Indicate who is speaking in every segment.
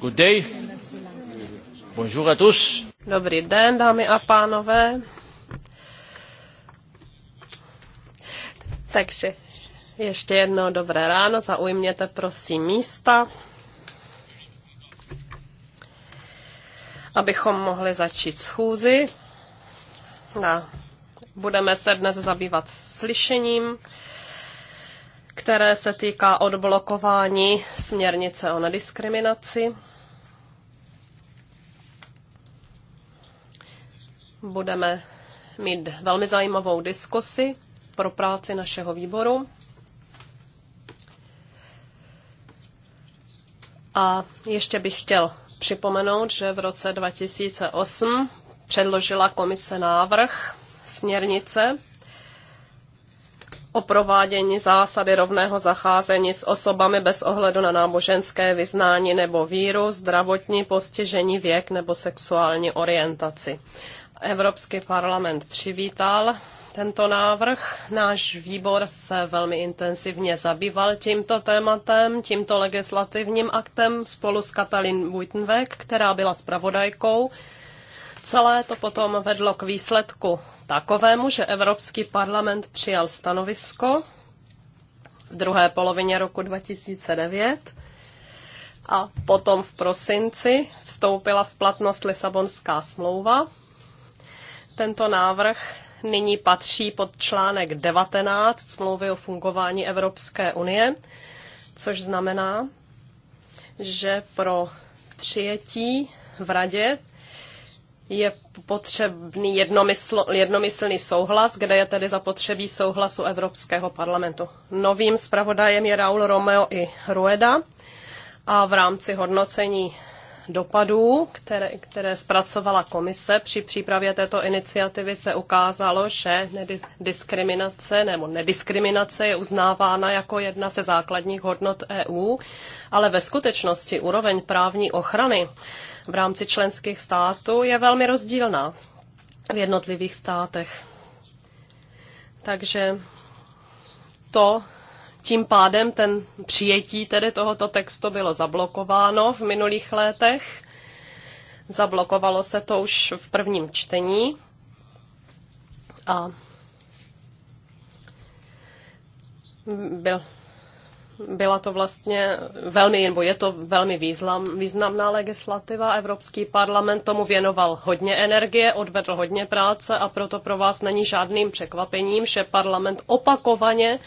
Speaker 1: Good day. Bonjour à tous.
Speaker 2: Dobrý den, dámy a pánové. Takže ještě jedno dobré ráno, zaujměte prosím místa, abychom mohli začít schůzi. A budeme se dnes zabývat slyšením které se týká odblokování směrnice o nediskriminaci. Budeme mít velmi zajímavou diskusi pro práci našeho výboru. A ještě bych chtěl připomenout, že v roce 2008 předložila komise návrh směrnice o provádění zásady rovného zacházení s osobami bez ohledu na náboženské vyznání nebo víru, zdravotní postižení, věk nebo sexuální orientaci. Evropský parlament přivítal tento návrh. Náš výbor se velmi intenzivně zabýval tímto tématem, tímto legislativním aktem spolu s Katalin Buitenweg, která byla zpravodajkou. Celé to potom vedlo k výsledku takovému, že Evropský parlament přijal stanovisko v druhé polovině roku 2009 a potom v prosinci vstoupila v platnost Lisabonská smlouva. Tento návrh nyní patří pod článek 19 smlouvy o fungování Evropské unie, což znamená, že pro přijetí v radě je potřebný jednomysl, jednomyslný souhlas, kde je tedy zapotřebí souhlasu Evropského parlamentu. Novým zpravodajem je Raul Romeo i Rueda a v rámci hodnocení dopadů, které, které zpracovala komise při přípravě této iniciativy, se ukázalo, že diskriminace nebo nediskriminace je uznávána jako jedna ze základních hodnot EU, ale ve skutečnosti úroveň právní ochrany v rámci členských států je velmi rozdílná v jednotlivých státech. Takže to tím pádem ten přijetí tedy tohoto textu bylo zablokováno v minulých letech. Zablokovalo se to už v prvním čtení. A byl, byla to vlastně velmi, nebo je to velmi význam, významná legislativa. Evropský parlament tomu věnoval hodně energie, odvedl hodně práce a proto pro vás není žádným překvapením, že parlament opakovaně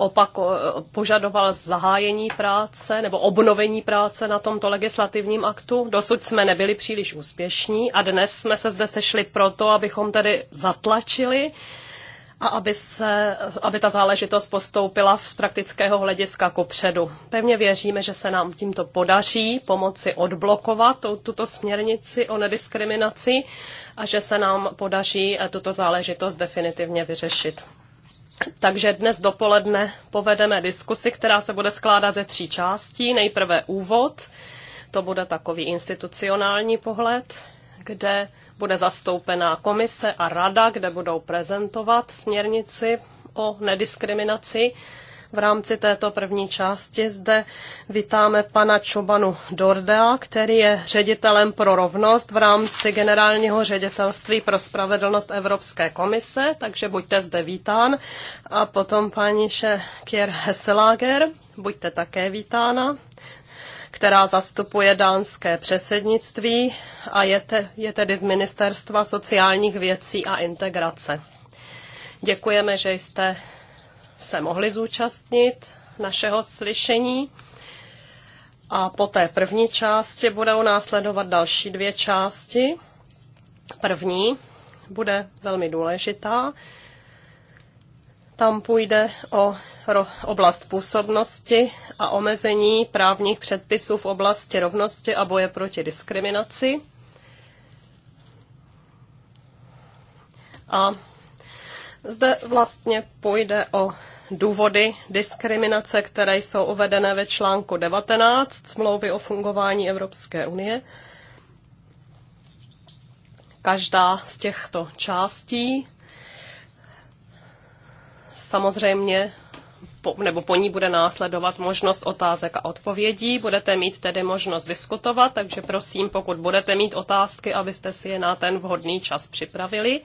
Speaker 2: opako- požadoval zahájení práce nebo obnovení práce na tomto legislativním aktu. Dosud jsme nebyli příliš úspěšní a dnes jsme se zde sešli proto, abychom tedy zatlačili a aby, se, aby ta záležitost postoupila z praktického hlediska předu. Pevně věříme, že se nám tímto podaří pomoci odblokovat tuto směrnici o nediskriminaci a že se nám podaří eh, tuto záležitost definitivně vyřešit. Takže dnes dopoledne povedeme diskusi, která se bude skládat ze tří částí. Nejprve úvod, to bude takový institucionální pohled, kde bude zastoupená komise a rada, kde budou prezentovat směrnici o nediskriminaci. V rámci této první části zde vítáme pana Čobanu Dordea, který je ředitelem pro rovnost v rámci generálního ředitelství pro spravedlnost Evropské komise, takže buďte zde vítán. A potom paní Kier Hesselager, buďte také vítána která zastupuje dánské předsednictví a je, te, je tedy z Ministerstva sociálních věcí a integrace. Děkujeme, že jste se mohli zúčastnit našeho slyšení. A po té první části budou následovat další dvě části. První bude velmi důležitá. Tam půjde o oblast působnosti a omezení právních předpisů v oblasti rovnosti a boje proti diskriminaci. A zde vlastně půjde o důvody diskriminace, které jsou uvedené ve článku 19 smlouvy o fungování Evropské unie. Každá z těchto částí samozřejmě po, nebo po ní bude následovat možnost otázek a odpovědí. Budete mít tedy možnost diskutovat, takže prosím, pokud budete mít otázky, abyste si je na ten vhodný čas připravili.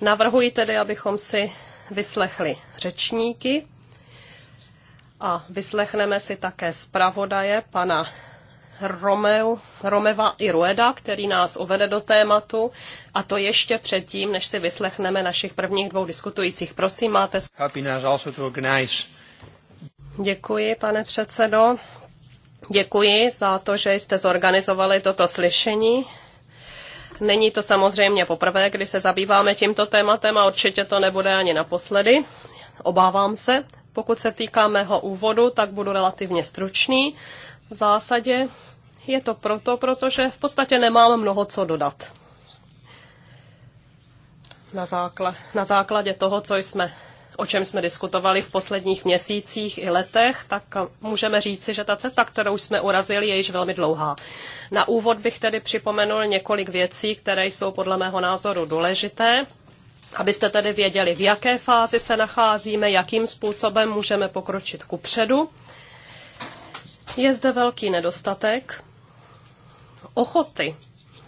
Speaker 2: Navrhuji tedy, abychom si vyslechli řečníky a vyslechneme si také zpravodaje pana Romeu, Romeva i Rueda, který nás uvede do tématu, a to ještě předtím, než si vyslechneme našich prvních dvou diskutujících. Prosím, máte... Děkuji, pane předsedo. Děkuji za to, že jste zorganizovali toto slyšení. Není to samozřejmě poprvé, kdy se zabýváme tímto tématem a určitě to nebude ani naposledy. Obávám se. Pokud se týká mého úvodu, tak budu relativně stručný. V zásadě je to proto, protože v podstatě nemám mnoho co dodat. Na, na základě toho, co jsme o čem jsme diskutovali v posledních měsících i letech, tak můžeme říci, že ta cesta, kterou jsme urazili, je již velmi dlouhá. Na úvod bych tedy připomenul několik věcí, které jsou podle mého názoru důležité abyste tedy věděli, v jaké fázi se nacházíme, jakým způsobem můžeme pokročit ku předu. Je zde velký nedostatek ochoty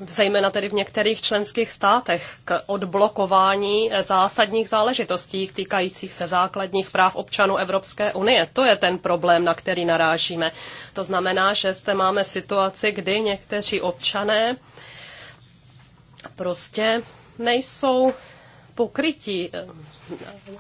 Speaker 2: zejména tedy v některých členských státech, k odblokování eh, zásadních záležitostí týkajících se základních práv občanů Evropské unie. To je ten problém, na který narážíme. To znamená, že zde máme situaci, kdy někteří občané prostě nejsou pokrytí eh,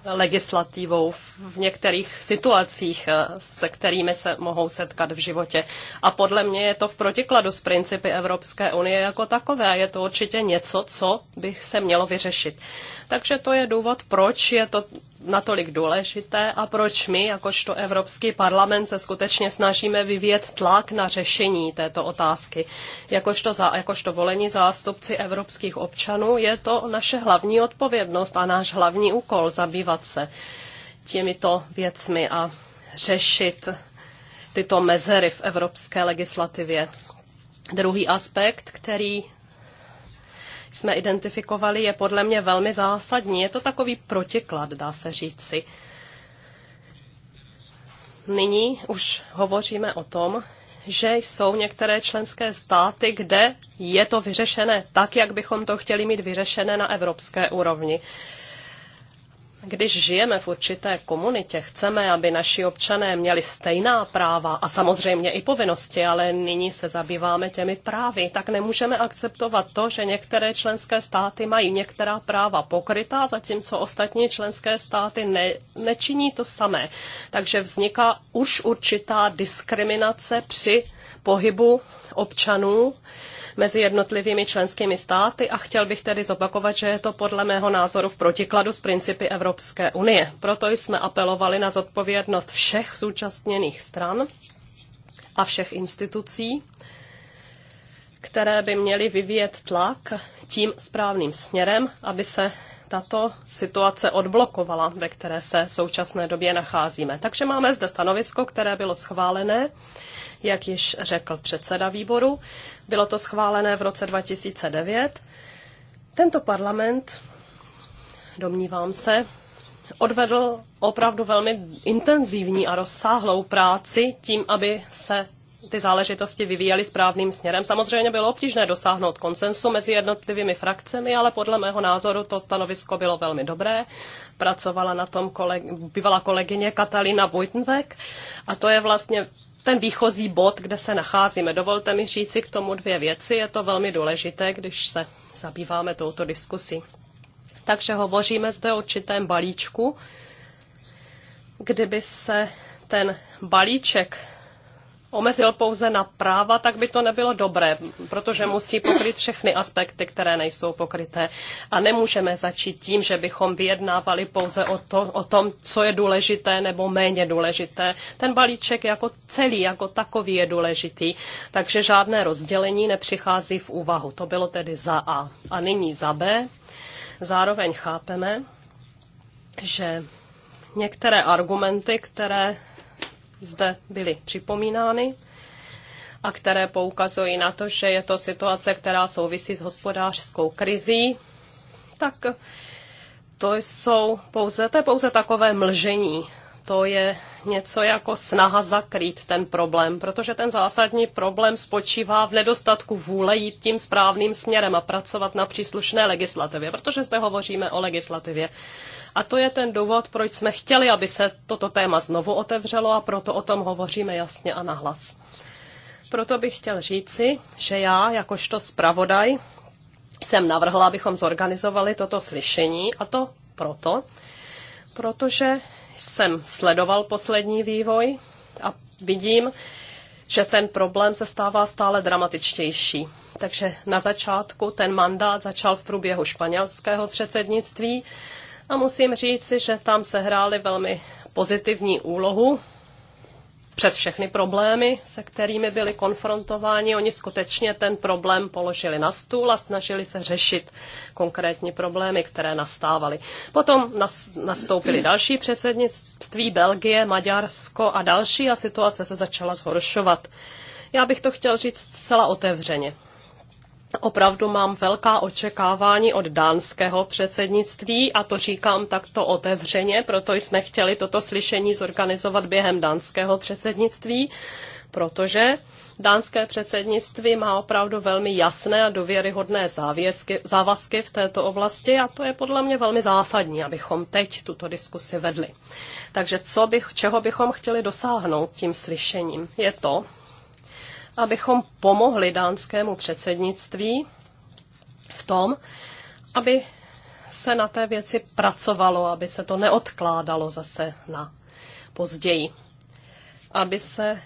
Speaker 2: legislativou v některých situacích, eh, se kterými se mohou setkat v životě. A podle mě je to v protikladu s principy Evropské unie jako takové. Je to určitě něco, co by se mělo vyřešit. Takže to je důvod, proč je to natolik důležité a proč my, jakožto Evropský parlament, se skutečně snažíme vyvíjet tlak na řešení této otázky. Jakožto, za, jakožto volení zástupci evropských občanů je to naše hlavní odpovědnost a náš hlavní úkol zabývat se těmito věcmi a řešit tyto mezery v evropské legislativě. Druhý aspekt, který jsme identifikovali, je podle mě velmi zásadní. Je to takový protiklad, dá se říci. Nyní už hovoříme o tom, že jsou některé členské státy, kde je to vyřešené tak, jak bychom to chtěli mít vyřešené na evropské úrovni když žijeme v určité komunitě, chceme, aby naši občané měli stejná práva a samozřejmě i povinnosti, ale nyní se zabýváme těmi právy, tak nemůžeme akceptovat to, že některé členské státy mají některá práva pokrytá, zatímco ostatní členské státy ne, nečiní to samé. Takže vzniká už určitá diskriminace při pohybu občanů mezi jednotlivými členskými státy a chtěl bych tedy zopakovat, že je to podle mého názoru v protikladu s principy Evropské unie. Proto jsme apelovali na zodpovědnost všech zúčastněných stran a všech institucí, které by měly vyvíjet tlak tím správným směrem, aby se tato situace odblokovala, ve které se v současné době nacházíme. Takže máme zde stanovisko, které bylo schválené, jak již řekl předseda výboru. Bylo to schválené v roce 2009. Tento parlament, domnívám se, odvedl opravdu velmi intenzivní a rozsáhlou práci tím, aby se ty záležitosti vyvíjely správným směrem. Samozřejmě bylo obtížné dosáhnout konsensu mezi jednotlivými frakcemi, ale podle mého názoru to stanovisko bylo velmi dobré. Pracovala na tom koleg- bývalá kolegyně Katalina Vojtenvek a to je vlastně ten výchozí bod, kde se nacházíme. Dovolte mi říci k tomu dvě věci. Je to velmi důležité, když se zabýváme touto diskusí. Takže hovoříme zde o určitém balíčku, kdyby se ten balíček omezil pouze na práva, tak by to nebylo dobré, protože musí pokryt všechny aspekty, které nejsou pokryté. A nemůžeme začít tím, že bychom vyjednávali pouze o, to, o tom, co je důležité nebo méně důležité. Ten balíček jako celý, jako takový je důležitý, takže žádné rozdělení nepřichází v úvahu. To bylo tedy za A. A nyní za B. Zároveň chápeme, že některé argumenty, které zde byly připomínány a které poukazují na to, že je to situace, která souvisí s hospodářskou krizí, tak to jsou pouze, to je pouze takové mlžení. To je něco jako snaha zakrýt ten problém, protože ten zásadní problém spočívá v nedostatku vůle jít tím správným směrem a pracovat na příslušné legislativě, protože zde hovoříme o legislativě. A to je ten důvod, proč jsme chtěli, aby se toto téma znovu otevřelo a proto o tom hovoříme jasně a nahlas. Proto bych chtěl říci, že já, jakožto zpravodaj, jsem navrhla, abychom zorganizovali toto slyšení a to proto, protože jsem sledoval poslední vývoj a vidím, že ten problém se stává stále dramatičtější. Takže na začátku ten mandát začal v průběhu španělského předsednictví a musím říci, že tam se hrály velmi pozitivní úlohu přes všechny problémy, se kterými byli konfrontováni. Oni skutečně ten problém položili na stůl a snažili se řešit konkrétní problémy, které nastávaly. Potom nastoupili další předsednictví Belgie, Maďarsko a další a situace se začala zhoršovat. Já bych to chtěl říct zcela otevřeně. Opravdu mám velká očekávání od dánského předsednictví a to říkám takto otevřeně, proto jsme chtěli toto slyšení zorganizovat během dánského předsednictví, protože dánské předsednictví má opravdu velmi jasné a důvěryhodné závězky, závazky v této oblasti a to je podle mě velmi zásadní, abychom teď tuto diskusi vedli. Takže co bych, čeho bychom chtěli dosáhnout tím slyšením? Je to, abychom pomohli dánskému předsednictví v tom, aby se na té věci pracovalo, aby se to neodkládalo zase na později. Aby se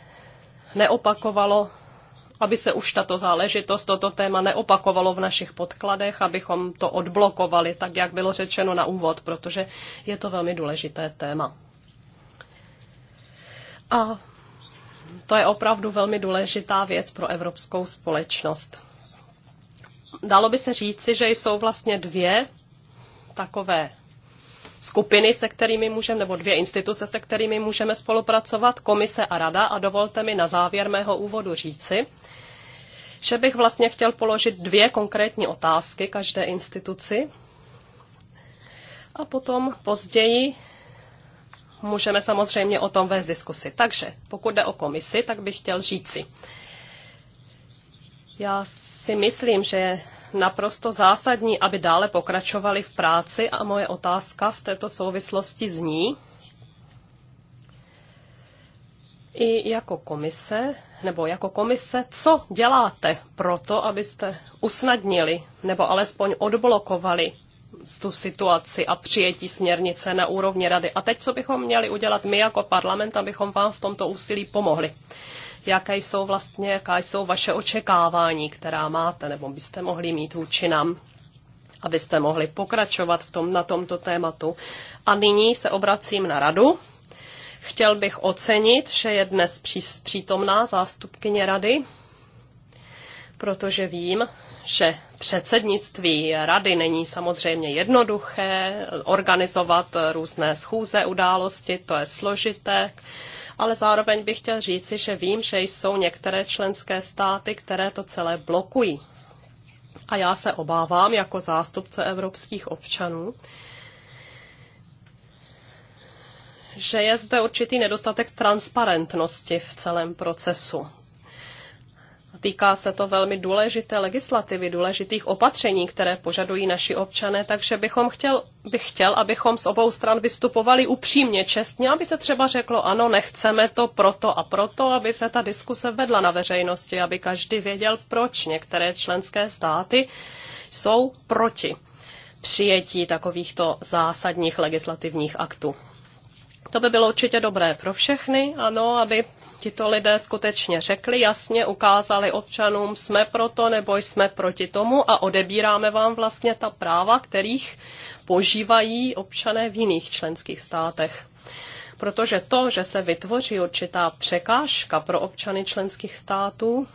Speaker 2: neopakovalo, aby se už tato záležitost, toto téma neopakovalo v našich podkladech, abychom to odblokovali, tak jak bylo řečeno na úvod, protože je to velmi důležité téma. A to je opravdu velmi důležitá věc pro evropskou společnost. Dalo by se říci, že jsou vlastně dvě takové skupiny, se kterými můžeme, nebo dvě instituce, se kterými můžeme spolupracovat, komise a rada. A dovolte mi na závěr mého úvodu říci, že bych vlastně chtěl položit dvě konkrétní otázky každé instituci. A potom později můžeme samozřejmě o tom vést diskusi. Takže pokud jde o komisi, tak bych chtěl říci. Já si myslím, že je naprosto zásadní, aby dále pokračovali v práci a moje otázka v této souvislosti zní, i jako komise, nebo jako komise, co děláte pro to, abyste usnadnili nebo alespoň odblokovali tu situaci a přijetí směrnice na úrovni rady. A teď, co bychom měli udělat my jako parlament, abychom vám v tomto úsilí pomohli? Jaké jsou vlastně, jaká jsou vaše očekávání, která máte, nebo byste mohli mít vůči nám? abyste mohli pokračovat v tom, na tomto tématu. A nyní se obracím na radu. Chtěl bych ocenit, že je dnes přítomná zástupkyně rady, protože vím, že předsednictví rady není samozřejmě jednoduché, organizovat různé schůze, události, to je složité, ale zároveň bych chtěl říci, že vím, že jsou některé členské státy, které to celé blokují. A já se obávám jako zástupce evropských občanů, že je zde určitý nedostatek transparentnosti v celém procesu týká se to velmi důležité legislativy, důležitých opatření, které požadují naši občané, takže bychom chtěl, bych chtěl, abychom z obou stran vystupovali upřímně, čestně, aby se třeba řeklo, ano, nechceme to proto a proto, aby se ta diskuse vedla na veřejnosti, aby každý věděl, proč některé členské státy jsou proti přijetí takovýchto zásadních legislativních aktů. To by bylo určitě dobré pro všechny, ano, aby tito lidé skutečně řekli jasně, ukázali občanům, jsme proto nebo jsme proti tomu a odebíráme vám vlastně ta práva, kterých požívají občané v jiných členských státech. Protože to, že se vytvoří určitá překážka pro občany členských států,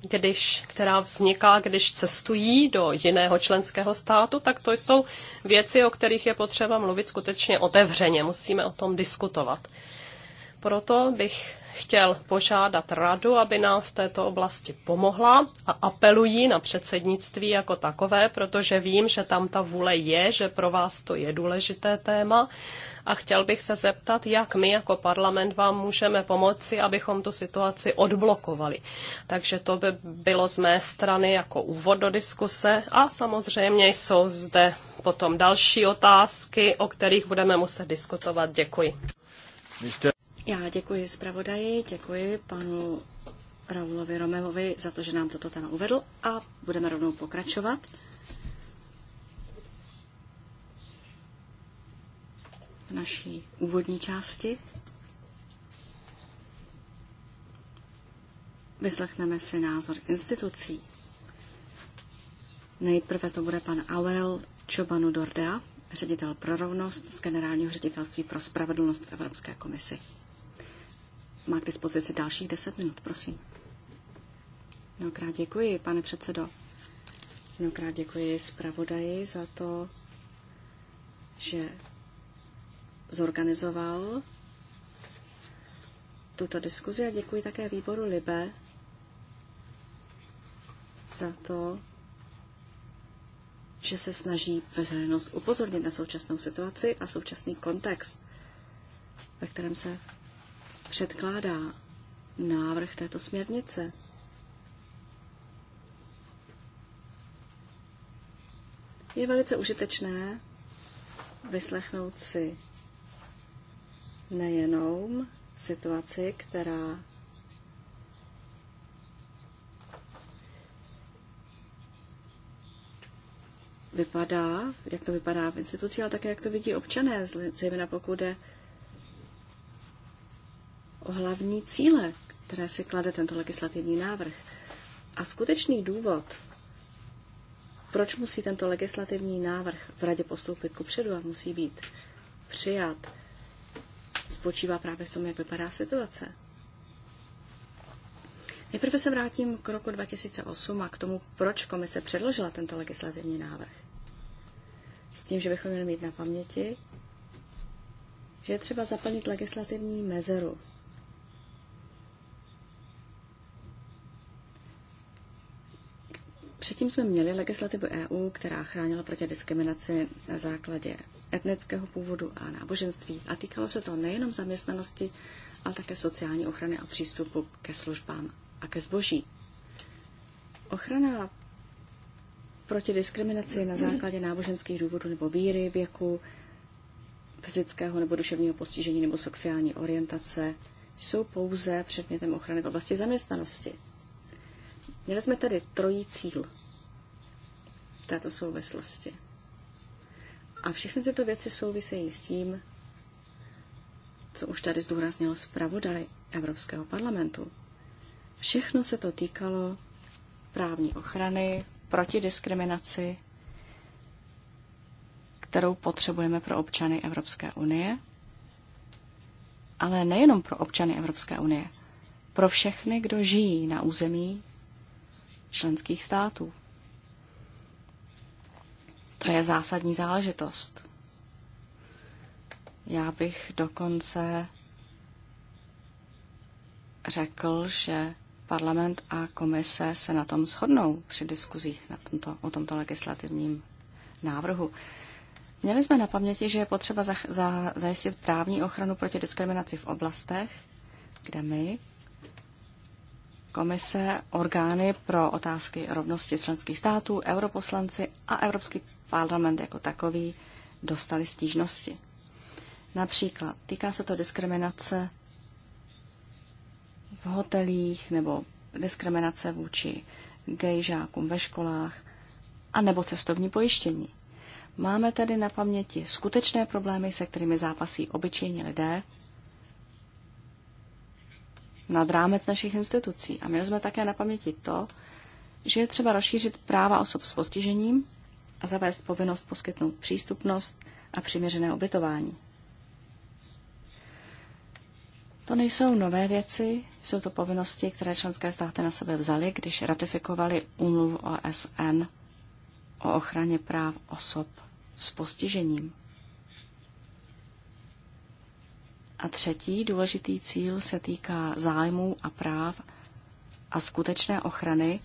Speaker 2: když, která vzniká, když cestují do jiného členského státu, tak to jsou věci, o kterých je potřeba mluvit skutečně otevřeně. Musíme o tom diskutovat. Proto bych chtěl požádat radu, aby nám v této oblasti pomohla a apeluji na předsednictví jako takové, protože vím, že tam ta vůle je, že pro vás to je důležité téma a chtěl bych se zeptat, jak my jako parlament vám můžeme pomoci, abychom tu situaci odblokovali. Takže to by bylo z mé strany jako úvod do diskuse a samozřejmě jsou zde potom další otázky, o kterých budeme muset diskutovat. Děkuji. Já děkuji zpravodaji, děkuji panu Raulovi Romevovi za to, že nám toto téma uvedl
Speaker 3: a budeme rovnou pokračovat. V naší úvodní části vyslechneme si názor institucí. Nejprve to bude pan Aurel Čobanu Dorda, ředitel pro rovnost z Generálního ředitelství pro spravedlnost v Evropské komisi má k dispozici dalších 10 minut, prosím. Mnohokrát děkuji, pane předsedo. Mnohokrát děkuji zpravodaji za to, že zorganizoval tuto diskuzi a děkuji také výboru Libe za to, že se snaží veřejnost upozornit na současnou situaci a současný kontext, ve kterém se předkládá návrh této směrnice. Je velice užitečné vyslechnout si nejenom situaci, která vypadá, jak to vypadá v instituci, ale také jak to vidí občané, zejména pokud je o hlavní cíle, které si klade tento legislativní návrh. A skutečný důvod, proč musí tento legislativní návrh v radě postoupit kupředu a musí být přijat, spočívá právě v tom, jak vypadá situace. Nejprve se vrátím k roku 2008 a k tomu, proč komise předložila tento legislativní návrh. S tím, že bychom měli mít na paměti, že je třeba zaplnit legislativní mezeru Předtím jsme měli legislativu EU, která chránila proti diskriminaci na základě etnického původu a náboženství a týkalo se to nejenom zaměstnanosti, ale také sociální ochrany a přístupu ke službám a ke zboží. Ochrana proti diskriminaci na základě náboženských důvodů nebo víry, věku, fyzického nebo duševního postižení nebo sociální orientace jsou pouze předmětem ochrany v oblasti zaměstnanosti. Měli jsme tady trojí cíl v této souvislosti. A všechny tyto věci souvisejí s tím, co už tady zdůraznil zpravodaj Evropského parlamentu. Všechno se to týkalo právní ochrany, proti diskriminaci, kterou potřebujeme pro občany Evropské unie, ale nejenom pro občany Evropské unie, pro všechny, kdo žijí na území členských států. To je zásadní záležitost. Já bych dokonce řekl, že parlament a komise se na tom shodnou při diskuzích na tomto, o tomto legislativním návrhu. Měli jsme na paměti, že je potřeba za, za, zajistit právní ochranu proti diskriminaci v oblastech, kde my, komise, orgány pro otázky rovnosti členských států, europoslanci a Evropský parlament jako takový dostali stížnosti. Například týká se to diskriminace v hotelích nebo diskriminace vůči gejžákům ve školách a nebo cestovní pojištění. Máme tedy na paměti skutečné problémy, se kterými zápasí obyčejní lidé nad rámec našich institucí. A měli jsme také na paměti to, že je třeba rozšířit práva osob s postižením a zavést povinnost poskytnout přístupnost a přiměřené ubytování. To nejsou nové věci, jsou to povinnosti, které členské státy na sebe vzaly, když ratifikovali úmluvu OSN o ochraně práv osob s postižením. A třetí důležitý cíl se týká zájmů a práv a skutečné ochrany,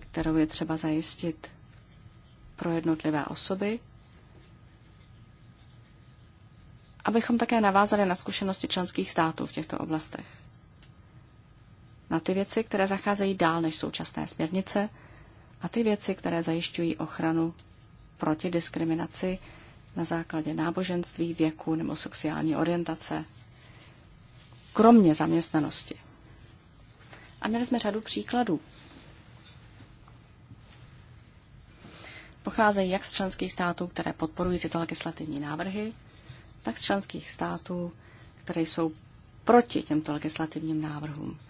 Speaker 3: kterou je třeba zajistit pro jednotlivé osoby, abychom také navázali na zkušenosti členských států v těchto oblastech. Na ty věci, které zacházejí dál než současné směrnice, a ty věci, které zajišťují ochranu proti diskriminaci na základě náboženství, věku nebo sociální orientace kromě zaměstnanosti. A měli jsme řadu příkladů. Pocházejí jak z členských států, které podporují tyto legislativní návrhy, tak z členských států, které jsou proti těmto legislativním návrhům.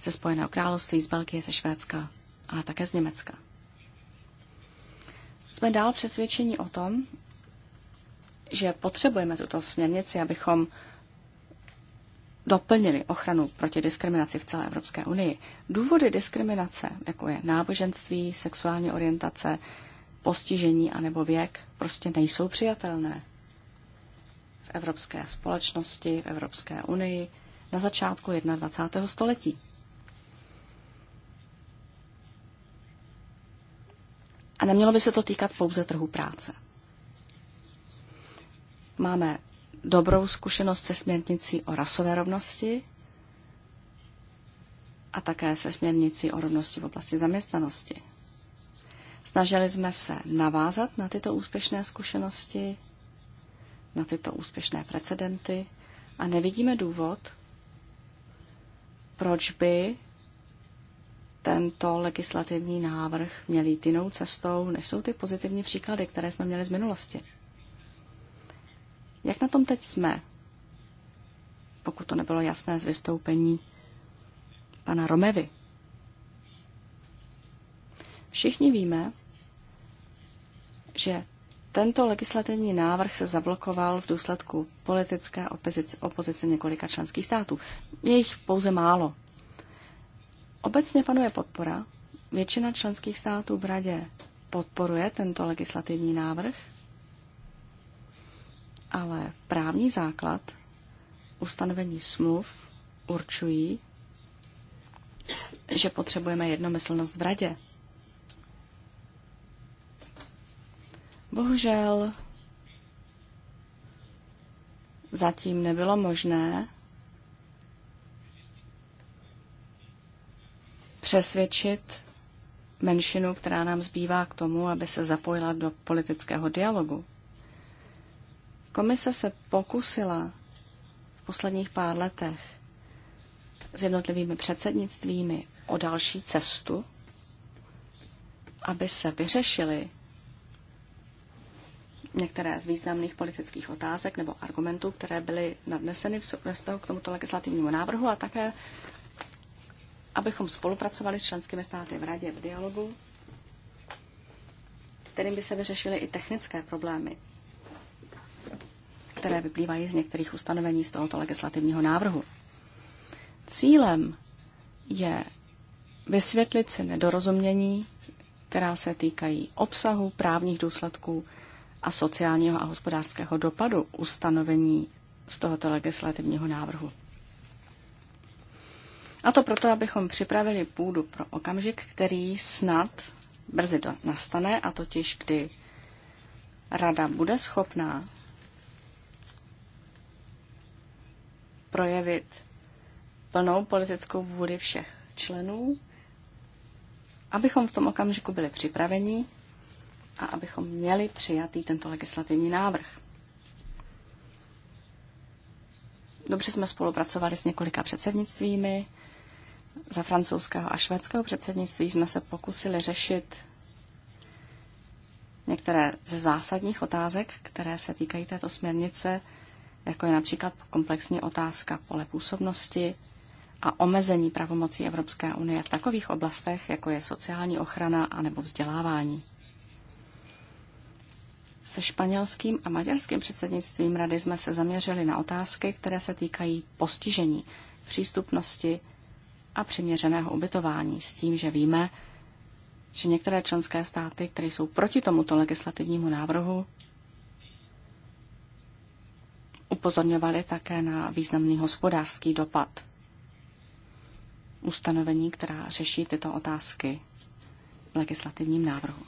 Speaker 3: Ze Spojeného království, z Belgie, ze Švédska a také z Německa. Jsme dál přesvědčeni o tom, že potřebujeme tuto směrnici, abychom doplnili ochranu proti diskriminaci v celé Evropské unii. Důvody diskriminace, jako je náboženství, sexuální orientace, postižení anebo věk, prostě nejsou přijatelné. V evropské společnosti, v Evropské unii, na začátku 21. století. A nemělo by se to týkat pouze trhu práce. Máme dobrou zkušenost se směrnicí o rasové rovnosti a také se směrnicí o rovnosti v oblasti zaměstnanosti. Snažili jsme se navázat na tyto úspěšné zkušenosti, na tyto úspěšné precedenty a nevidíme důvod, proč by tento legislativní návrh měl jít jinou cestou, než jsou ty pozitivní příklady, které jsme měli z minulosti. Jak na tom teď jsme? Pokud to nebylo jasné z vystoupení pana Romevy. Všichni víme, že tento legislativní návrh se zablokoval v důsledku politické opozice, opozice několika členských států. Je jich pouze málo. Obecně panuje podpora. Většina členských států v radě podporuje tento legislativní návrh ale právní základ ustanovení smluv určují, že potřebujeme jednomyslnost v radě. Bohužel zatím nebylo možné přesvědčit menšinu, která nám zbývá k tomu, aby se zapojila do politického dialogu. Komise se pokusila v posledních pár letech s jednotlivými předsednictvími o další cestu, aby se vyřešily některé z významných politických otázek nebo argumentů, které byly nadneseny ve vztahu k tomuto legislativnímu návrhu a také, abychom spolupracovali s členskými státy v radě v dialogu, kterým by se vyřešily i technické problémy které vyplývají z některých ustanovení z tohoto legislativního návrhu. Cílem je vysvětlit si nedorozumění, která se týkají obsahu, právních důsledků a sociálního a hospodářského dopadu ustanovení z tohoto legislativního návrhu. A to proto, abychom připravili půdu pro okamžik, který snad brzy do, nastane, a totiž kdy Rada bude schopná projevit plnou politickou vůli všech členů, abychom v tom okamžiku byli připraveni a abychom měli přijatý tento legislativní návrh. Dobře jsme spolupracovali s několika předsednictvími. Za francouzského a švédského předsednictví jsme se pokusili řešit některé ze zásadních otázek, které se týkají této směrnice jako je například komplexní otázka pole působnosti a omezení pravomocí Evropské unie v takových oblastech, jako je sociální ochrana a nebo vzdělávání. Se španělským a maďarským předsednictvím rady jsme se zaměřili na otázky, které se týkají postižení, přístupnosti a přiměřeného ubytování, s tím, že víme, že některé členské státy, které jsou proti tomuto legislativnímu návrhu, Upozorňovali také na významný hospodářský dopad ustanovení, která řeší tyto otázky v legislativním návrhu.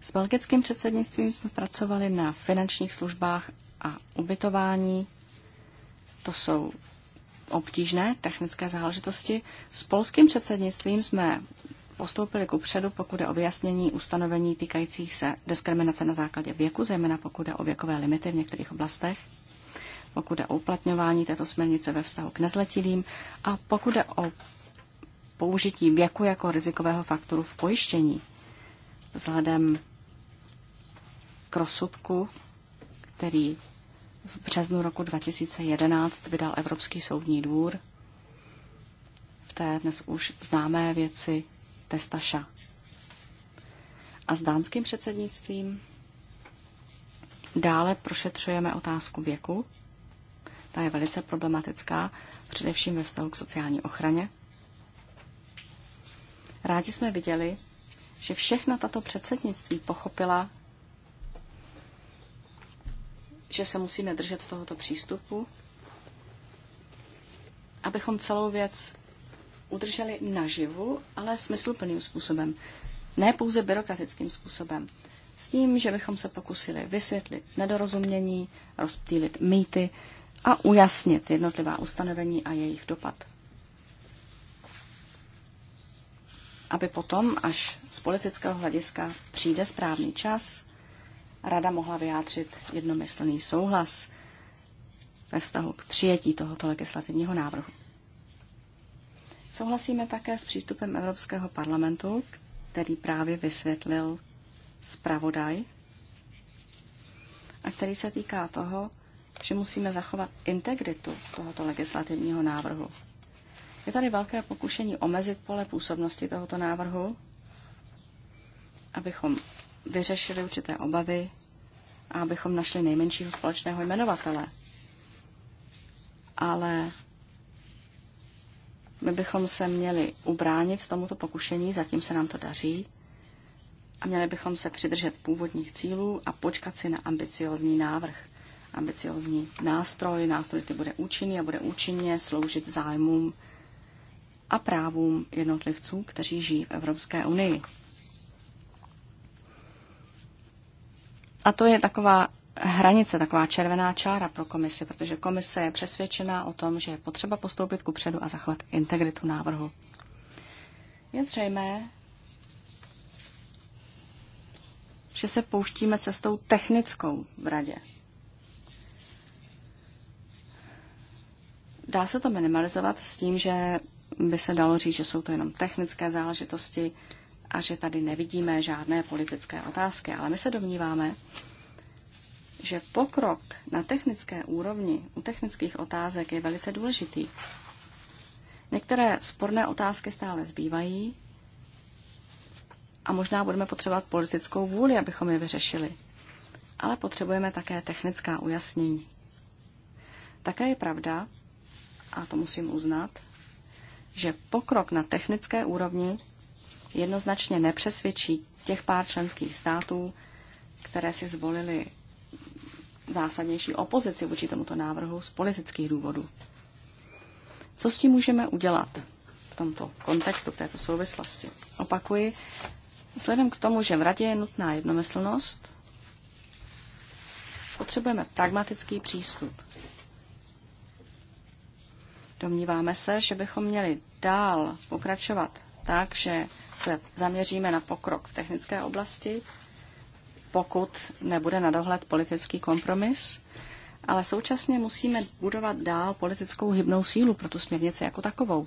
Speaker 3: S belgickým předsednictvím jsme pracovali na finančních službách a ubytování. To jsou obtížné technické záležitosti. S polským předsednictvím jsme postoupili ku předu, pokud je o vyjasnění ustanovení týkajících se diskriminace na základě věku, zejména pokud je o věkové limity v některých oblastech, pokud je o uplatňování této směrnice ve vztahu k nezletilým a pokud je o použití věku jako rizikového faktoru v pojištění vzhledem k rozsudku, který v březnu roku 2011 vydal Evropský soudní dvůr v té dnes už známé věci Testaša. A s dánským předsednictvím dále prošetřujeme otázku věku. Ta je velice problematická, především ve vztahu k sociální ochraně. Rádi jsme viděli, že všechna tato předsednictví pochopila, že se musíme držet tohoto přístupu, abychom celou věc udrželi naživu, ale smysluplným způsobem. Ne pouze byrokratickým způsobem. S tím, že bychom se pokusili vysvětlit nedorozumění, rozptýlit mýty a ujasnit jednotlivá ustanovení a jejich dopad. Aby potom, až z politického hlediska přijde správný čas, Rada mohla vyjádřit jednomyslný souhlas ve vztahu k přijetí tohoto legislativního návrhu. Souhlasíme také s přístupem Evropského parlamentu, který právě vysvětlil zpravodaj a který se týká toho, že musíme zachovat integritu tohoto legislativního návrhu. Je tady velké pokušení omezit pole působnosti tohoto návrhu, abychom vyřešili určité obavy a abychom našli nejmenšího společného jmenovatele. Ale my bychom se měli ubránit tomuto pokušení, zatím se nám to daří, a měli bychom se přidržet původních cílů a počkat si na ambiciozní návrh, ambiciozní nástroj, nástroj, který bude účinný a bude účinně sloužit zájmům a právům jednotlivců, kteří žijí v Evropské unii. A to je taková hranice, taková červená čára pro komisi, protože komise je přesvědčená o tom, že je potřeba postoupit ku předu a zachovat integritu návrhu. Je zřejmé, že se pouštíme cestou technickou v radě. Dá se to minimalizovat s tím, že by se dalo říct, že jsou to jenom technické záležitosti a že tady nevidíme žádné politické otázky, ale my se domníváme, že pokrok na technické úrovni u technických otázek je velice důležitý. Některé sporné otázky stále zbývají a možná budeme potřebovat politickou vůli, abychom je vyřešili. Ale potřebujeme také technická ujasnění. Také je pravda, a to musím uznat, že pokrok na technické úrovni jednoznačně nepřesvědčí těch pár členských států, které si zvolili zásadnější opozici vůči tomuto návrhu z politických důvodů. Co s tím můžeme udělat v tomto kontextu, v této souvislosti? Opakuji, vzhledem k tomu, že v radě je nutná jednomyslnost, potřebujeme pragmatický přístup. Domníváme se, že bychom měli dál pokračovat tak, že se zaměříme na pokrok v technické oblasti pokud nebude na dohled politický kompromis, ale současně musíme budovat dál politickou hybnou sílu pro tu směrnici jako takovou.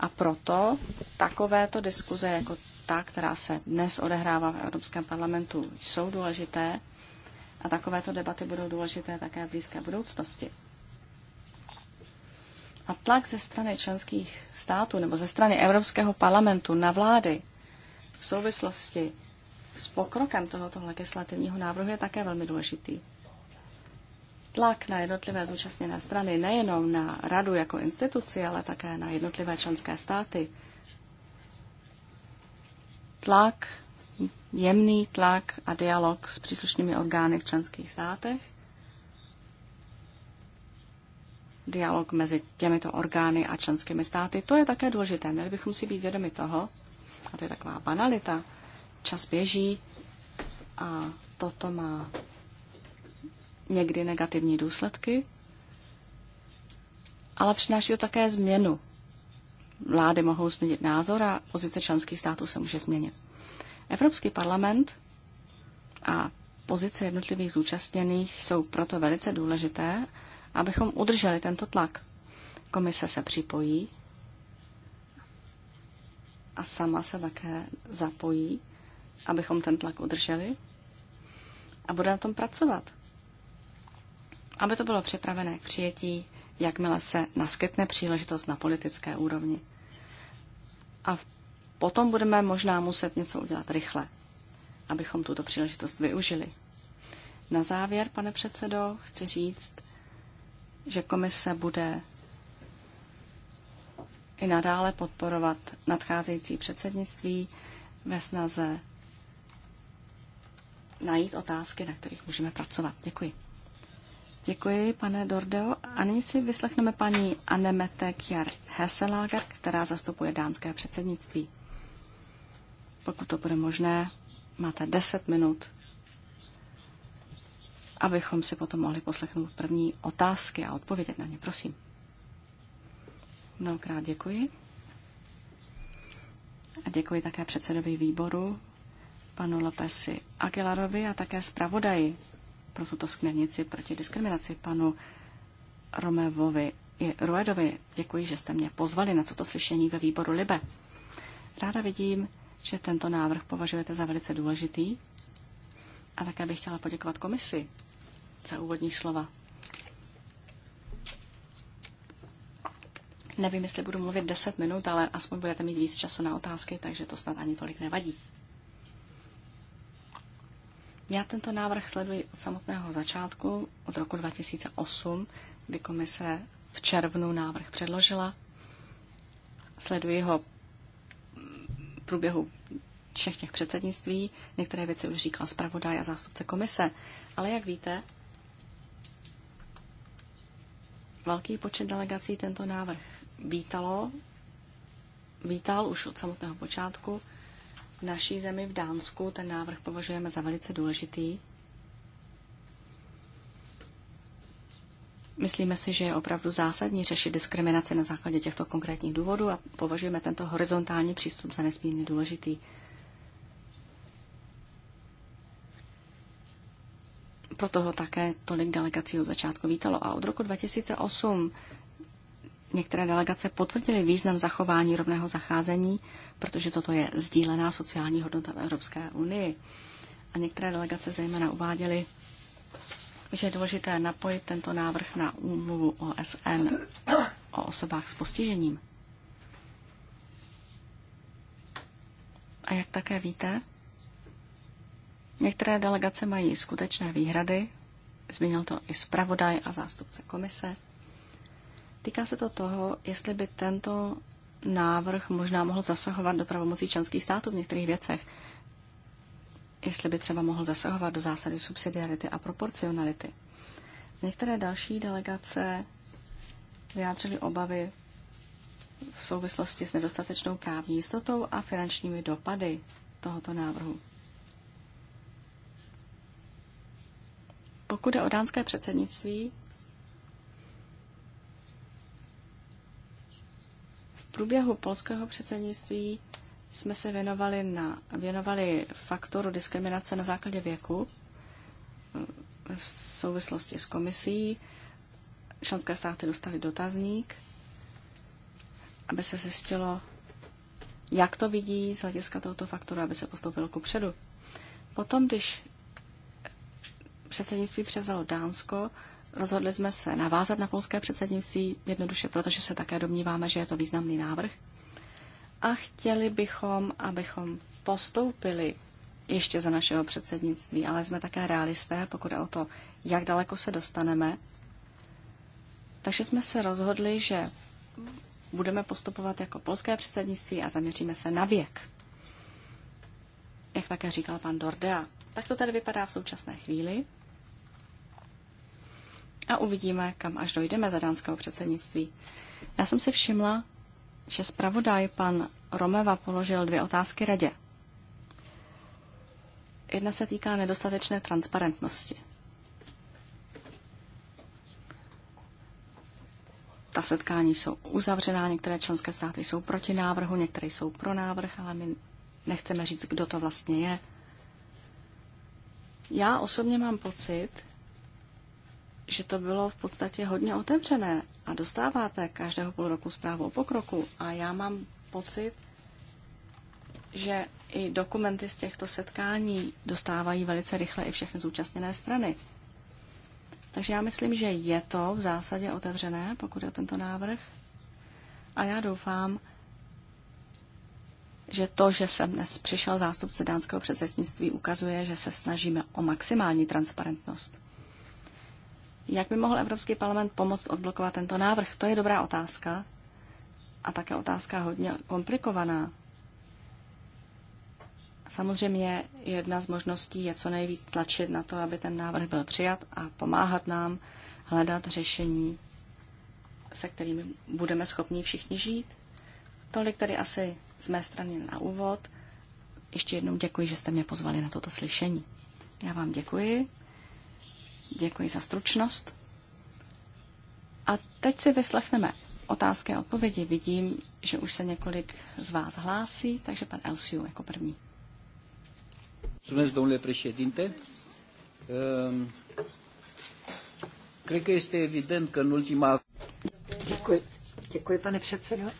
Speaker 3: A proto takovéto diskuze jako ta, která se dnes odehrává v Evropském parlamentu, jsou důležité a takovéto debaty budou důležité také v blízké budoucnosti. A tlak ze strany členských států nebo ze strany Evropského parlamentu na vlády v souvislosti s pokrokem tohoto legislativního návrhu je také velmi důležitý. Tlak na jednotlivé zúčastněné strany, nejenom na radu jako instituci, ale také na jednotlivé členské státy. Tlak, jemný tlak a dialog s příslušnými orgány v členských státech. Dialog mezi těmito orgány a členskými státy, to je také důležité. Měli bychom si být vědomi toho, a to je taková banalita, Čas běží a toto má někdy negativní důsledky, ale přináší to také změnu. Vlády mohou změnit názor a pozice členských států se může změnit. Evropský parlament a pozice jednotlivých zúčastněných jsou proto velice důležité, abychom udrželi tento tlak. Komise se připojí a sama se také zapojí abychom ten tlak udrželi a bude na tom pracovat. Aby to bylo připravené k přijetí, jakmile se naskytne příležitost na politické úrovni. A potom budeme možná muset něco udělat rychle, abychom tuto příležitost využili. Na závěr, pane předsedo, chci říct, že komise bude i nadále podporovat nadcházející předsednictví ve snaze najít otázky, na kterých můžeme pracovat. Děkuji. Děkuji, pane Dordeo. A nyní si vyslechneme paní Annemete Kjar Heselager, která zastupuje dánské předsednictví. Pokud to bude možné, máte 10 minut, abychom si potom mohli poslechnout první otázky a odpovědět na ně. Prosím. Mnohokrát děkuji. A děkuji také předsedovi výboru panu Lopesi Aguilarovi a také zpravodaji pro tuto směrnici proti diskriminaci panu Romevovi i Ruedovi. Děkuji, že jste mě pozvali na toto slyšení ve výboru Libe. Ráda vidím, že tento návrh považujete za velice důležitý a také bych chtěla poděkovat komisi za úvodní slova. Nevím, jestli budu mluvit 10 minut, ale aspoň budete mít víc času na otázky, takže to snad ani tolik nevadí. Já tento návrh sleduji od samotného začátku, od roku 2008, kdy komise v červnu návrh předložila. Sleduji ho v průběhu všech těch předsednictví. Některé věci už říkal zpravodaj a zástupce komise. Ale jak víte, velký počet delegací tento návrh vítalo, vítal už od samotného počátku v naší zemi v Dánsku ten návrh považujeme za velice důležitý. Myslíme si, že je opravdu zásadní řešit diskriminaci na základě těchto konkrétních důvodů a považujeme tento horizontální přístup za nesmírně důležitý. Proto ho také tolik delegací od začátku vítalo. A od roku 2008 Některé delegace potvrdily význam zachování rovného zacházení, protože toto je sdílená sociální hodnota v Evropské unii. A některé delegace zejména uváděly, že je důležité napojit tento návrh na úmluvu OSN o osobách s postižením. A jak také víte, některé delegace mají skutečné výhrady, zmínil to i zpravodaj a zástupce komise, Týká se to toho, jestli by tento návrh možná mohl zasahovat do pravomocí členských států v některých věcech. Jestli by třeba mohl zasahovat do zásady subsidiarity a proporcionality. Některé další delegace vyjádřily obavy v souvislosti s nedostatečnou právní jistotou a finančními dopady tohoto návrhu. Pokud je o dánské předsednictví, průběhu polského předsednictví jsme se věnovali, na, věnovali faktoru diskriminace na základě věku eh, v souvislosti s komisí. Členské státy dostali dotazník, aby se zjistilo, jak to vidí z hlediska tohoto faktoru, aby se postoupilo ku předu. Potom, když předsednictví převzalo Dánsko, Rozhodli jsme se navázat na polské předsednictví jednoduše, protože se také domníváme, že je to významný návrh. A chtěli bychom, abychom postoupili ještě za našeho předsednictví, ale jsme také realisté, pokud je o to, jak daleko se dostaneme. Takže jsme se rozhodli, že budeme postupovat jako polské předsednictví a zaměříme se na věk. Jak také říkal pan Dordea, tak to tady vypadá v současné chvíli a uvidíme, kam až dojdeme za dánského předsednictví. Já jsem si všimla, že zpravodaj pan Romeva položil dvě otázky radě. Jedna se týká nedostatečné transparentnosti. Ta setkání jsou uzavřená, některé členské státy jsou proti návrhu, některé jsou pro návrh, ale my nechceme říct, kdo to vlastně je. Já osobně mám pocit, že to bylo v podstatě hodně otevřené a dostáváte každého půl roku zprávu o pokroku a já mám pocit, že i dokumenty z těchto setkání dostávají velice rychle i všechny zúčastněné strany. Takže já myslím, že je to v zásadě otevřené, pokud je tento návrh. A já doufám, že to, že jsem dnes přišel zástupce dánského předsednictví, ukazuje, že se snažíme o maximální transparentnost. Jak by mohl Evropský parlament pomoct odblokovat tento návrh? To je dobrá otázka. A také otázka hodně komplikovaná. Samozřejmě jedna z možností je co nejvíc tlačit na to, aby ten návrh byl přijat a pomáhat nám hledat řešení, se kterými budeme schopni všichni žít. Tolik tady asi z mé strany na úvod. Ještě jednou děkuji, že jste mě pozvali na toto slyšení. Já vám děkuji. Děkuji za stručnost. A teď si vyslechneme otázky a odpovědi. Vidím, že už se několik z vás hlásí, takže pan Elsiu jako první. Mulțumesc, domnule președinte. Ehm, cred că este evident că în ultima... Děkuji.
Speaker 1: Děkuji, pane předsedo.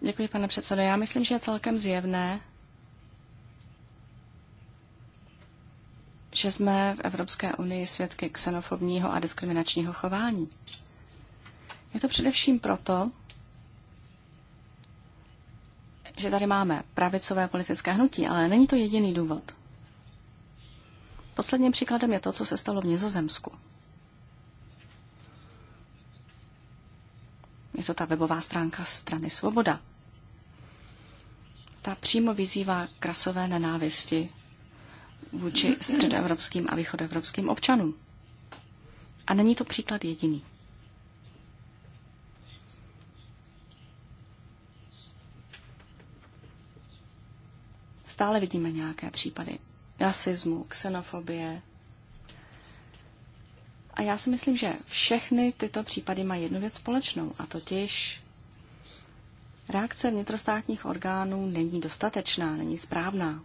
Speaker 3: Děkuji, pane předsedo. Já myslím, že je celkem zjevné, že jsme v Evropské unii svědky xenofobního a diskriminačního chování. Je to především proto, že tady máme pravicové politické hnutí, ale není to jediný důvod. Posledním příkladem je to, co se stalo v Nizozemsku. Je to ta webová stránka strany Svoboda. Ta přímo vyzývá k rasové nenávisti vůči středoevropským a východoevropským občanům. A není to příklad jediný. Stále vidíme nějaké případy rasismu, xenofobie. A já si myslím, že všechny tyto případy mají jednu věc společnou, a totiž reakce vnitrostátních orgánů není dostatečná, není správná,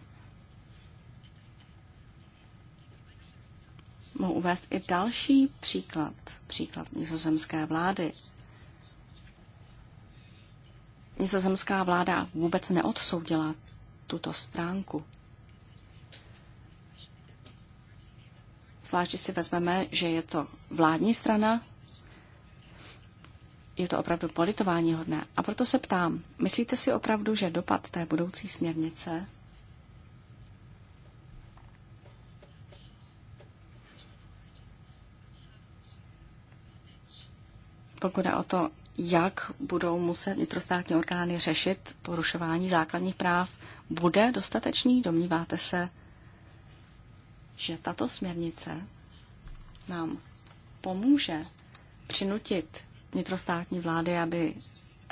Speaker 3: Mohu uvést i další příklad, příklad nizozemské vlády. Nizozemská vláda vůbec neodsoudila tuto stránku. Zvlášť, si vezmeme, že je to vládní strana, je to opravdu politování hodné. A proto se ptám, myslíte si opravdu, že dopad té budoucí směrnice pokud je o to, jak budou muset vnitrostátní orgány řešit porušování základních práv, bude dostatečný? Domníváte se, že tato směrnice nám pomůže přinutit vnitrostátní vlády, aby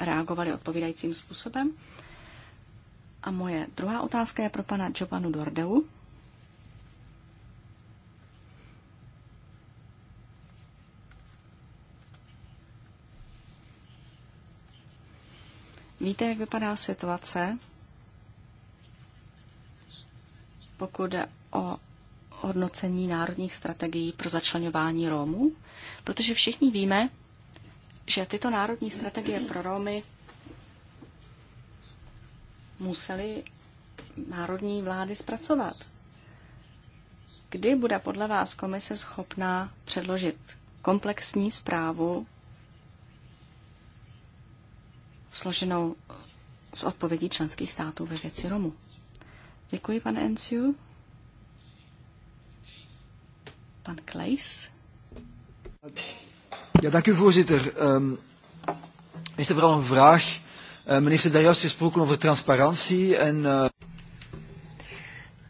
Speaker 3: reagovali odpovídajícím způsobem? A moje druhá otázka je pro pana Giovannu Dordeu. Víte, jak vypadá situace, pokud jde o hodnocení národních strategií pro začlenování Rómů? Protože všichni víme, že tyto národní strategie pro Rómy museli národní vlády zpracovat. Kdy bude podle vás komise schopná předložit komplexní zprávu složenou z odpovědí členských států ve věci Romu. Děkuji, pane Enciu. Pan Kleis.
Speaker 1: Ja, dank u voorzitter. Um, is er vooral een vraag. Uh, men heeft er daar juist gesproken over transparantie en... Uh...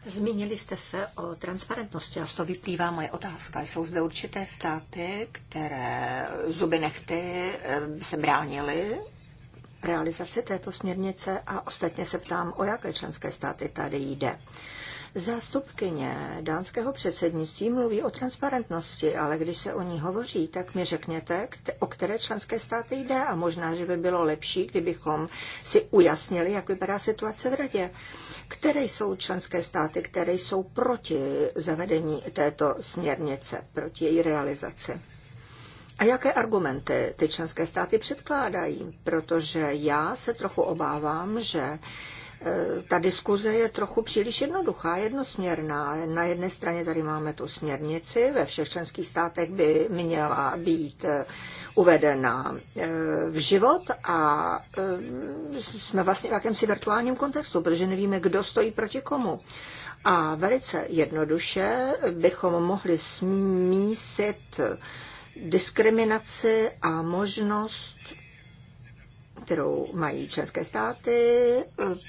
Speaker 1: Zmínili jste se o transparentnosti a z toho vyplývá moje otázka. Jsou zde určité státy, které zuby nechty eh, se bránily Realizace této směrnice a ostatně se ptám, o jaké členské státy tady jde. Zástupkyně dánského předsednictví mluví o transparentnosti, ale když se o ní hovoří, tak mi řekněte, o které členské státy jde a možná, že by bylo lepší, kdybychom si ujasnili, jak vypadá situace v radě. Které jsou členské státy, které jsou proti zavedení této směrnice, proti její realizaci? A jaké argumenty ty členské státy předkládají? Protože já se trochu obávám, že e, ta diskuze je trochu příliš jednoduchá, jednosměrná. Na jedné straně tady máme tu směrnici, ve všech členských státech by měla být e, uvedena e, v život a jsme vlastně v jakémsi virtuálním kontextu, protože nevíme, kdo stojí proti komu. A velice jednoduše bychom mohli smísit diskriminaci a možnost, kterou mají členské státy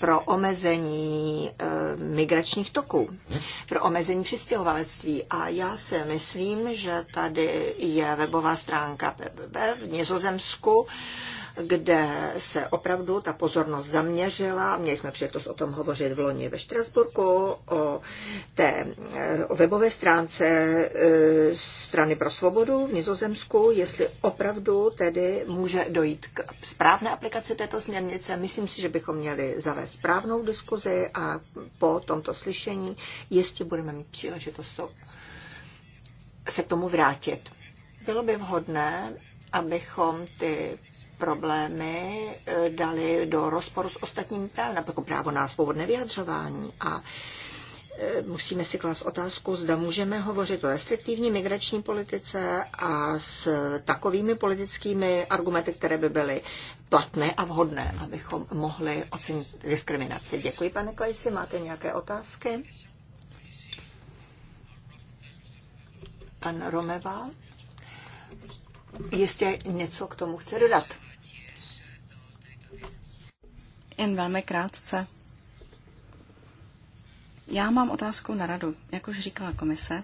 Speaker 1: pro omezení eh, migračních toků, pro omezení přistěhovalectví. A já si myslím, že tady je webová stránka PBB v Nizozemsku, kde se opravdu ta pozornost zaměřila. Měli jsme příležitost o tom hovořit v loni ve Štrasburku, o té eh, o webové stránce eh, strany pro svobodu v Nizozemsku, jestli opravdu tedy může dojít k správné aplikaci této směrnice. Myslím si, že bychom měli zavést správnou diskuzi a po tomto slyšení jestli budeme mít příležitost se k tomu vrátit. Bylo by vhodné, abychom ty problémy eh, dali do rozporu s ostatním právem, jako právo na svobodné vyjadřování. A eh, musíme si klást otázku, zda můžeme hovořit o restriktivní migrační politice a s takovými politickými argumenty, které by byly platné a vhodné, abychom mohli ocenit diskriminaci. Děkuji, pane Klejsi. Máte nějaké otázky? Pan Romeva jistě něco k tomu chce dodat.
Speaker 3: Jen velmi krátce. Já mám otázku na radu. Jak už říkala komise,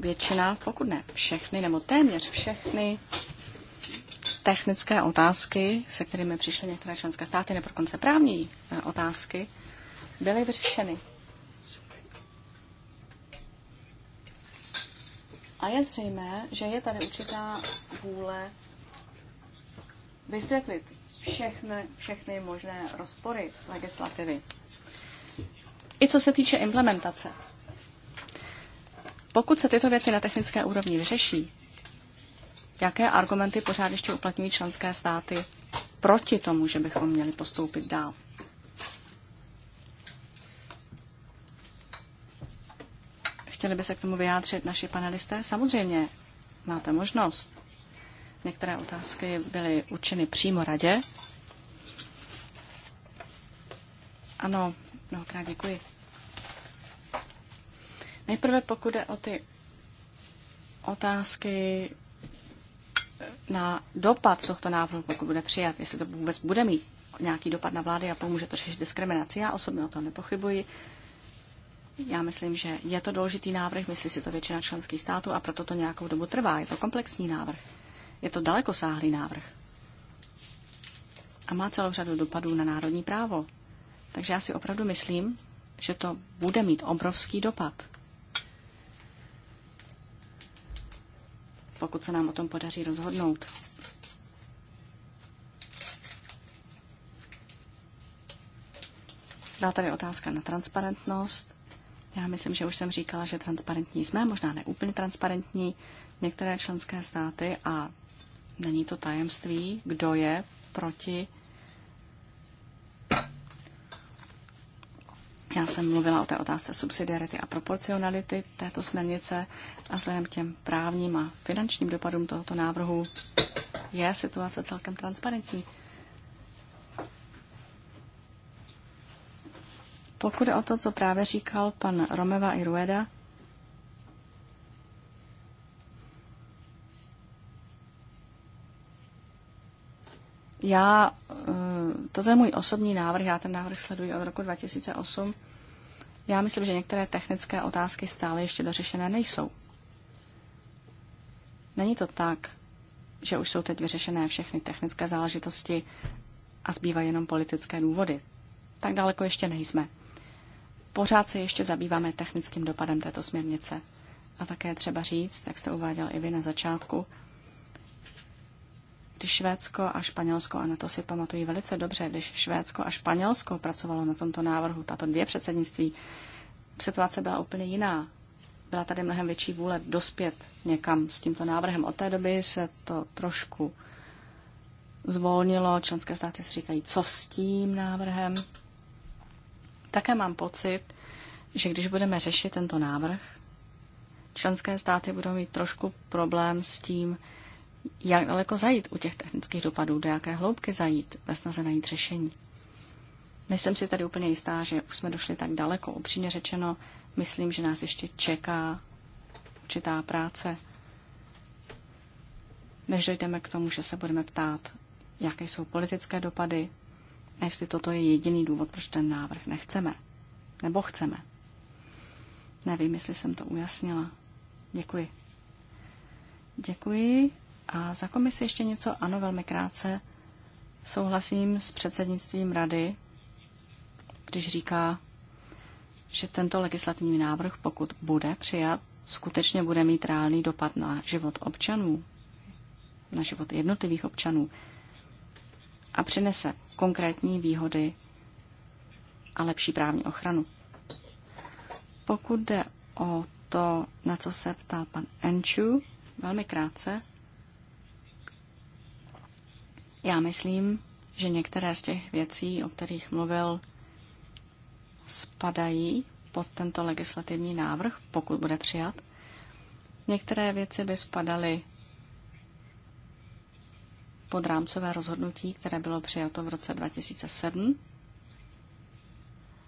Speaker 3: většina, pokud ne všechny, nebo téměř všechny technické otázky, se kterými přišly některé členské státy, nebo dokonce právní eh, otázky, byly vyřešeny. A je zřejmé, že je tady určitá vůle vysvětlit všechny, všechny možné rozpory legislativy. I co se týče implementace. Pokud se tyto věci na technické úrovni vyřeší, jaké argumenty pořád ještě uplatňují členské státy proti tomu, že bychom měli postoupit dál? Chtěli by se k tomu vyjádřit naši panelisté? Samozřejmě, máte možnost. Některé otázky byly učeny přímo radě. Ano, mnohokrát děkuji. Nejprve pokud jde o ty otázky na dopad tohoto návrhu, pokud bude přijat, jestli to vůbec bude mít nějaký dopad na vlády a pomůže to řešit diskriminaci. Já osobně o tom nepochybuji. Já myslím, že je to důležitý návrh, myslí si to většina členských států a proto to nějakou dobu trvá. Je to komplexní návrh. Je to sáhlý návrh. A má celou řadu dopadů na národní právo. Takže já si opravdu myslím, že to bude mít obrovský dopad. Pokud se nám o tom podaří rozhodnout. Dá tady otázka na transparentnost. Já myslím, že už jsem říkala, že transparentní jsme, možná neúplně transparentní. Některé členské státy a Není to tajemství, kdo je proti. Já jsem mluvila o té otázce subsidiarity a proporcionality této směrnice a vzhledem k těm právním a finančním dopadům tohoto návrhu je situace celkem transparentní. Pokud je o to, co právě říkal pan Romeva i Rueda, Já, eh, toto je můj osobní návrh, já ten návrh sleduji od roku 2008. Já myslím, že některé technické otázky stále ještě dořešené nejsou. Není to tak, že už jsou teď vyřešené všechny technické záležitosti a zbývají jenom politické důvody. Tak daleko ještě nejsme. Pořád se ještě zabýváme technickým dopadem této směrnice. A také třeba říct, jak jste uváděl i vy na začátku, když Švédsko a Španělsko, a na to si pamatují velice dobře, když Švédsko a Španělsko pracovalo na tomto návrhu, tato dvě předsednictví, situace byla úplně jiná. Byla tady mnohem větší vůle dospět někam s tímto návrhem. Od té doby se to trošku zvolnilo, členské státy si říkají, co s tím návrhem. Také mám pocit, že když budeme řešit tento návrh, členské státy budou mít trošku problém s tím, jak daleko zajít u těch technických dopadů, do jaké hloubky zajít ve snaze najít řešení. Nejsem si tady úplně jistá, že už jsme došli tak daleko. Upřímně řečeno, myslím, že nás ještě čeká určitá práce, než dojdeme k tomu, že se budeme ptát, jaké jsou politické dopady a jestli toto je jediný důvod, proč ten návrh nechceme. Nebo chceme. Nevím, jestli jsem to ujasnila. Děkuji. Děkuji. A za komisi ještě něco, ano, velmi krátce. Souhlasím s předsednictvím rady, když říká, že tento legislativní návrh, pokud bude přijat, skutečně bude mít reálný dopad na život občanů, na život jednotlivých občanů a přinese konkrétní výhody a lepší právní ochranu. Pokud jde o to, na co se ptal pan Enchu, velmi krátce, já myslím, že některé z těch věcí, o kterých mluvil, spadají pod tento legislativní návrh, pokud bude přijat. Některé věci by spadaly pod rámcové rozhodnutí, které bylo přijato v roce 2007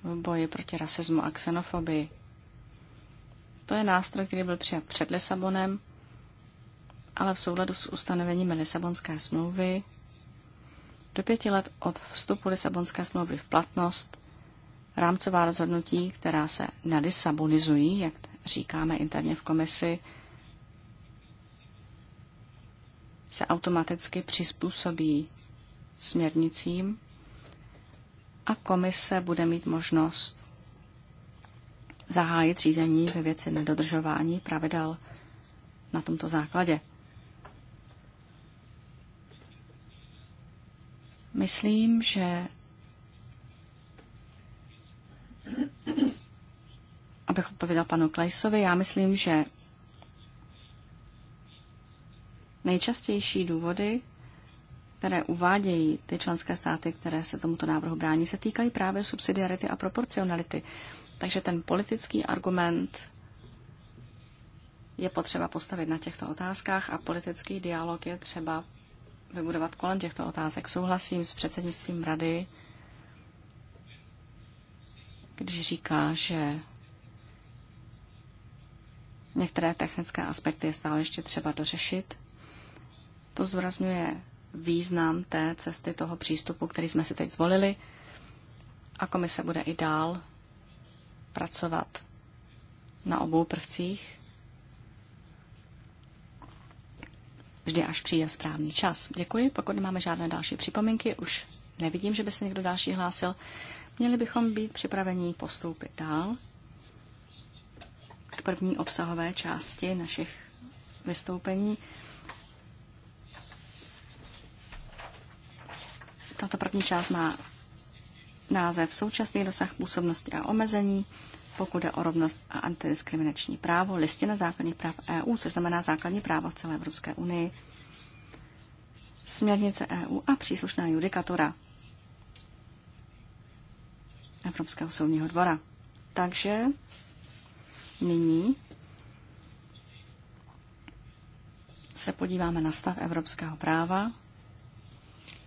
Speaker 3: v boji proti rasismu a xenofobii. To je nástroj, který byl přijat před Lisabonem, ale v souladu s ustanoveními Lisabonské smlouvy do pěti let od vstupu Lisabonské smlouvy v platnost rámcová rozhodnutí, která se nelisabonizují, jak říkáme interně v komisi, se automaticky přizpůsobí směrnicím a komise bude mít možnost zahájit řízení ve věci nedodržování pravidel na tomto základě. Myslím, že abych odpověděl panu Klejsovi, já myslím, že nejčastější důvody, které uvádějí ty členské státy, které se tomuto návrhu brání, se týkají právě subsidiarity a proporcionality. Takže ten politický argument je potřeba postavit na těchto otázkách a politický dialog je třeba vybudovat kolem těchto otázek. Souhlasím s předsednictvím rady, když říká, že některé technické aspekty je stále ještě třeba dořešit. To zdůrazňuje význam té cesty, toho přístupu, který jsme si teď zvolili a komise bude i dál pracovat na obou prvcích vždy, až přijde správný čas. Děkuji. Pokud nemáme žádné další připomínky, už nevidím, že by se někdo další hlásil. Měli bychom být připraveni postoupit dál k první obsahové části našich vystoupení. Tato první část má název Současný dosah působnosti a omezení pokud jde o rovnost a antidiskriminační právo, listina základních práv EU, což znamená základní práva v celé Evropské unii, směrnice EU a příslušná judikatura Evropského soudního dvora. Takže nyní se podíváme na stav evropského práva,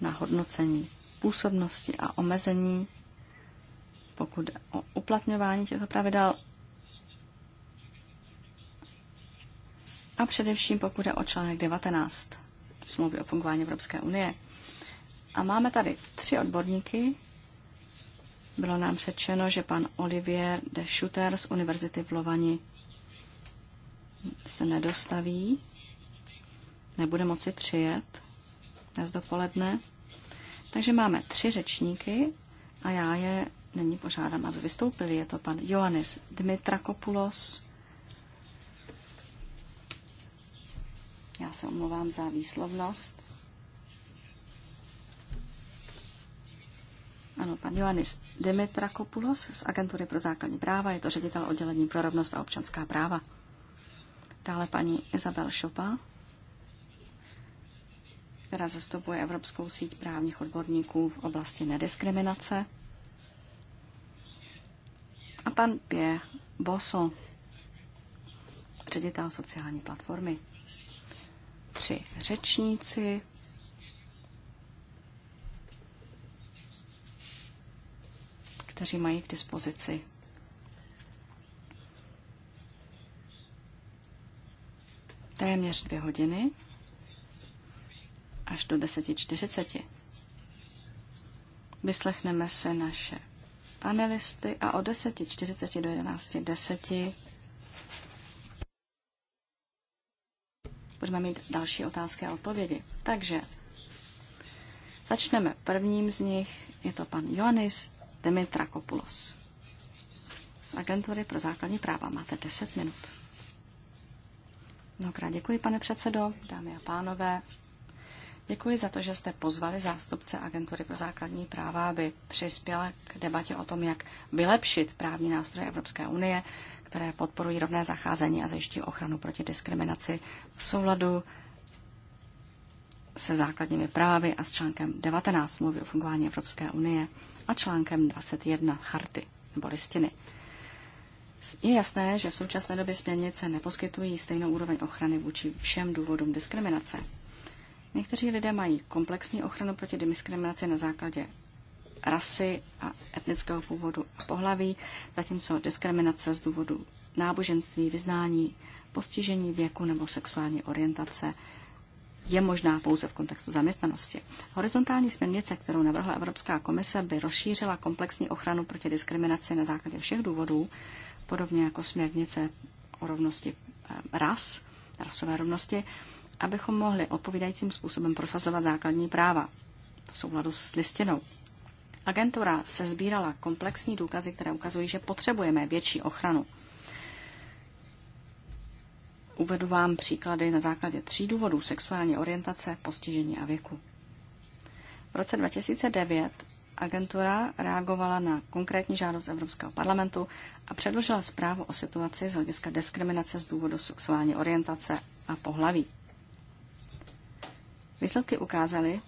Speaker 3: na hodnocení působnosti a omezení pokud jde o uplatňování těchto pravidel a především pokud jde o článek 19 smlouvy o fungování Evropské unie. A máme tady tři odborníky. Bylo nám řečeno, že pan Olivier de Schutter z Univerzity v Lovani se nedostaví, nebude moci přijet dnes dopoledne. Takže máme tři řečníky a já je Nyní požádám, aby vystoupili. Je to pan Johannes Dmitrakopoulos. Já se omlouvám za výslovnost. Ano, pan Johannes Dimitrakopoulos z Agentury pro základní práva, je to ředitel oddělení pro rovnost a občanská práva. Dále paní Isabel Šopa, která zastupuje Evropskou síť právních odborníků v oblasti nediskriminace a pan Pierre Boso, ředitel sociální platformy. Tři řečníci. kteří mají k dispozici téměř dvě hodiny až do 10.40. Vyslechneme se naše panelisty a o 10.40 do 11.10 budeme mít další otázky a odpovědi. Takže začneme prvním z nich, je to pan Ioannis Demitrakopoulos z Agentury pro základní práva. Máte 10 minut. Mnohokrát děkuji, pane předsedo, dámy a pánové. Děkuji za to, že jste pozvali zástupce Agentury pro základní práva, aby přispěla k debatě o tom, jak vylepšit právní nástroje Evropské unie, které podporují rovné zacházení a zajišťují ochranu proti diskriminaci v souladu se základními právy a s článkem 19 smlouvy o fungování Evropské unie a článkem 21 charty nebo listiny. Je jasné, že v současné době směrnice neposkytují stejnou úroveň ochrany vůči všem důvodům diskriminace. Někteří lidé mají komplexní ochranu proti diskriminaci na základě rasy a etnického původu a pohlaví, zatímco diskriminace z důvodu náboženství, vyznání, postižení věku nebo sexuální orientace je možná pouze v kontextu zaměstnanosti. Horizontální směrnice, kterou navrhla Evropská komise, by rozšířila komplexní ochranu proti diskriminaci na základě všech důvodů, podobně jako směrnice o rovnosti eh, ras, rasové rovnosti, abychom mohli odpovídajícím způsobem prosazovat základní práva v souladu s listinou. Agentura se sbírala komplexní důkazy, které ukazují, že potřebujeme větší ochranu. Uvedu vám příklady na základě tří důvodů sexuální orientace, postižení a věku. V roce 2009 agentura reagovala na konkrétní žádost Evropského parlamentu a předložila zprávu o situaci z hlediska diskriminace z důvodu sexuální orientace a pohlaví. Výsledky ukázaly,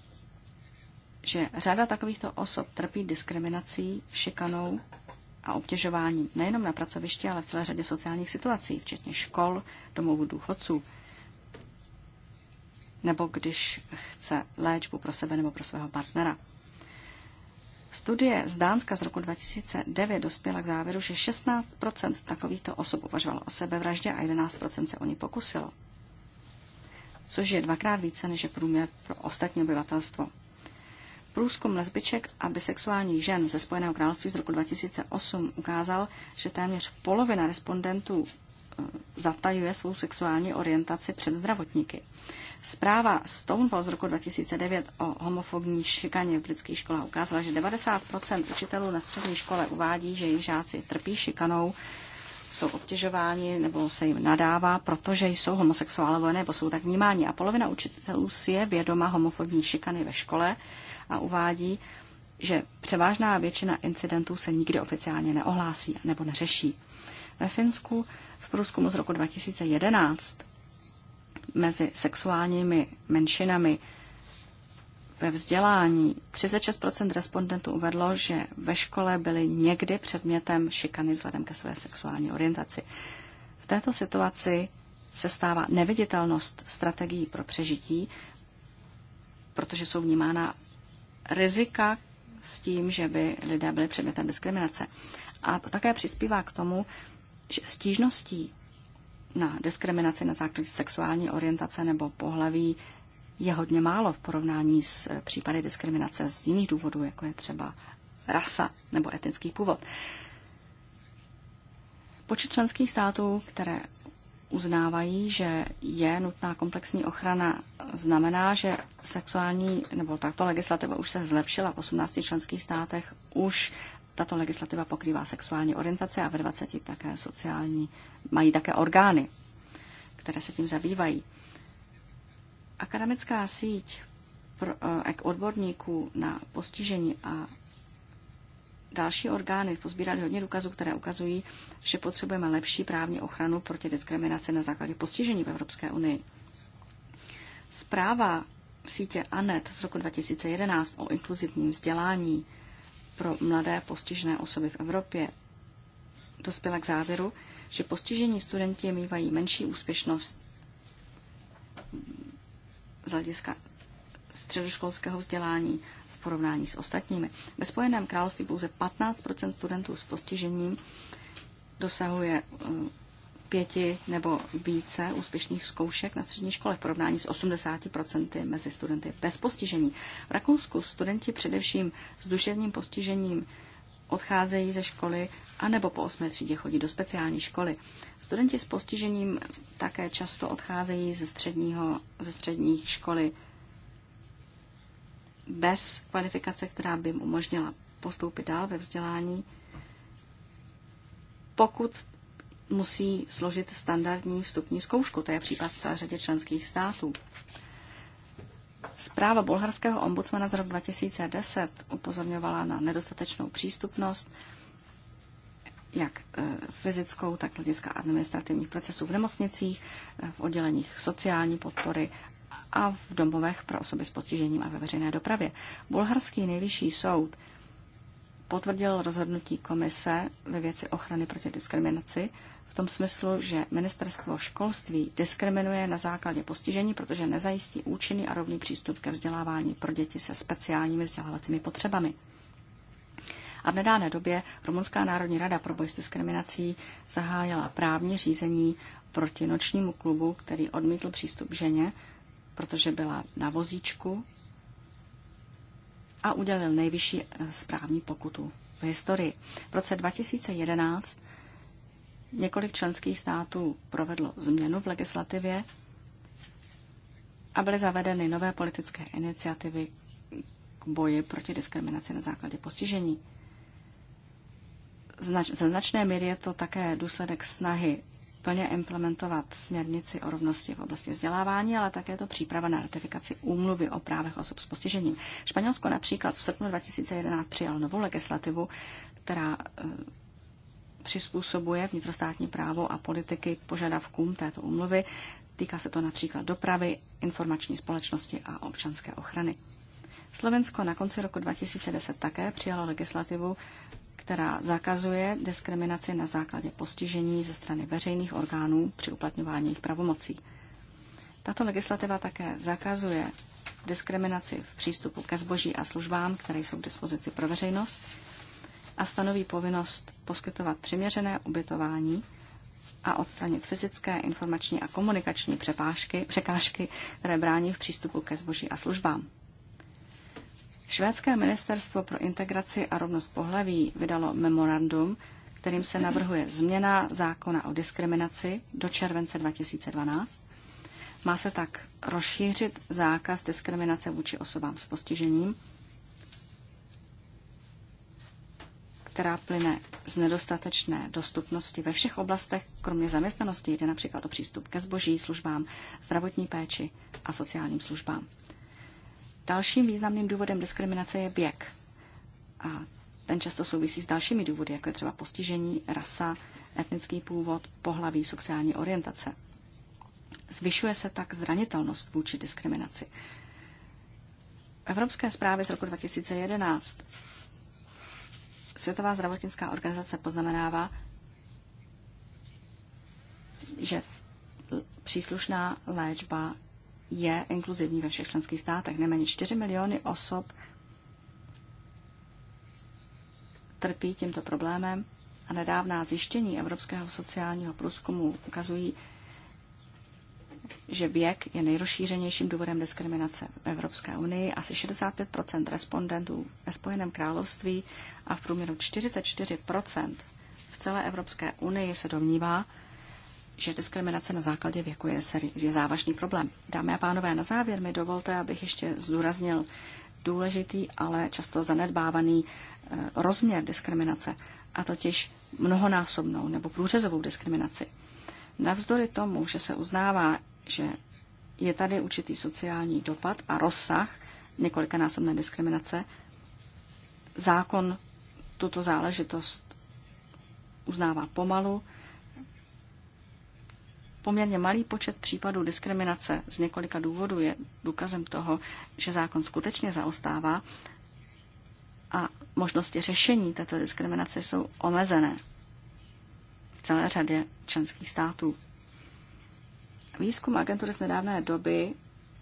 Speaker 3: že řada takovýchto osob trpí diskriminací, šikanou a obtěžováním nejenom na pracovišti, ale v celé řadě sociálních situací, včetně škol, domovů důchodců, nebo když chce léčbu pro sebe nebo pro svého partnera. Studie z Dánska z roku 2009 dospěla k závěru, že 16 takovýchto osob uvažovalo o sebevraždě a 11 se o ní pokusilo což je dvakrát více než je průměr pro ostatní obyvatelstvo. Průzkum lesbiček a bisexuálních žen ze Spojeného království z roku 2008 ukázal, že téměř polovina respondentů eh, zatajuje svou sexuální orientaci před zdravotníky. Zpráva Stonewall z roku 2009 o homofobní šikaně v britských školách ukázala, že 90 učitelů na střední škole uvádí, že jejich žáci trpí šikanou, jsou obtěžováni nebo se jim nadává, protože jsou homosexuálové nebo jsou tak vnímáni. A polovina učitelů si je vědoma homofobní šikany ve škole a uvádí, že převážná většina incidentů se nikdy oficiálně neohlásí nebo neřeší. Ve Finsku v průzkumu z roku 2011 mezi sexuálními menšinami ve vzdělání 36% respondentů uvedlo, že ve škole byly někdy předmětem šikany vzhledem ke své sexuální orientaci. V této situaci se stává neviditelnost strategií pro přežití, protože jsou vnímána rizika s tím, že by lidé byli předmětem diskriminace. A to také přispívá k tomu, že stížností na diskriminaci na základě sexuální orientace nebo pohlaví je hodně málo v porovnání s eh, případy diskriminace z jiných důvodů, jako je třeba rasa nebo etnický původ. Počet členských států, které uznávají, že je nutná komplexní ochrana, znamená, že sexuální nebo takto legislativa už se zlepšila v 18 členských státech, už tato legislativa pokrývá sexuální orientace a ve 20 také sociální, mají také orgány, které se tím zabývají. Akademická síť pro, eh, odborníků na postižení a další orgány pozbírali hodně důkazů, které ukazují, že potřebujeme lepší právní ochranu proti diskriminaci na základě postižení v Evropské unii. Zpráva sítě ANET z roku 2011 o inkluzivním vzdělání pro mladé postižené osoby v Evropě dospěla k závěru, že postižení studenti mývají menší úspěšnost z hlediska středoškolského vzdělání v porovnání s ostatními. Ve Spojeném království pouze 15 studentů s postižením dosahuje eh, pěti nebo více úspěšných zkoušek na střední škole v porovnání s 80% mezi studenty bez postižení. V Rakousku studenti především s duševním postižením odcházejí ze školy anebo po osmé třídě chodí do speciální školy. Studenti s postižením také často odcházejí ze, středního, ze střední školy bez kvalifikace, která by jim umožnila postoupit dál ve vzdělání, pokud musí složit standardní vstupní zkoušku. To je případ v celé řadě členských států. Zpráva bulharského ombudsmana z roku 2010 upozorňovala na nedostatečnou přístupnost jak eh, fyzickou, tak hlediska administrativních procesů v nemocnicích, eh, v odděleních sociální podpory a v domovech pro osoby s postižením a ve veřejné dopravě. Bulharský nejvyšší soud potvrdil rozhodnutí komise ve věci ochrany proti diskriminaci v tom smyslu, že ministerstvo školství diskriminuje na základě postižení, protože nezajistí účinný a rovný přístup ke vzdělávání pro děti se speciálními vzdělávacími potřebami. A v nedávné době Rumunská národní rada pro boj s diskriminací zahájila právní řízení proti nočnímu klubu, který odmítl přístup ženě, protože byla na vozíčku a udělil nejvyšší eh, správní pokutu v historii. V roce 2011 několik členských států provedlo změnu v legislativě a byly zavedeny nové politické iniciativy k boji proti diskriminaci na základě postižení znač, ze značné míry je to také důsledek snahy plně implementovat směrnici o rovnosti v oblasti vzdělávání, ale také to příprava na ratifikaci úmluvy o právech osob s postižením. Španělsko například v srpnu 2011 přijalo novou legislativu, která e, přizpůsobuje vnitrostátní právo a politiky k požadavkům této úmluvy. Týká se to například dopravy, informační společnosti a občanské ochrany. Slovensko na konci roku 2010 také přijalo legislativu která zakazuje diskriminaci na základě postižení ze strany veřejných orgánů při uplatňování jejich pravomocí. Tato legislativa také zakazuje diskriminaci v přístupu ke zboží a službám, které jsou k dispozici pro veřejnost a stanoví povinnost poskytovat přiměřené ubytování a odstranit fyzické, informační a komunikační přepážky, překážky, které brání v přístupu ke zboží a službám. Švédské ministerstvo pro integraci a rovnost pohlaví vydalo memorandum, kterým se navrhuje změna zákona o diskriminaci do července 2012. Má se tak rozšířit zákaz diskriminace vůči osobám s postižením, která plyne z nedostatečné dostupnosti ve všech oblastech, kromě zaměstnanosti, jde například o přístup ke zboží, službám, zdravotní péči a sociálním službám. Dalším významným důvodem diskriminace je věk. A ten často souvisí s dalšími důvody, jako je třeba postižení, rasa, etnický původ, pohlaví, sociální orientace. Zvyšuje se tak zranitelnost vůči diskriminaci. V Evropské zprávě z roku 2011 Světová zdravotnická organizace poznamenává, že příslušná léčba je inkluzivní ve všech členských státech. Neméně 4 miliony osob trpí tímto problémem a nedávná zjištění Evropského sociálního průzkumu ukazují, že věk je nejrozšířenějším důvodem diskriminace v Evropské unii. Asi 65 respondentů ve Spojeném království a v průměru 44 v celé Evropské unii se domnívá, že diskriminace na základě věku je, seri- je závažný problém. Dámy a pánové, na závěr mi dovolte, abych ještě zdůraznil důležitý, ale často zanedbávaný eh, rozměr diskriminace, a totiž mnohonásobnou nebo průřezovou diskriminaci. Navzdory tomu, že se uznává, že je tady určitý sociální dopad a rozsah několikanásobné diskriminace, zákon tuto záležitost uznává pomalu, Poměrně malý počet případů diskriminace z několika důvodů je důkazem toho, že zákon skutečně zaostává a možnosti řešení této diskriminace jsou omezené v celé řadě členských států. Výzkum agentury z nedávné doby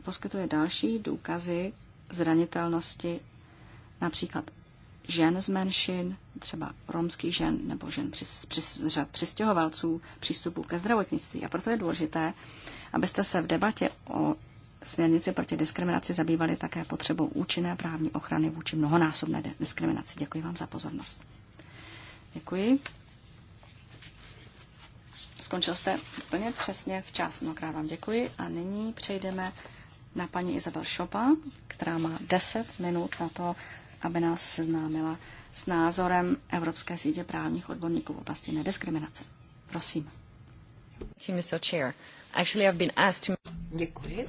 Speaker 3: poskytuje další důkazy zranitelnosti, například žen z menšin, třeba romských žen nebo žen při přis, řad přistěhovalců přístupu ke zdravotnictví. A proto je důležité, abyste se v debatě o směrnici proti diskriminaci zabývali také potřebou účinné právní ochrany vůči mnohonásobné diskriminaci. Děkuji vám za pozornost. Děkuji. Skončil jste úplně přesně včas. Mnohokrát vám děkuji a nyní přejdeme na paní Izabel Šopa, která má 10 minut na to, aby nás seznámila s názorem Evropské sítě právních odborníků v oblasti nediskriminace. Prosím. Děkuji.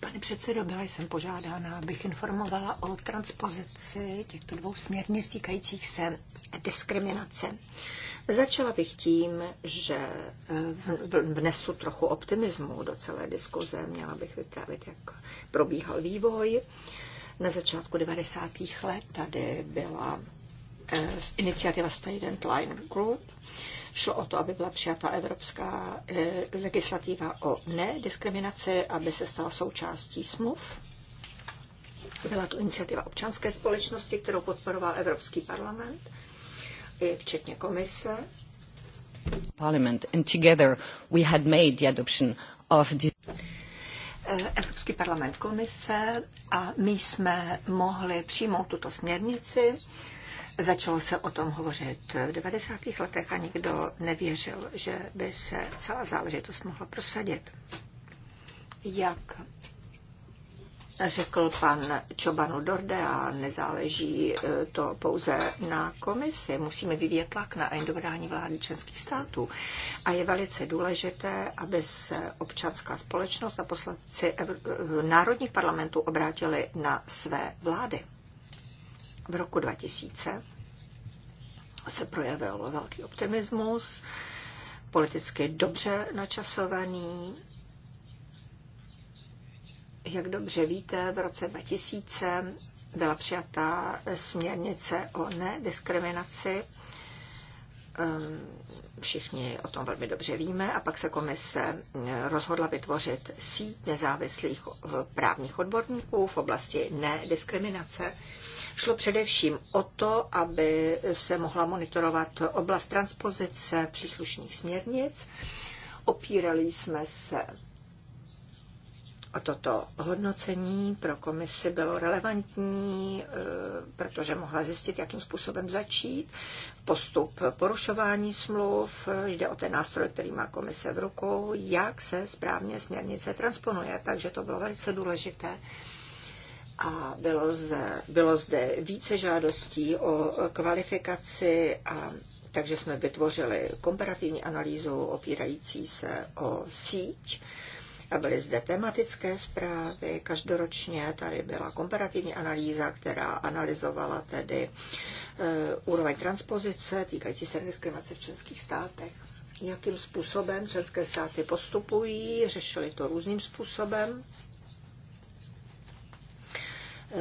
Speaker 1: Pane předsedo, byla jsem požádána, abych informovala o transpozici těchto dvou směrnic týkajících se diskriminace. Začala bych tím, že eh, vnesu trochu optimismu do celé diskuze. Měla bych vyprávět, jak probíhal vývoj. Uh, na začátku 90. let tady byla eh, iniciativa Student Line Group. Šlo o to, aby byla přijata evropská eh, legislativa o nediskriminaci, aby se stala součástí smluv. Byla to iniciativa občanské společnosti, kterou podporoval Evropský parlament, včetně komise.
Speaker 3: Parlament and together we had made the adoption of this
Speaker 1: Eh, Evropský parlament komise a my jsme mohli přijmout tuto směrnici. Začalo se o tom hovořit v 90. letech a nikdo nevěřil, že by se celá záležitost mohla prosadit. Jak řekl pan Čobanu Dorde a nezáleží e, to pouze na komisi. Musíme vyvíjet tlak na individuální vlády českých států. A je velice důležité, aby se občanská společnost a poslanci e, národních parlamentů obrátili na své vlády. V roku 2000 se projevil velký optimismus, politicky dobře načasovaný jak dobře víte, v roce 2000 byla přijatá směrnice o nediskriminaci. Ehm, všichni o tom velmi dobře víme. A pak se komise ehm, rozhodla vytvořit síť nezávislých eh, právních odborníků v oblasti nediskriminace. Šlo především o to, aby se mohla monitorovat oblast transpozice příslušných směrnic. Opírali jsme se a toto hodnocení pro komisi bylo relevantní, eh, protože mohla zjistit, jakým způsobem začít. Postup porušování smluv, eh, jde o ten nástroj, který má komise v rukou, jak se správně směrnice transponuje. Takže to bylo velice důležité a bylo zde, bylo zde více žádostí o kvalifikaci a takže jsme vytvořili komparativní analýzu opírající se o síť Byly zde tematické zprávy, každoročně tady byla komparativní analýza, která analyzovala tedy eh, úroveň transpozice týkající se diskriminace v členských státech jakým způsobem členské státy postupují, řešili to různým způsobem.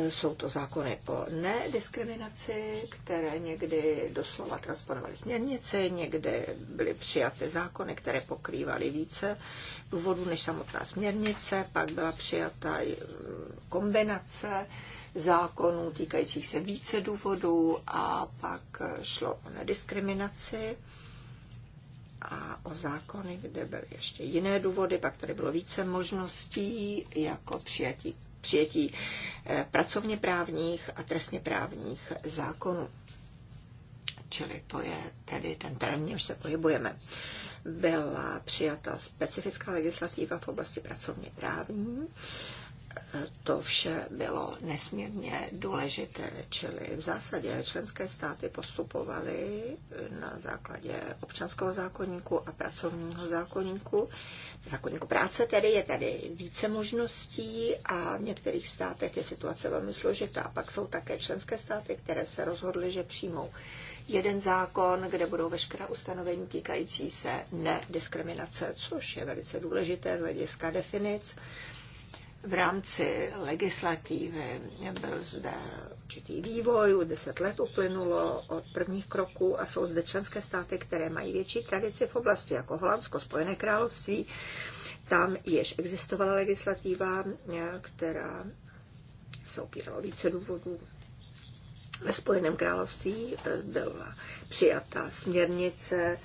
Speaker 1: Jsou to zákony o nediskriminaci, které někdy doslova transponovaly směrnici, někdy byly přijaty zákony, které pokrývaly více důvodů než samotná směrnice, pak byla přijata mm, kombinace zákonů týkajících se více důvodů a pak eh, šlo o nediskriminaci a o zákony, kde byly ještě jiné důvody, pak tady bylo více možností, jako přijatí přijetí eh, pracovně právních a trestně právních zákonů. Čili to je tedy ten termín, už se pohybujeme. Byla přijata specifická legislativa v oblasti pracovně právní to vše bylo nesmírně důležité, čili v zásadě členské státy postupovaly na základě občanského zákonníku a pracovního zákonníku. zákonníku práce tedy je tady více možností a v některých státech je situace velmi složitá. Pak jsou také členské státy, které se rozhodly, že přijmou jeden zákon, kde budou veškerá ustanovení týkající se nediskriminace, což je velice důležité z hlediska definic v rámci legislativy. Byl zde určitý vývoj, deset let uplynulo od prvních kroků a jsou zde členské státy, které mají větší tradici v oblasti, jako Holandsko, Spojené království. Tam již existovala legislativa, která se opírala více důvodů. Ve Spojeném království eh, byla přijata směrnice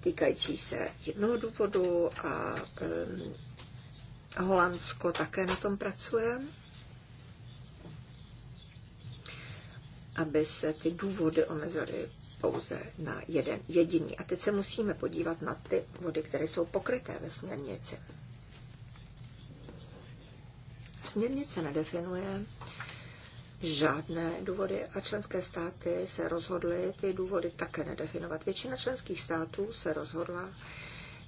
Speaker 1: týkající se jednoho důvodu a Holandsko také na tom pracuje, aby se ty důvody omezily pouze na jeden jediný. A teď se musíme podívat na ty vody, které jsou pokryté ve směrnici. Směrnice nedefinuje žádné důvody a členské státy se rozhodly ty důvody také nedefinovat. Většina členských států se rozhodla,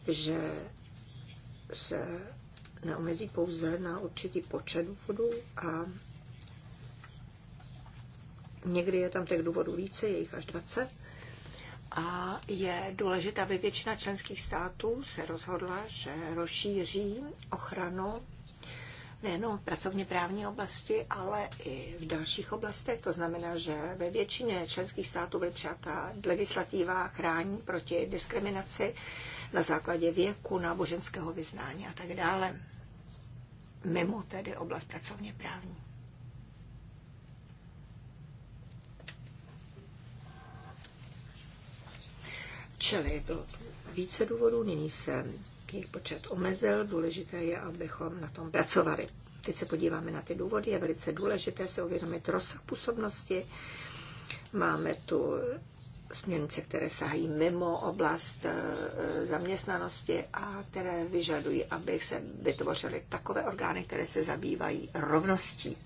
Speaker 1: že se neomezí pouze na určitý počet důvodů a někdy je tam těch důvodů více, je jich až 20. A je důležité, aby většina členských států se rozhodla, že rozšíří ochranu nejenom v pracovně právní oblasti, ale i v dalších oblastech. To znamená, že ve většině členských států byla přijata legislativa chrání proti diskriminaci na základě věku, náboženského vyznání a tak dále mimo tedy oblast pracovně právní. Čili bylo více důvodů, nyní se jejich počet omezil, důležité je, abychom na tom pracovali. Teď se podíváme na ty důvody, je velice důležité se uvědomit rozsah působnosti. Máme tu směrnice, které sahají mimo oblast eh, eh, zaměstnanosti a které vyžadují, aby se vytvořily takové orgány, které se zabývají rovností.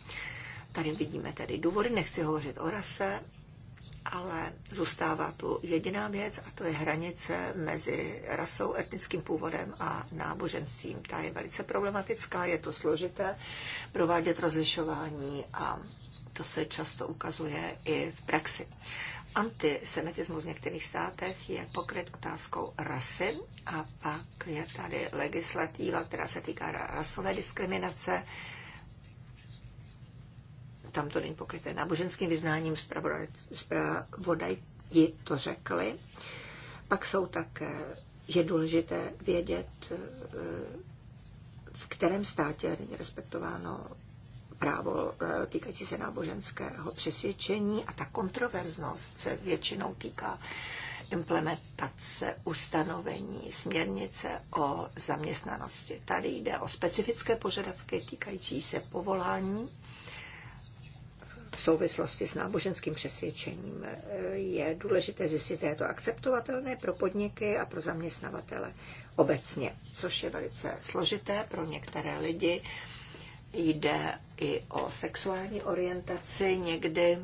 Speaker 1: Tady vidíme tedy důvody, nechci hovořit o rase, ale zůstává tu jediná věc a to je hranice mezi rasou, etnickým původem a náboženstvím. Ta je velice problematická, je to složité provádět rozlišování a to se často ukazuje i v praxi antisemitismus v některých státech je pokryt otázkou rasy a pak je tady legislativa, která se týká rasové diskriminace. Tam to není pokryté náboženským vyznáním, zpravodaj ji to řekli. Pak jsou také, je důležité vědět, eh, v kterém státě není respektováno právo eh, týkající se náboženského přesvědčení a ta kontroverznost se většinou týká implementace ustanovení směrnice o zaměstnanosti. Tady jde o specifické požadavky týkající se povolání v souvislosti s náboženským přesvědčením. Eh, je důležité zjistit, je to akceptovatelné pro podniky a pro zaměstnavatele obecně, což je velice složité pro některé lidi jde i o sexuální orientaci. Někdy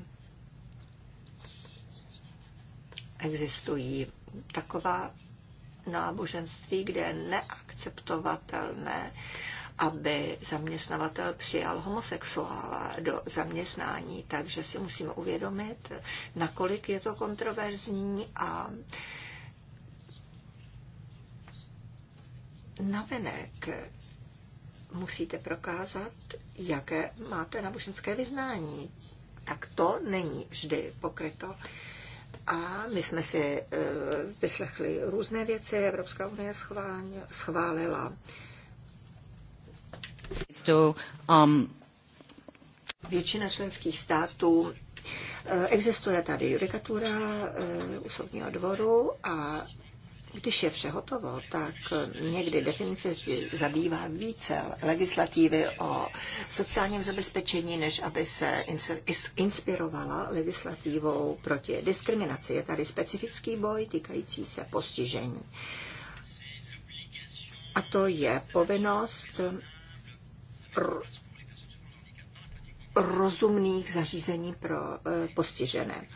Speaker 1: existují taková náboženství, kde je neakceptovatelné, aby zaměstnavatel přijal homosexuála do zaměstnání, takže si musíme uvědomit, nakolik je to kontroverzní a navenek musíte prokázat, jaké máte náboženské vyznání. Tak to není vždy pokryto. A my jsme si e, vyslechli různé věci. Evropská unie schválila
Speaker 3: to, um,
Speaker 1: Většina členských států e, Existuje tady judikatura e, u soudního dvoru a když je vše hotovo, tak někdy definice zabývá více legislativy o sociálním zabezpečení, než aby se inspirovala legislativou proti diskriminaci. Je tady specifický boj týkající se postižení. A to je povinnost rozumných zařízení pro eh, postižené.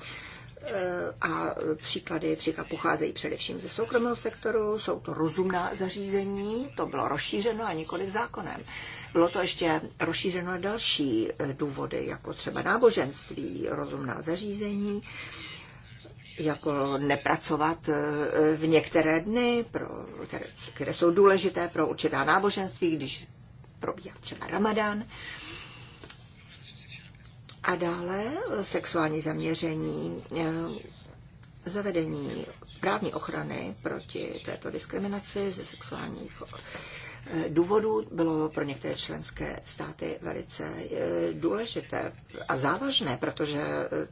Speaker 1: Eh, a příklady příklad pocházejí především ze soukromého sektoru, jsou to rozumná zařízení, to bylo rozšířeno a nikoli zákonem. Bylo to ještě rozšířeno na další eh, důvody, jako třeba náboženství, rozumná zařízení, jako nepracovat eh, v některé dny, pro, které, které jsou důležité pro určitá náboženství, když probíhá třeba ramadán. A dále eh, sexuální zaměření, eh, zavedení právní ochrany proti této diskriminaci ze sexuálních eh, důvodů bylo pro některé členské státy velice důležité a závažné, protože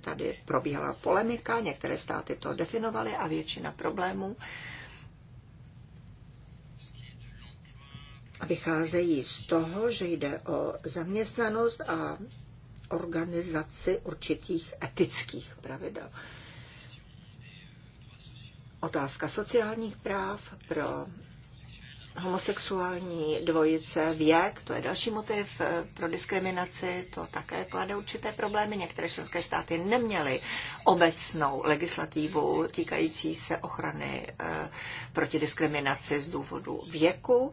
Speaker 1: tady probíhala polemika, některé státy to definovaly a většina problémů vycházejí z toho, že jde o zaměstnanost a organizaci určitých etických pravidel. Otázka sociálních práv pro homosexuální dvojice, věk, to je další motiv eh, pro diskriminaci, to také klade určité problémy. Některé členské státy neměly obecnou legislativu týkající se ochrany eh, proti diskriminaci z důvodu věku.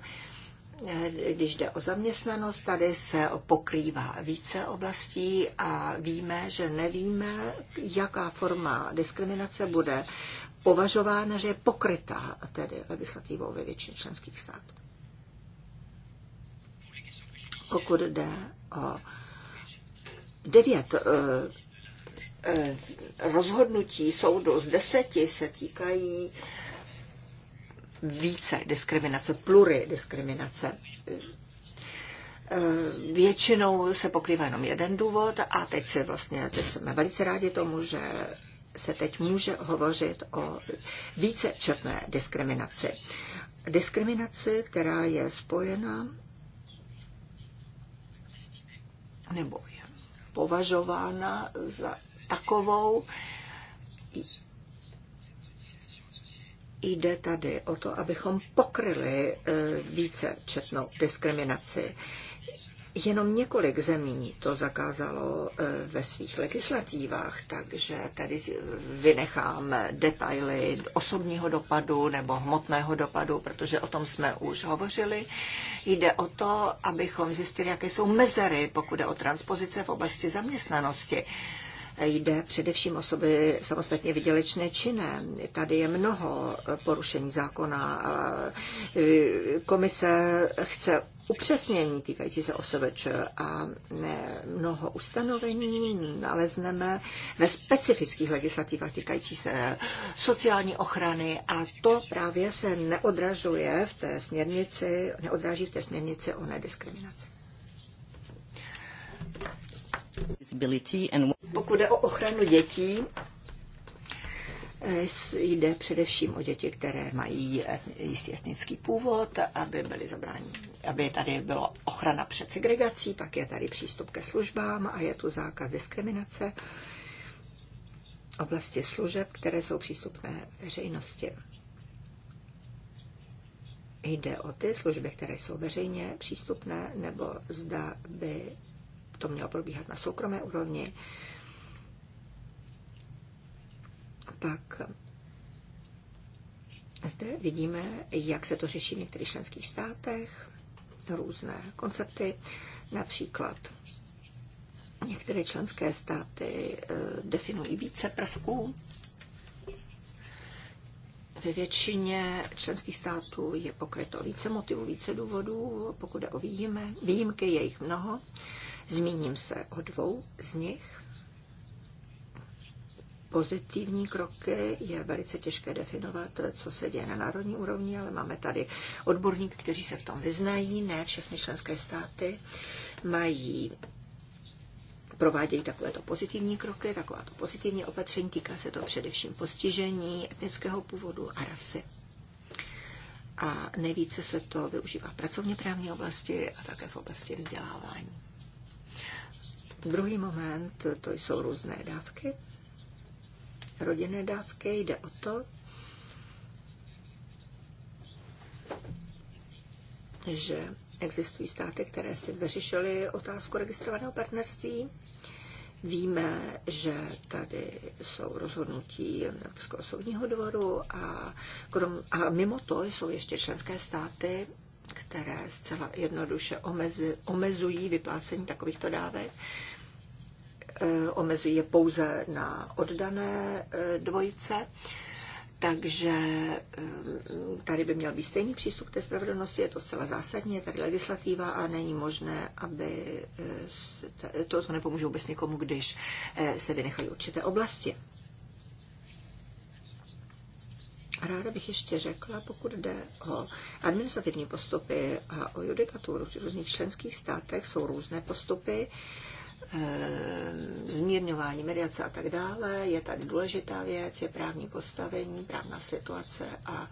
Speaker 1: Eh, když jde o zaměstnanost, tady se pokrývá více oblastí a víme, že nevíme, jaká forma diskriminace bude považována, že je pokrytá tedy legislativou ve většině členských států. Pokud jde o devět eh, eh, rozhodnutí soudu z deseti se týkají více diskriminace, diskriminace. Eh, většinou se pokrývá jenom jeden důvod a teď se vlastně, teď jsme velice rádi tomu, že se teď může hovořit o více četné diskriminaci. Diskriminaci, která je spojena nebo je považována za takovou, Jde tady o to, abychom pokryli eh, více četnou diskriminaci. Jenom několik zemí to zakázalo eh, ve svých legislativách, takže tady vynechám detaily osobního dopadu nebo hmotného dopadu, protože o tom jsme už hovořili. Jde o to, abychom zjistili, jaké jsou mezery, pokud je o transpozice v oblasti zaměstnanosti jde především osoby samostatně vydělečné činné. Tady je mnoho eh, porušení zákona. Eh, komise chce upřesnění týkající se osobeč a ne, eh, mnoho ustanovení nalezneme ve specifických legislativách týkající se sociální ochrany a to právě se neodražuje v té směrnici, neodráží v té směrnici o nediskriminaci.
Speaker 3: Pokud jde o ochranu dětí,
Speaker 1: eh, jde především o děti, které mají jistý etnický původ, aby byly zabráni, aby tady byla ochrana před segregací, pak je tady přístup ke službám a je tu zákaz diskriminace oblasti služeb, které jsou přístupné veřejnosti. Jde o ty služby, které jsou veřejně přístupné, nebo zda by to mělo probíhat na soukromé úrovni. Pak zde vidíme, jak se to řeší v některých členských státech, různé koncepty, například Některé členské státy eh, definují více prvků. Ve většině členských států je pokryto více motivů, více důvodů. Pokud jde o výjime, výjimky, je jich mnoho. Zmíním se o dvou z nich. Pozitivní kroky je velice těžké definovat, co se děje na národní úrovni, ale máme tady odborníky, kteří se v tom vyznají. Ne všechny členské státy mají provádějí takovéto pozitivní kroky, takováto pozitivní opatření. Týká se to především postižení etnického původu a rasy. A nejvíce se to využívá v pracovně právní oblasti a také v oblasti vzdělávání. Druhý moment, to jsou různé dávky, rodinné dávky, jde o to, že existují státy, které si vyřešily otázku registrovaného partnerství. Víme, že tady jsou rozhodnutí Evropského soudního dvoru a, krom, a mimo to jsou ještě členské státy, které zcela jednoduše omezují vyplácení takovýchto dávek. E, omezují je pouze na oddané e, dvojice. Takže e, tady by měl být stejný přístup k té spravedlnosti, je to zcela zásadní, je tady legislativa a není možné, aby to, to nepomůže vůbec nikomu, když se vynechají určité oblasti. Ráda bych ještě řekla, pokud jde o administrativní postupy a o judikaturu v různých členských státech, jsou různé postupy, eh, zmírňování mediace a tak dále. Je tady důležitá věc, je právní postavení, právná situace a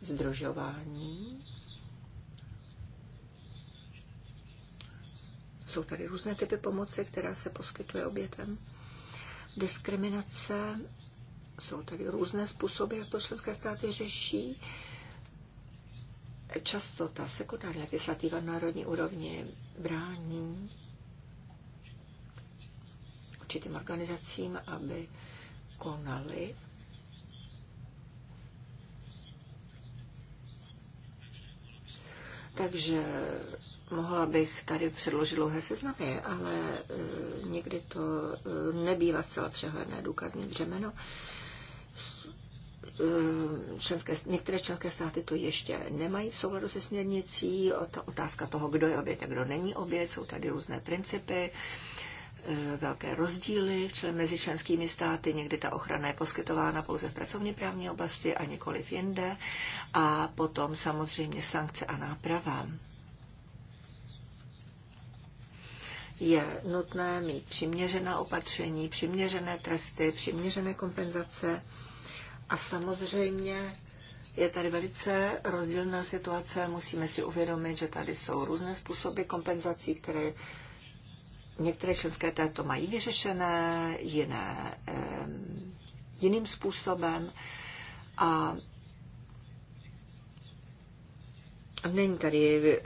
Speaker 1: zdrožování. Jsou tady různé typy pomoci, která se poskytuje obětem. Diskriminace jsou tady různé způsoby, jak to členské státy řeší. Často ta sekundární legislativa národní úrovně brání určitým organizacím, aby konali Takže mohla bych tady předložit dlouhé seznamy, ale e, někdy to e, nebývá zcela přehledné důkazní břemeno. Eh, členské, některé členské státy to ještě nemají v souladu se směrnicí. Otázka toho, kdo je obět a kdo není obět, jsou tady různé principy eh, velké rozdíly mezi členskými státy. Někdy ta ochrana je poskytována pouze v pracovní právní oblasti a nikoliv jinde. A potom samozřejmě sankce a náprava. Je nutné mít přiměřená opatření, přiměřené tresty, přiměřené kompenzace a samozřejmě je tady velice rozdílná situace. Musíme si uvědomit, že tady jsou různé způsoby kompenzací, které některé členské této mají vyřešené, jiné jiným způsobem. A není tady eh,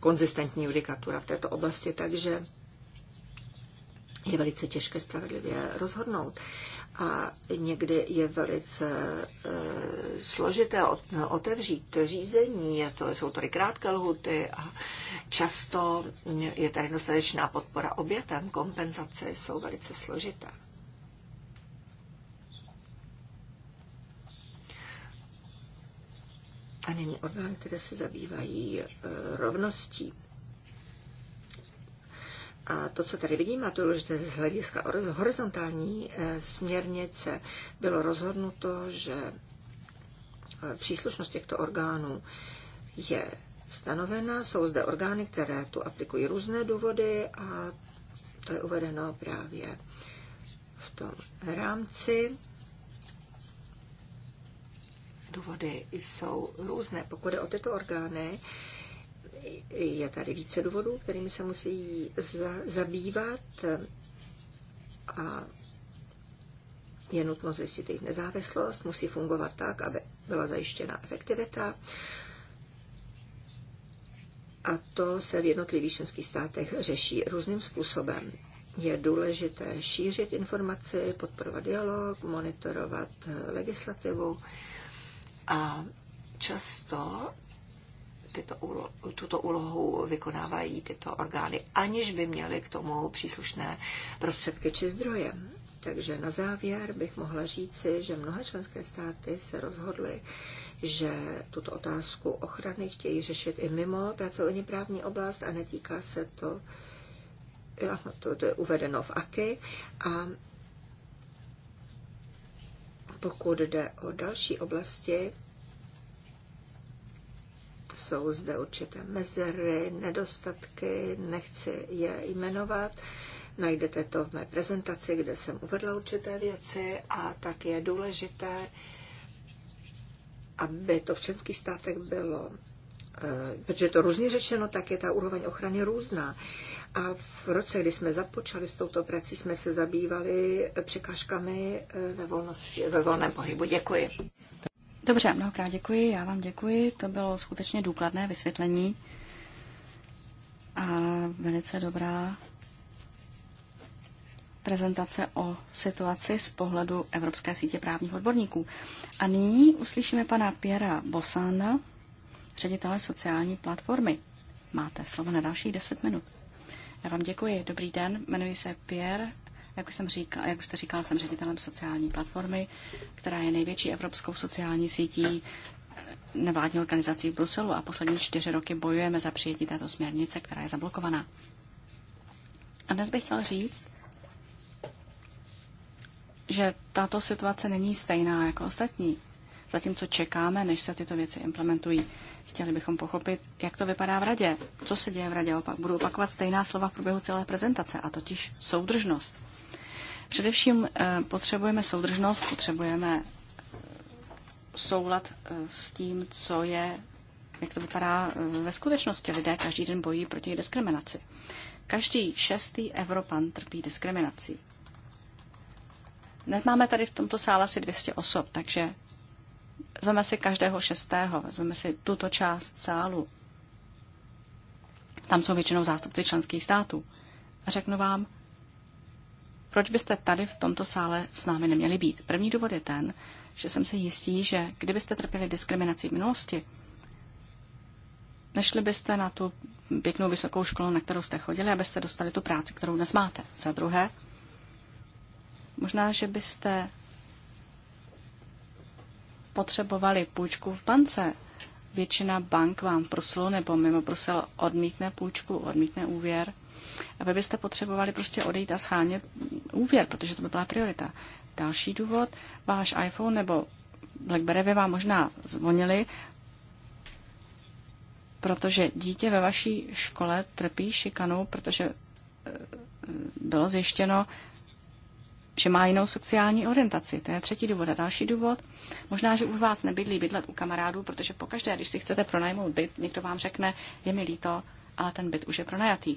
Speaker 1: konzistentní judikatura v této oblasti, takže je velice těžké spravedlivě rozhodnout a někdy je velice e, složité otevřít řízení, je to, jsou tady krátké lhuty a často je tady dostatečná podpora obětem, kompenzace jsou velice složité. A nyní orgány, které se zabývají e, rovností. A to, co tady vidím, a to důležité z hlediska horizontální eh, směrnice, bylo rozhodnuto, že eh, příslušnost těchto orgánů je stanovena. Jsou zde orgány, které tu aplikují různé důvody a to je uvedeno právě v tom rámci. Důvody jsou různé. Pokud je o tyto orgány, je tady více důvodů, kterými se musí za, zabývat a je nutno zjistit jejich nezávislost, musí fungovat tak, aby byla zajištěna efektivita. A to se v jednotlivých členských státech řeší různým způsobem. Je důležité šířit informaci, podporovat dialog, monitorovat legislativu a často tyto úlo- tuto úlohu vykonávají tyto orgány, aniž by měly k tomu příslušné prostředky či zdroje. Takže na závěr bych mohla říci, že mnohé členské státy se rozhodly, že tuto otázku ochrany chtějí řešit i mimo pracovní právní oblast a netýká se to, to, to je uvedeno v AKY. A pokud jde o další oblasti, jsou zde určité mezery, nedostatky, nechci je jmenovat. Najdete to v mé prezentaci, kde jsem uvedla určité věci a tak je důležité, aby to v českých státech bylo, eh, protože to různě řečeno, tak je ta úroveň ochrany různá. A v roce, kdy jsme započali s touto prací, jsme se zabývali překážkami eh, ve, volnosti, ve volném pohybu. Děkuji.
Speaker 3: Dobře, mnohokrát děkuji, já vám děkuji. To bylo skutečně důkladné vysvětlení a velice dobrá prezentace o situaci z pohledu Evropské sítě právních odborníků. A nyní uslyšíme pana Piera Bosana, ředitele sociální platformy. Máte slovo na dalších 10 minut. Já vám děkuji. Dobrý den, jmenuji se Pierre jak, jsem říkal, jak jste říkal, jsem ředitelem sociální platformy, která je největší evropskou sociální sítí eh, nevládní organizací v Bruselu a poslední čtyři roky bojujeme za přijetí této směrnice, která je zablokovaná. A dnes bych chtěl říct, že tato situace není stejná jako ostatní. Zatímco čekáme, než se tyto věci implementují, chtěli bychom pochopit, jak to vypadá v radě. Co se děje v radě? Opak, budu opakovat stejná slova v průběhu celé prezentace, a totiž soudržnost. Především eh, potřebujeme soudržnost, potřebujeme eh, soulad eh, s tím, co je, jak to vypadá ve skutečnosti. Lidé každý den bojí proti diskriminaci. Každý šestý Evropan trpí diskriminací. Dnes máme tady v tomto sále asi 200 osob, takže vezmeme si každého šestého, vezmeme si tuto část sálu. Tam jsou většinou zástupci členských států. A řeknu vám, proč byste tady v tomto sále s námi neměli být? První důvod je ten, že jsem se jistý, že kdybyste trpěli diskriminací v minulosti, nešli byste na tu pěknou vysokou školu, na kterou jste chodili, abyste dostali tu práci, kterou dnes máte. Za druhé, možná, že byste potřebovali půjčku v bance. Většina bank vám v Bruselu nebo mimo Brusel odmítne půjčku, odmítne úvěr. A vy byste potřebovali prostě odejít a schánět úvěr, protože to by byla priorita. Další důvod, váš iPhone nebo BlackBerry by vám možná zvonili, protože dítě ve vaší škole trpí šikanou, protože eh, bylo zjištěno, že má jinou sociální orientaci. To je třetí důvod. A další důvod, možná, že u vás nebydlí bydlet u kamarádů, protože pokaždé, když si chcete pronajmout byt, někdo vám řekne, je mi líto, ale ten byt už je pronajatý.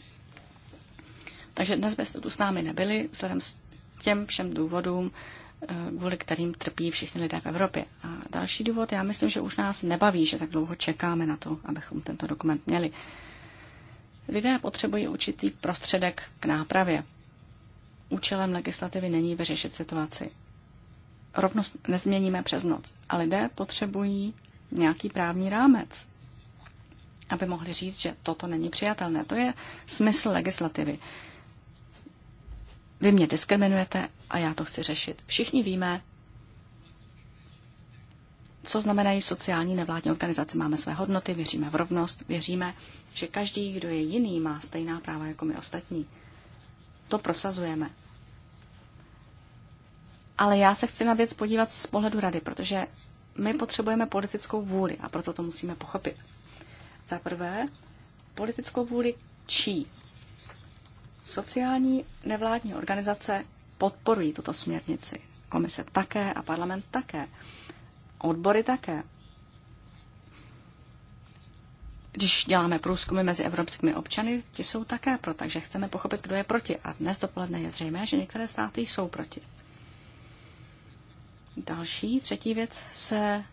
Speaker 3: Takže dnes byste tu s námi nebyli, vzhledem s těm všem důvodům, eh, kvůli kterým trpí všichni lidé v Evropě. A další důvod, já myslím, že už nás nebaví, že tak dlouho čekáme na to, abychom tento dokument měli. Lidé potřebují určitý prostředek k nápravě. Účelem legislativy není vyřešit situaci. Rovnost nezměníme přes noc, a lidé potřebují nějaký právní rámec, aby mohli říct, že toto není přijatelné. To je smysl legislativy. Vy mě diskriminujete a já to chci řešit. Všichni víme, co znamenají sociální nevládní organizace. Máme své hodnoty, věříme v rovnost, věříme, že každý, kdo je jiný, má stejná práva jako my ostatní. To prosazujeme. Ale já se chci na věc podívat z pohledu rady, protože my potřebujeme politickou vůli a proto to musíme pochopit. Za prvé, politickou vůli čí? Sociální nevládní organizace podporují tuto směrnici. Komise také a parlament také. Odbory také. Když děláme průzkumy mezi evropskými občany, ti jsou také pro, takže chceme pochopit, kdo je proti. A dnes dopoledne je zřejmé, že některé státy jsou proti. Další, třetí věc se,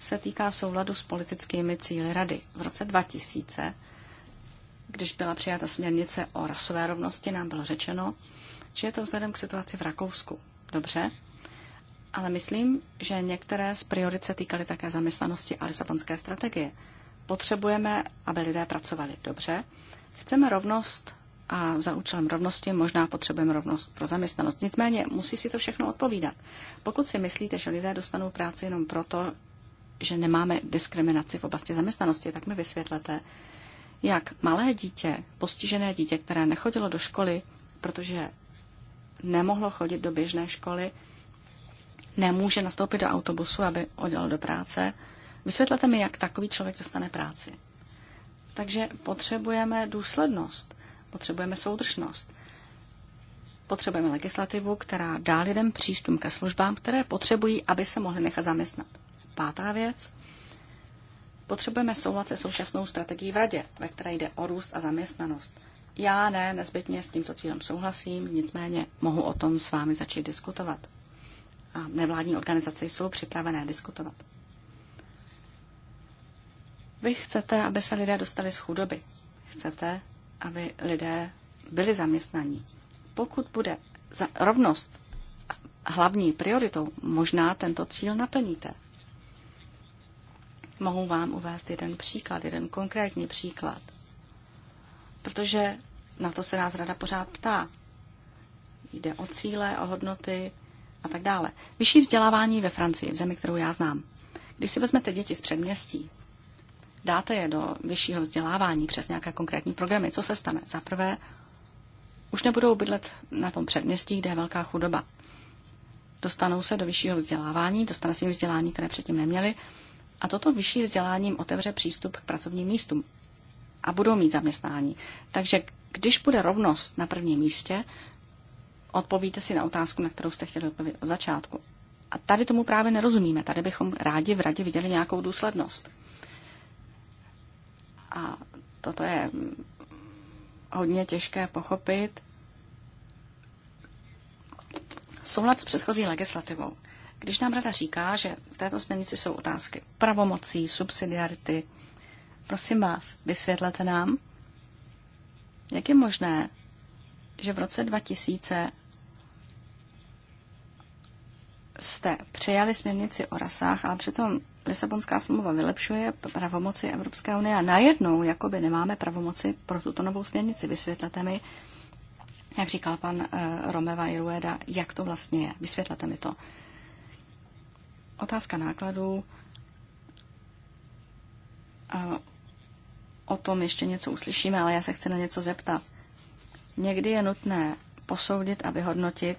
Speaker 3: se týká souladu s politickými cíly Rady. V roce 2000 když byla přijata směrnice o rasové rovnosti, nám bylo řečeno, že je to vzhledem k situaci v Rakousku. Dobře, ale myslím, že některé z priorit se týkaly také zaměstnanosti a Lisabonské strategie. Potřebujeme, aby lidé pracovali dobře. Chceme rovnost a za účelem rovnosti možná potřebujeme rovnost pro zaměstnanost. Nicméně musí si to všechno odpovídat. Pokud si myslíte, že lidé dostanou práci jenom proto, že nemáme diskriminaci v oblasti zaměstnanosti, tak mi vysvětlete, jak malé dítě, postižené dítě, které nechodilo do školy, protože nemohlo chodit do běžné školy, nemůže nastoupit do autobusu, aby odjel do práce. Vysvětlete mi, jak takový člověk dostane práci. Takže potřebujeme důslednost, potřebujeme soudržnost, potřebujeme legislativu, která dá lidem přístup ke službám, které potřebují, aby se mohli nechat zaměstnat. Pátá věc. Potřebujeme souhlas se současnou strategií v Radě, ve které jde o růst a zaměstnanost. Já ne, nezbytně s tímto cílem souhlasím, nicméně mohu o tom s vámi začít diskutovat. A nevládní organizace jsou připravené diskutovat. Vy chcete, aby se lidé dostali z chudoby. Chcete, aby lidé byli zaměstnaní. Pokud bude za rovnost hlavní prioritou, možná tento cíl naplníte. Mohu vám uvést jeden příklad, jeden konkrétní příklad. Protože na to se nás rada pořád ptá. Jde o cíle, o hodnoty a tak dále. Vyšší vzdělávání ve Francii, v zemi, kterou já znám. Když si vezmete děti z předměstí, dáte je do vyššího vzdělávání přes nějaké konkrétní programy, co se stane? Za prvé, už nebudou bydlet na tom předměstí, kde je velká chudoba. Dostanou se do vyššího vzdělávání, dostane si vzdělání, které předtím neměli a toto vyšší vzděláním otevře přístup k pracovním místům a budou mít zaměstnání. Takže když bude rovnost na prvním místě, odpovíte si na otázku, na kterou jste chtěli odpovědět od začátku. A tady tomu právě nerozumíme. Tady bychom rádi v radě viděli nějakou důslednost. A toto je hodně těžké pochopit. Soulad s předchozí legislativou. Když nám rada říká, že v této směrnici jsou otázky pravomocí, subsidiarity, prosím vás, vysvětlete nám, jak je možné, že v roce 2000 jste přijali směrnici o rasách, ale přitom Lisabonská smlouva vylepšuje pravomoci Evropské unie a najednou jakoby nemáme pravomoci pro tuto novou směrnici. Vysvětlete mi, jak říkal pan uh, Romeva Irueda, jak to vlastně je. Vysvětlete mi to. Otázka nákladů. A o tom ještě něco uslyšíme, ale já se chci na něco zeptat. Někdy je nutné posoudit a vyhodnotit,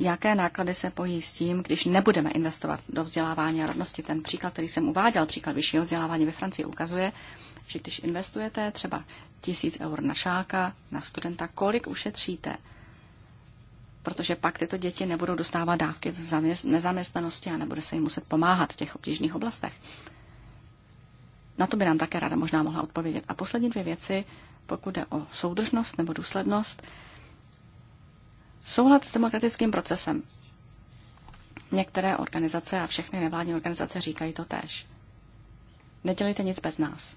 Speaker 3: jaké náklady se pojí s tím, když nebudeme investovat do vzdělávání a rodnosti. Ten příklad, který jsem uváděl, příklad vyššího vzdělávání ve Francii, ukazuje, že když investujete třeba tisíc eur na šáka, na studenta, kolik ušetříte protože pak tyto děti nebudou dostávat dávky v nezaměstnanosti a nebude se jim muset pomáhat v těch obtížných oblastech. Na to by nám také ráda možná mohla odpovědět. A poslední dvě věci, pokud jde o soudržnost nebo důslednost, souhlad s demokratickým procesem. Některé organizace a všechny nevládní organizace říkají to tež. Nedělejte nic bez nás.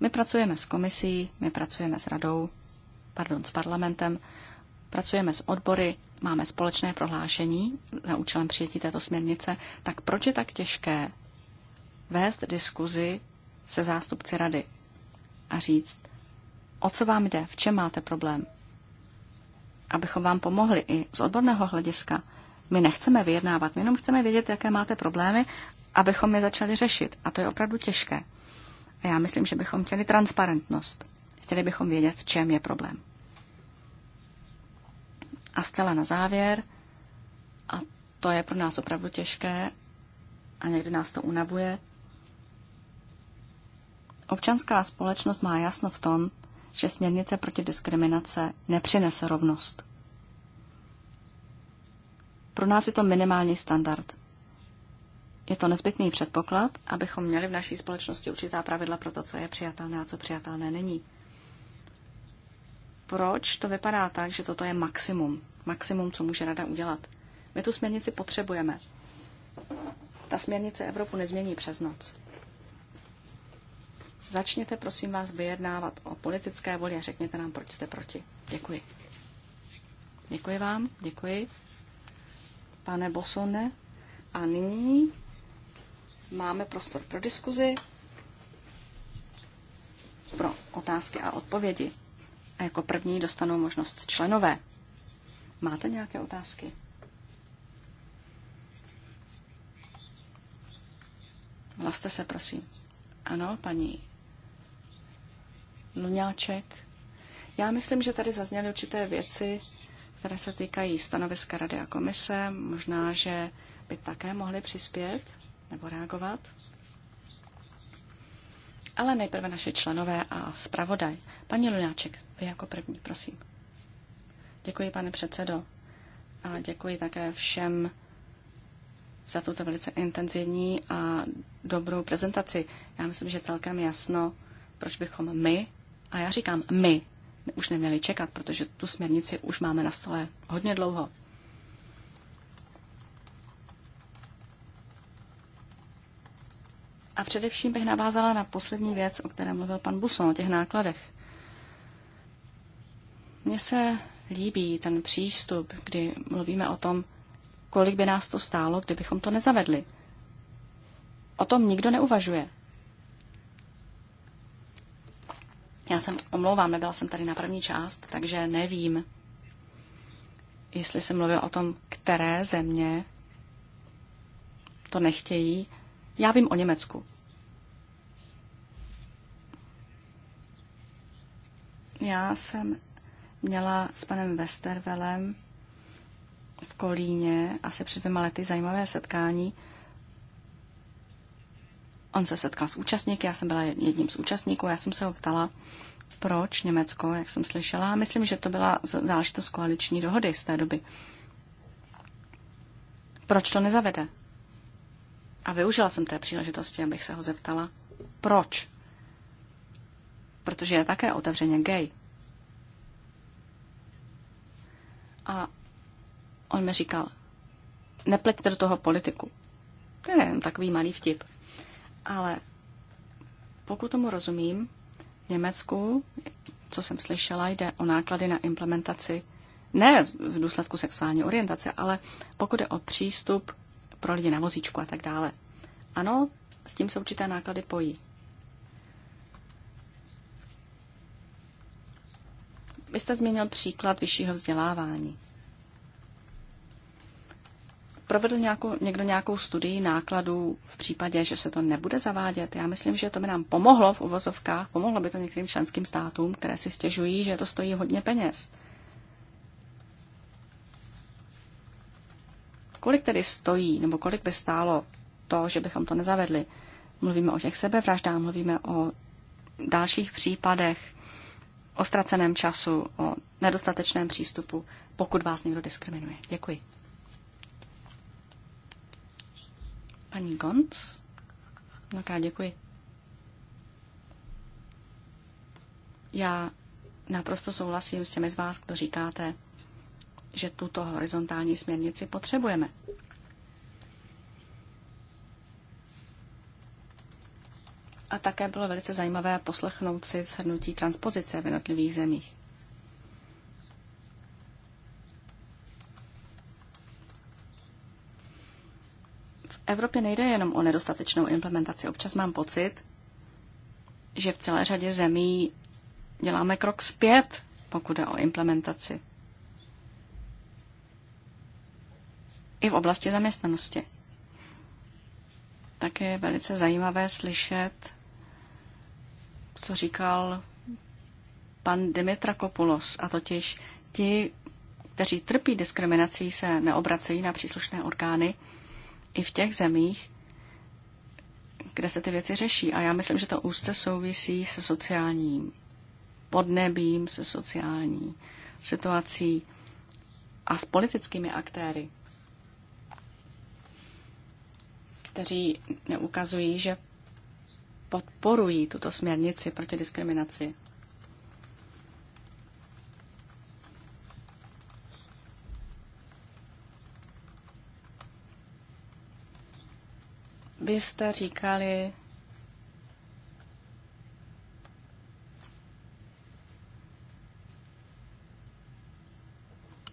Speaker 3: My pracujeme s komisí, my pracujeme s radou, pardon, s parlamentem pracujeme s odbory, máme společné prohlášení na účelem přijetí této směrnice, tak proč je tak těžké vést diskuzi se zástupci rady a říct, o co vám jde, v čem máte problém, abychom vám pomohli i z odborného hlediska. My nechceme vyjednávat, my jenom chceme vědět, jaké máte problémy, abychom je začali řešit. A to je opravdu těžké. A já myslím, že bychom chtěli transparentnost. Chtěli bychom vědět, v čem je problém. A zcela na závěr, a to je pro nás opravdu těžké a někdy nás to unavuje, občanská společnost má jasno v tom, že směrnice proti diskriminace nepřinese rovnost. Pro nás je to minimální standard. Je to nezbytný předpoklad, abychom měli v naší společnosti určitá pravidla pro to, co je přijatelné a co přijatelné není proč to vypadá tak, že toto je maximum. Maximum, co může rada udělat. My tu směrnici potřebujeme. Ta směrnice Evropu nezmění přes noc. Začněte, prosím vás, vyjednávat o politické voli a řekněte nám, proč jste proti. Děkuji. Děkuji vám, děkuji, pane Bosone. A nyní máme prostor pro diskuzi, pro otázky a odpovědi. A jako první dostanou možnost členové. Máte nějaké otázky? Hlaste se, prosím. Ano, paní Luňáček. Já myslím, že tady zazněly určité věci, které se týkají stanoviska Rady a komise. Možná, že by také mohly přispět nebo reagovat. Ale nejprve naše členové a zpravodaj. Paní Lunáček, vy jako první, prosím. Děkuji, pane předsedo. A děkuji také všem za tuto velice intenzivní a dobrou prezentaci. Já myslím, že celkem jasno, proč bychom my, a já říkám my, už neměli čekat, protože tu směrnici už máme na stole hodně dlouho. A především bych navázala na poslední věc, o které mluvil pan Buson, o těch nákladech. Mně se líbí ten přístup, kdy mluvíme o tom, kolik by nás to stálo, kdybychom to nezavedli. O tom nikdo neuvažuje. Já jsem, omlouvám, nebyla jsem tady na první část, takže nevím, jestli jsem mluvil o tom, které země to nechtějí já vím o Německu. Já jsem měla s panem Westervelem v Kolíně asi před dvěma lety zajímavé setkání. On se setkal s účastníky, já jsem byla jedním z účastníků, já jsem se ho ptala, proč Německo, jak jsem slyšela. Myslím, že to byla záležitost koaliční dohody z té doby. Proč to nezavede? A využila jsem té příležitosti, abych se ho zeptala, proč? Protože je také otevřeně gay. A on mi říkal, nepleťte do toho politiku. To je jen takový malý vtip. Ale pokud tomu rozumím, v Německu, co jsem slyšela, jde o náklady na implementaci, ne v důsledku sexuální orientace, ale pokud je o přístup pro lidi na vozíčku a tak dále. Ano, s tím se určité náklady pojí. Vy jste zmínil příklad vyššího vzdělávání. Provedl nějakou, někdo nějakou studii nákladů v případě, že se to nebude zavádět? Já myslím, že to by nám pomohlo v uvozovkách, pomohlo by to některým členským státům, které si stěžují, že to stojí hodně peněz. Kolik tedy stojí, nebo kolik by stálo to, že bychom to nezavedli? Mluvíme o těch sebevraždách, mluvíme o dalších případech, o ztraceném času, o nedostatečném přístupu, pokud vás někdo diskriminuje. Děkuji. Paní Gonc? Mnohokrát děkuji. Já naprosto souhlasím s těmi z vás, kdo říkáte, že tuto horizontální směrnici potřebujeme. A také bylo velice zajímavé poslechnout si shrnutí transpozice v jednotlivých zemích. V Evropě nejde jenom o nedostatečnou implementaci. Občas mám pocit, že v celé řadě zemí děláme krok zpět, pokud jde o implementaci. i v oblasti zaměstnanosti. Také je velice zajímavé slyšet, co říkal pan Dimitra Kopulos, a totiž ti, kteří trpí diskriminací, se neobracejí na příslušné orgány i v těch zemích, kde se ty věci řeší. A já myslím, že to úzce souvisí se sociálním podnebím, se sociální situací a s politickými aktéry. kteří neukazují, že podporují tuto směrnici proti diskriminaci. Vy jste říkali,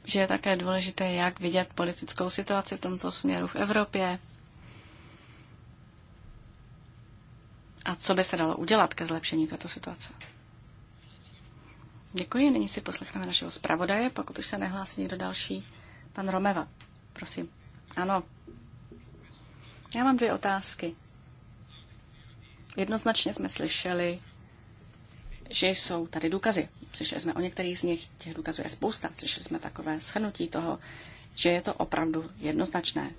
Speaker 3: že je také důležité, jak vidět politickou situaci v tomto směru v Evropě. a co by se dalo udělat ke zlepšení této situace. Děkuji, nyní si poslechneme našeho zpravodaje, pokud už se nehlásí někdo další. Pan Romeva, prosím. Ano. Já mám dvě otázky. Jednoznačně jsme slyšeli, že jsou tady důkazy. Slyšeli jsme o některých z nich, těch důkazů je spousta. Slyšeli jsme takové shrnutí toho, že je to opravdu jednoznačné,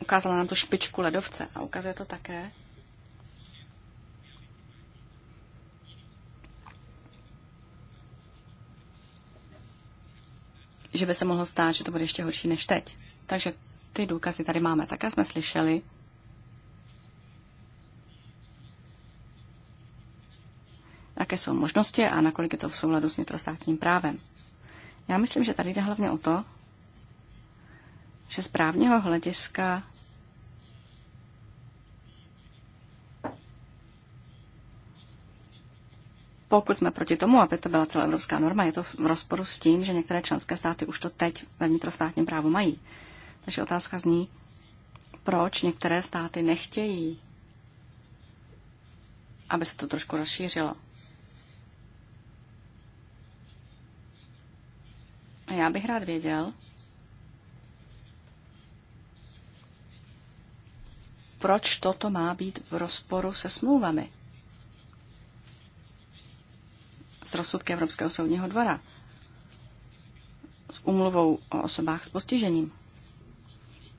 Speaker 3: ukázala nám tu špičku ledovce a ukazuje to také, že by se mohlo stát, že to bude ještě horší než teď. Takže ty důkazy tady máme. Také jsme slyšeli, jaké jsou možnosti a nakolik je to v souladu s vnitrostátním právem. Já myslím, že tady jde hlavně o to, že z právního hlediska pokud jsme proti tomu, aby to byla celoevropská norma, je to v rozporu s tím, že některé členské státy už to teď ve vnitrostátním právu mají. Takže otázka zní, proč některé státy nechtějí, aby se to trošku rozšířilo. A já bych rád věděl, proč toto má být v rozporu se smlouvami. S rozsudky Evropského soudního dvora. S umluvou o osobách s postižením.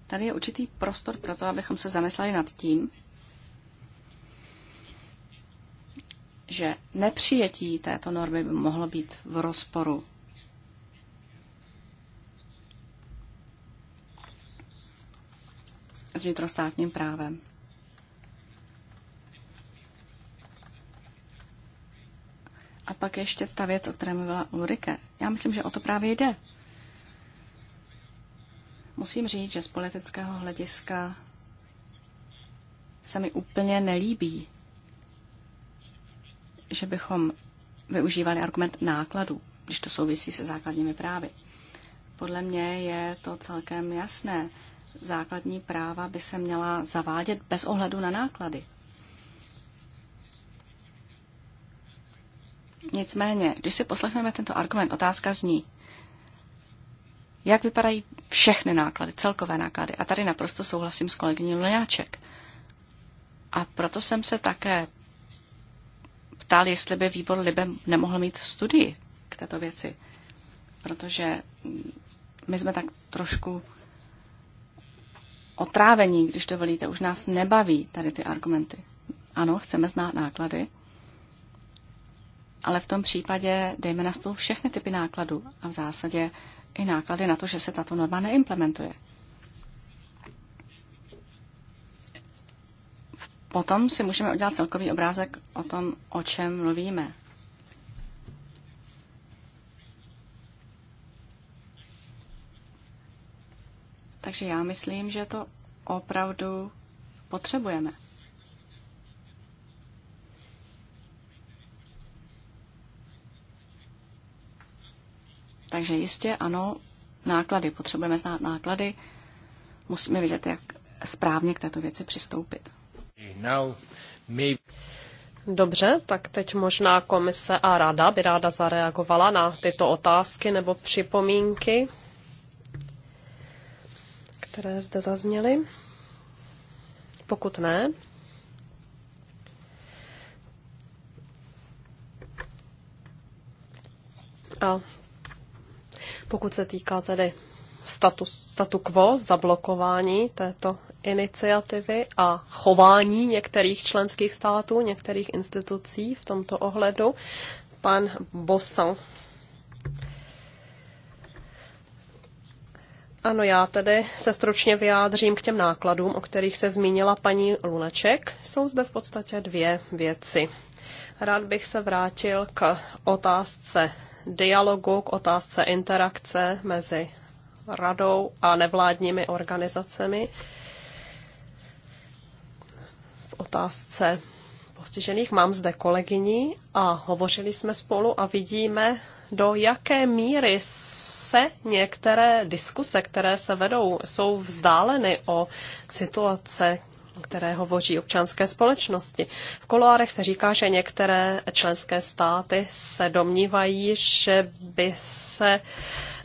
Speaker 3: Tady je určitý prostor pro to, abychom se zamysleli nad tím, že nepřijetí této normy by mohlo být v rozporu s vnitrostátním právem. A pak ještě ta věc, o které mluvila Ulrike. Já myslím, že o to právě jde. Musím říct, že z politického hlediska se mi úplně nelíbí, že bychom využívali argument nákladu, když to souvisí se základními právy. Podle mě je to celkem jasné základní práva by se měla zavádět bez ohledu na náklady. Nicméně, když si poslechneme tento argument, otázka zní, jak vypadají všechny náklady, celkové náklady. A tady naprosto souhlasím s kolegyní Lňáček. A proto jsem se také ptal, jestli by výbor Libe nemohl mít studii k této věci. Protože my jsme tak trošku otrávení, když dovolíte. Už nás nebaví tady ty argumenty. Ano, chceme znát náklady, ale v tom případě dejme na stůl všechny typy nákladů a v zásadě i náklady na to, že se tato norma neimplementuje. Potom si můžeme udělat celkový obrázek o tom, o čem mluvíme. Takže já myslím, že to opravdu potřebujeme. Takže jistě ano, náklady. Potřebujeme znát náklady. Musíme vidět, jak správně k této věci přistoupit.
Speaker 2: Dobře, tak teď možná komise a rada by ráda zareagovala na tyto otázky nebo připomínky které zde zazněly? Pokud ne, a pokud se týká tedy status, statu quo, zablokování této iniciativy a chování některých členských států, některých institucí v tomto ohledu, pan Bossan Ano, já tedy se stručně vyjádřím k těm nákladům, o kterých se zmínila paní Luneček. Jsou zde v podstatě dvě věci. Rád bych se vrátil k otázce dialogu, k otázce interakce mezi radou a nevládními organizacemi. V otázce postižených. Mám zde kolegyni a hovořili jsme spolu a vidíme, do jaké míry se některé diskuse, které se vedou, jsou vzdáleny o situace o které hovoří občanské společnosti. V koloárech se říká, že některé členské státy se domnívají, že by se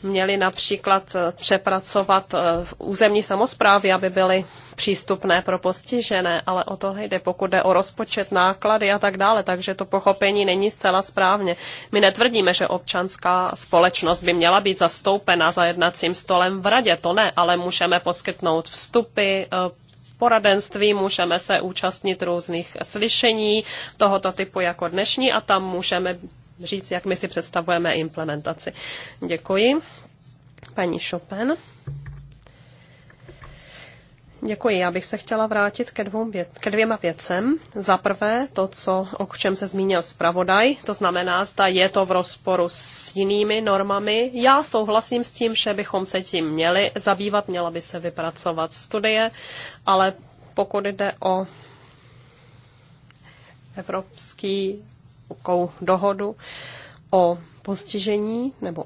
Speaker 2: měly například přepracovat v eh, územní samozprávy, aby byly přístupné pro postižené, ale o to jde, pokud jde o rozpočet, náklady a tak dále, takže to pochopení není zcela správně. My netvrdíme, že občanská společnost by měla být zastoupena za jednacím stolem v radě, to ne, ale můžeme poskytnout vstupy, eh, poradenství, můžeme se účastnit různých slyšení tohoto typu jako dnešní a tam můžeme říct, jak my si představujeme implementaci. Děkuji. Paní Chopin. Děkuji. Já bych se chtěla vrátit ke, dvou věc, ke dvěma věcem. Za prvé to, co, o čem se zmínil zpravodaj, to znamená, zda je to v rozporu s jinými normami. Já souhlasím s tím, že bychom se tím měli zabývat, měla by se vypracovat studie, ale pokud jde o evropský dohodu o postižení nebo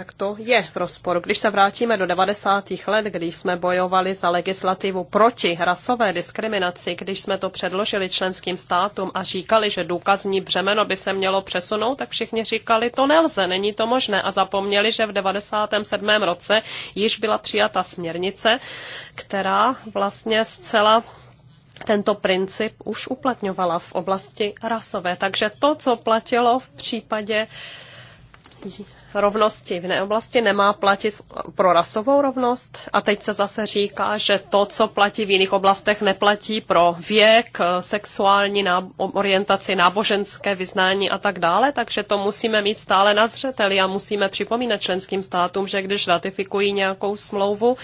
Speaker 2: tak to je v rozporu. Když se vrátíme do 90. let, když jsme bojovali za legislativu proti rasové diskriminaci, když jsme to předložili členským státům a říkali, že důkazní břemeno by se mělo přesunout, tak všichni říkali, to nelze, není to možné a zapomněli, že v 97. roce již byla přijata směrnice, která vlastně zcela tento princip už uplatňovala v oblasti rasové. Takže to, co platilo v případě rovnosti v jiné oblasti nemá platit pro rasovou rovnost. A teď se zase říká, že to, co platí v jiných oblastech, neplatí pro věk, sexuální náb- orientaci, náboženské vyznání a tak dále. Takže to musíme mít stále na zřeteli a musíme připomínat členským státům, že když ratifikují nějakou smlouvu,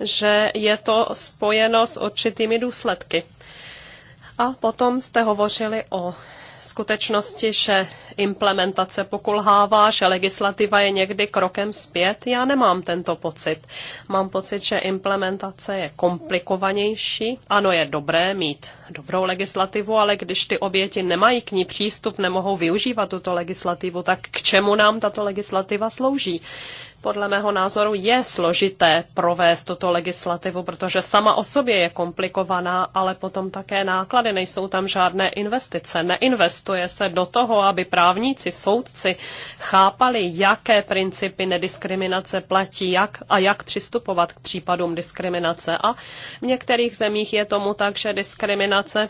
Speaker 2: že je to spojeno s určitými důsledky. A potom jste hovořili o skutečnosti, že implementace pokulhává, že legislativa je někdy krokem zpět, já nemám tento pocit. Mám pocit, že implementace je komplikovanější. Ano, je dobré mít dobrou legislativu, ale když ty oběti nemají k ní přístup, nemohou využívat tuto legislativu, tak k čemu nám tato legislativa slouží? podle mého názoru je složité provést tuto legislativu, protože sama o sobě je komplikovaná, ale potom také náklady, nejsou tam žádné investice. Neinvestuje se do toho, aby právníci, soudci chápali, jaké principy nediskriminace platí jak a jak přistupovat k případům diskriminace. A v některých zemích je tomu tak, že diskriminace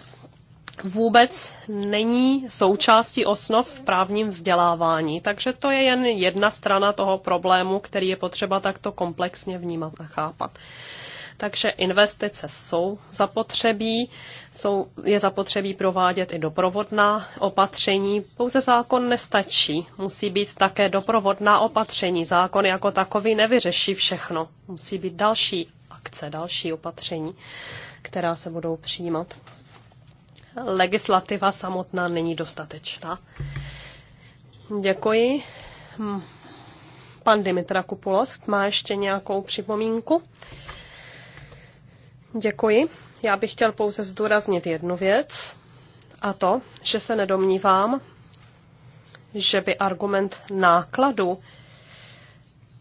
Speaker 2: vůbec není součástí osnov v právním vzdělávání. Takže to je jen jedna strana toho problému, který je potřeba takto komplexně vnímat a chápat. Takže investice jsou zapotřebí, jsou, je zapotřebí provádět i doprovodná opatření. Pouze zákon nestačí, musí být také doprovodná opatření. Zákon jako takový nevyřeší všechno. Musí být další akce, další opatření, která se budou přijímat legislativa samotná není dostatečná. Děkuji. Hm. Pan Dimitra Kupulos má ještě nějakou připomínku? Děkuji. Já bych chtěl pouze zdůraznit jednu věc, a to, že se nedomnívám, že by argument nákladu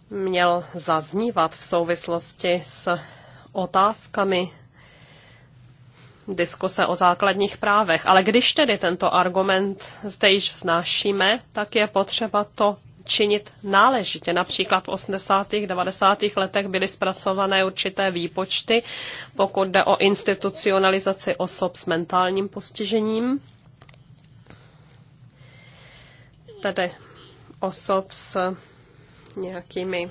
Speaker 2: měl zaznívat v souvislosti s otázkami diskuse o základních právech. Ale když tedy tento argument zde již vznášíme, tak je potřeba to činit náležitě. Například v 80. a 90. letech byly zpracované určité výpočty, pokud jde o institucionalizaci osob s mentálním postižením, tedy osob s nějakými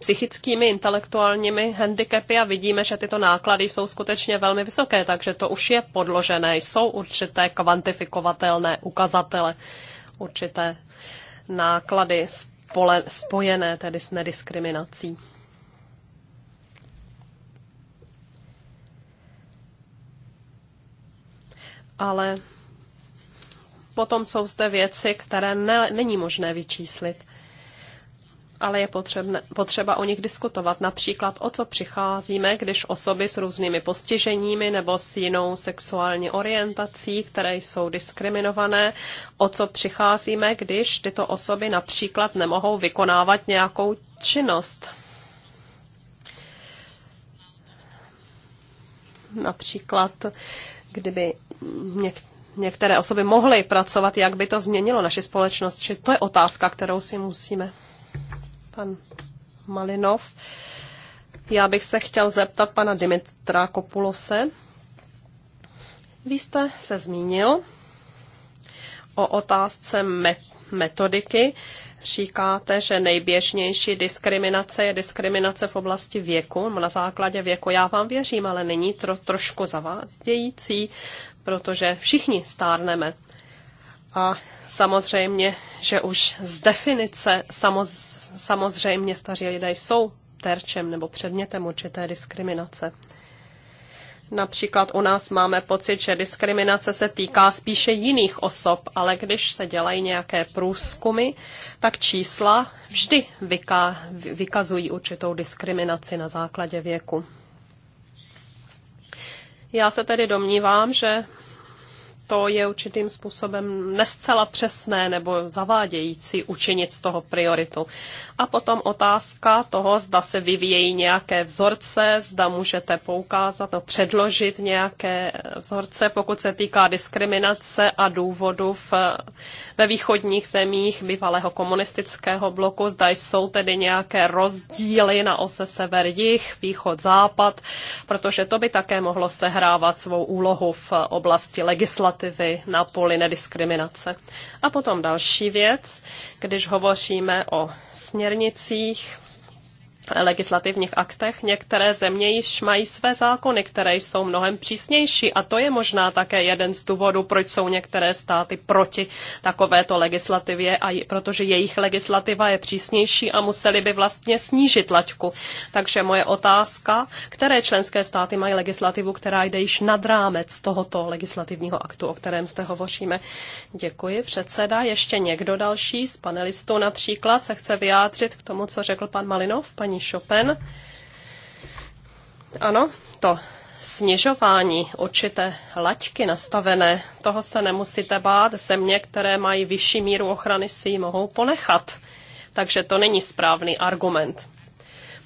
Speaker 2: psychickými, intelektuálními handicapy a vidíme, že tyto náklady jsou skutečně velmi vysoké, takže to už je podložené. Jsou určité kvantifikovatelné ukazatele, určité náklady spole, spojené tedy s nediskriminací. Ale potom jsou zde věci, které ne, není možné vyčíslit ale je potřebne, potřeba o nich diskutovat. Například o co přicházíme, když osoby s různými postiženími nebo s jinou sexuální orientací, které jsou diskriminované, o co přicházíme, když tyto osoby například nemohou vykonávat nějakou činnost. Například, kdyby něk- některé osoby mohly pracovat, jak by to změnilo naši společnost. Či to je otázka, kterou si musíme pan Malinov. Já bych se chtěl zeptat pana Dimitra Kopulose. Vy jste se zmínil o otázce metodiky. Říkáte, že nejběžnější diskriminace je diskriminace v oblasti věku, na základě věku. Já vám věřím, ale není tro, trošku zavádějící, protože všichni stárneme. A samozřejmě, že už z definice samoz, samozřejmě staří lidé jsou terčem nebo předmětem určité diskriminace. Například u nás máme pocit, že diskriminace se týká spíše jiných osob, ale když se dělají nějaké průzkumy, tak čísla vždy vykazují určitou diskriminaci na základě věku. Já se tedy domnívám, že to je určitým způsobem nescela přesné nebo zavádějící učinit z toho prioritu. A potom otázka toho, zda se vyvíjejí nějaké vzorce, zda můžete poukázat nebo předložit nějaké vzorce, pokud se týká diskriminace a důvodů v, ve východních zemích bývalého komunistického bloku, zda jsou tedy nějaké rozdíly na ose sever jich, východ-západ, protože to by také mohlo sehrávat svou úlohu v oblasti legislativy legislativy na poli nediskriminace. A potom další věc, když hovoříme o směrnicích, legislativních aktech některé země již mají své zákony, které jsou mnohem přísnější a to je možná také jeden z důvodů, proč jsou některé státy proti takovéto legislativě, a protože jejich legislativa je přísnější a museli by vlastně snížit laťku. Takže moje otázka, které členské státy mají legislativu, která jde již nad rámec tohoto legislativního aktu, o kterém zde hovoříme. Děkuji, předseda. Ještě někdo další z panelistů například se chce vyjádřit k tomu, co řekl pan Malinov, paní Chopin. Ano, to snižování určité laťky nastavené, toho se nemusíte bát, země, které mají vyšší míru ochrany, si ji mohou ponechat. Takže to není správný argument.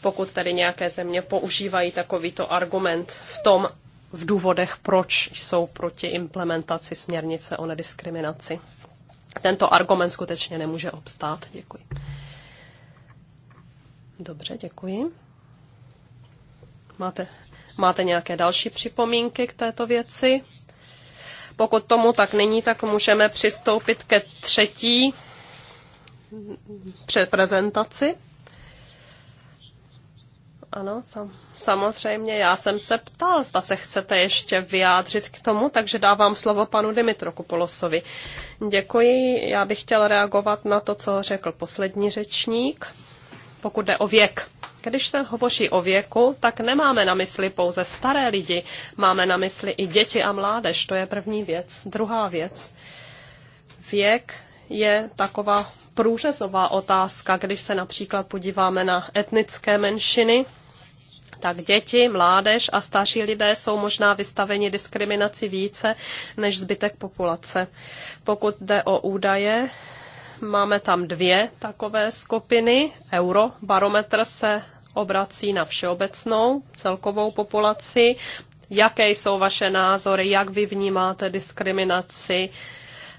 Speaker 2: Pokud tedy nějaké země používají takovýto argument v tom, v důvodech, proč jsou proti implementaci směrnice o nediskriminaci. Tento argument skutečně nemůže obstát. Děkuji. Dobře, děkuji. Máte, máte nějaké další připomínky k této věci? Pokud tomu tak není, tak můžeme přistoupit ke třetí prezentaci. Ano, sam, samozřejmě. Já jsem se ptal, zda se chcete ještě vyjádřit k tomu, takže dávám slovo panu Dimitru Kupolosovi. Děkuji. Já bych chtěl reagovat na to, co řekl poslední řečník pokud jde o věk. Když se hovoří o věku, tak nemáme na mysli pouze staré lidi, máme na mysli i děti a mládež. To je první věc. Druhá věc. Věk je taková průřezová otázka, když se například podíváme na etnické menšiny, tak děti, mládež a starší lidé jsou možná vystaveni diskriminaci více než zbytek populace. Pokud jde o údaje, Máme tam dvě takové skupiny. Eurobarometr se obrací na všeobecnou celkovou populaci. Jaké jsou vaše názory, jak vy vnímáte diskriminaci,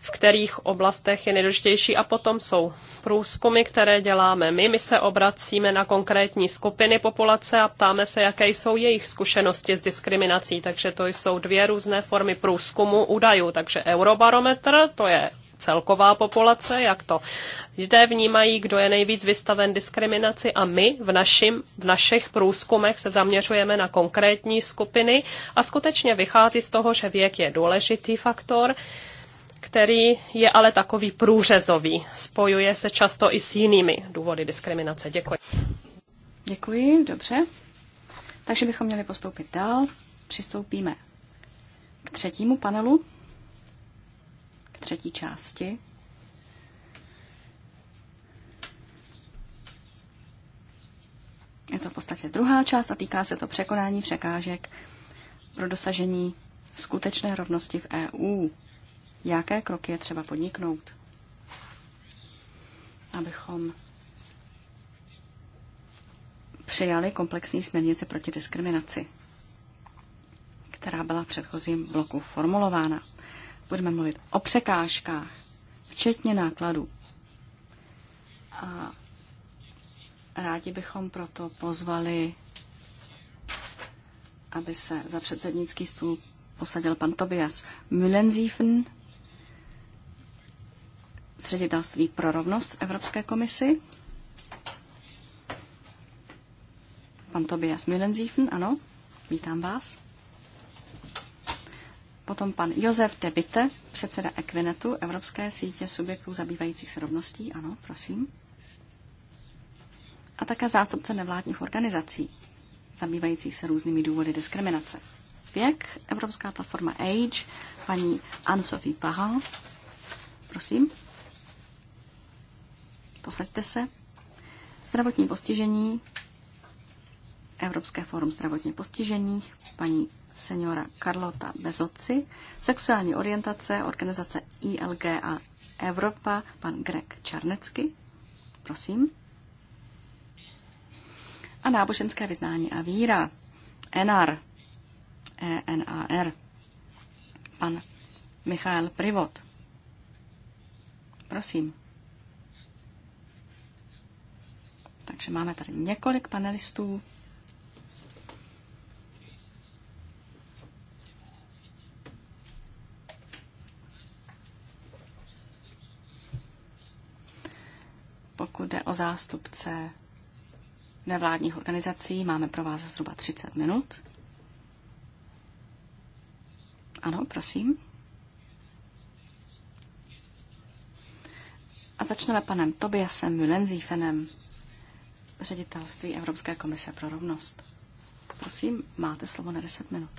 Speaker 2: v kterých oblastech je nejdůležitější. A potom jsou průzkumy, které děláme my. My se obracíme na konkrétní skupiny populace a ptáme se, jaké jsou jejich zkušenosti s diskriminací. Takže to jsou dvě různé formy průzkumu údajů. Takže Eurobarometr, to je celková populace, jak to lidé vnímají, kdo je nejvíc vystaven diskriminaci a my v, našim, v našich průzkumech se zaměřujeme na konkrétní skupiny a skutečně vychází z toho, že věk je důležitý faktor který je ale takový průřezový. Spojuje se často i s jinými důvody diskriminace. Děkuji.
Speaker 3: Děkuji, dobře. Takže bychom měli postoupit dál. Přistoupíme k třetímu panelu třetí části. Je to v podstatě druhá část a týká se to překonání překážek pro dosažení skutečné rovnosti v EU. Jaké kroky je třeba podniknout, abychom přijali komplexní směrnice proti diskriminaci, která byla v předchozím bloku formulována budeme mluvit o překážkách, včetně nákladů. A rádi bychom proto pozvali, aby se za předsednický stůl posadil pan Tobias Müllensiefen, z ředitelství pro rovnost Evropské komisi. Pan Tobias Müllensiefen, ano, vítám vás. Potom pan Josef De Bitte, předseda Equinetu, Evropské sítě subjektů zabývajících se rovností. Ano, prosím. A také zástupce nevládních organizací zabývajících se různými důvody diskriminace. Věk, Evropská platforma Age, paní Anne-Sophie Parent. Prosím. Posaďte se. Zdravotní postižení, Evropské fórum zdravotně postižených, paní seniora Carlota Bezoci, sexuální orientace organizace ILGA Evropa, pan Greg Čarnecky. Prosím. A náboženské vyznání a víra. E a ENAR. Pan Michal Privot. Prosím. Takže máme tady několik panelistů. zástupce nevládních organizací. Máme pro vás zhruba 30 minut. Ano, prosím. A začneme panem Tobiasem Mülenzífenem, ředitelství Evropské komise pro rovnost. Prosím, máte slovo na 10 minut.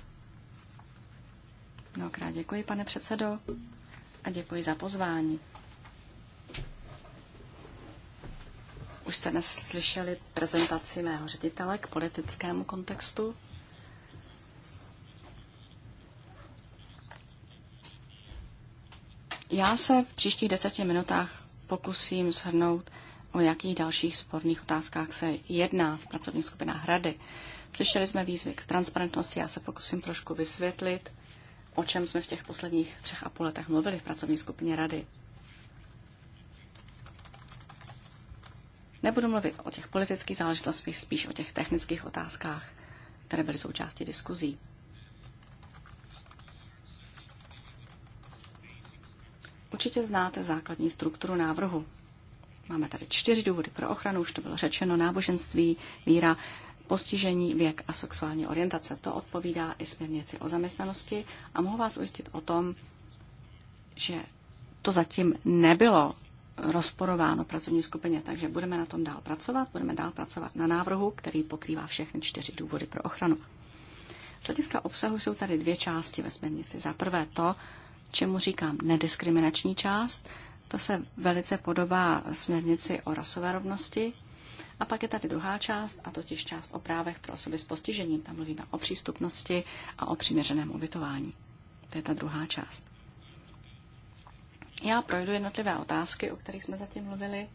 Speaker 3: Mnohokrát děkuji, pane předsedo, a děkuji za pozvání. Už jste dnes slyšeli prezentaci mého ředitele k politickému kontextu. Já se v příštích deseti minutách pokusím shrnout, o jakých dalších sporných otázkách se jedná v pracovních skupinách Rady. Slyšeli jsme výzvy k transparentnosti, já se pokusím trošku vysvětlit, o čem jsme v těch posledních třech a půl letech mluvili v pracovní skupině Rady. Nebudu mluvit o těch politických záležitostech, spíš o těch technických otázkách, které byly součástí diskuzí. Určitě znáte základní strukturu návrhu. Máme tady čtyři důvody pro ochranu, už to bylo řečeno, náboženství, víra, postižení, věk a sexuální orientace. To odpovídá i směrnici o zaměstnanosti a mohu vás ujistit o tom, že to zatím nebylo rozporováno pracovní skupině, takže budeme na tom dál pracovat, budeme dál pracovat na návrhu, který pokrývá všechny čtyři důvody pro ochranu. Z hlediska obsahu jsou tady dvě části ve směrnici. Za prvé to, čemu říkám nediskriminační část, to se velice podobá směrnici o rasové rovnosti. A pak je tady druhá část, a totiž část o právech pro osoby s postižením. Tam mluvíme o přístupnosti a o přiměřeném ubytování. To je ta druhá část. Já projdu jednotlivé otázky, o kterých jsme zatím mluvili.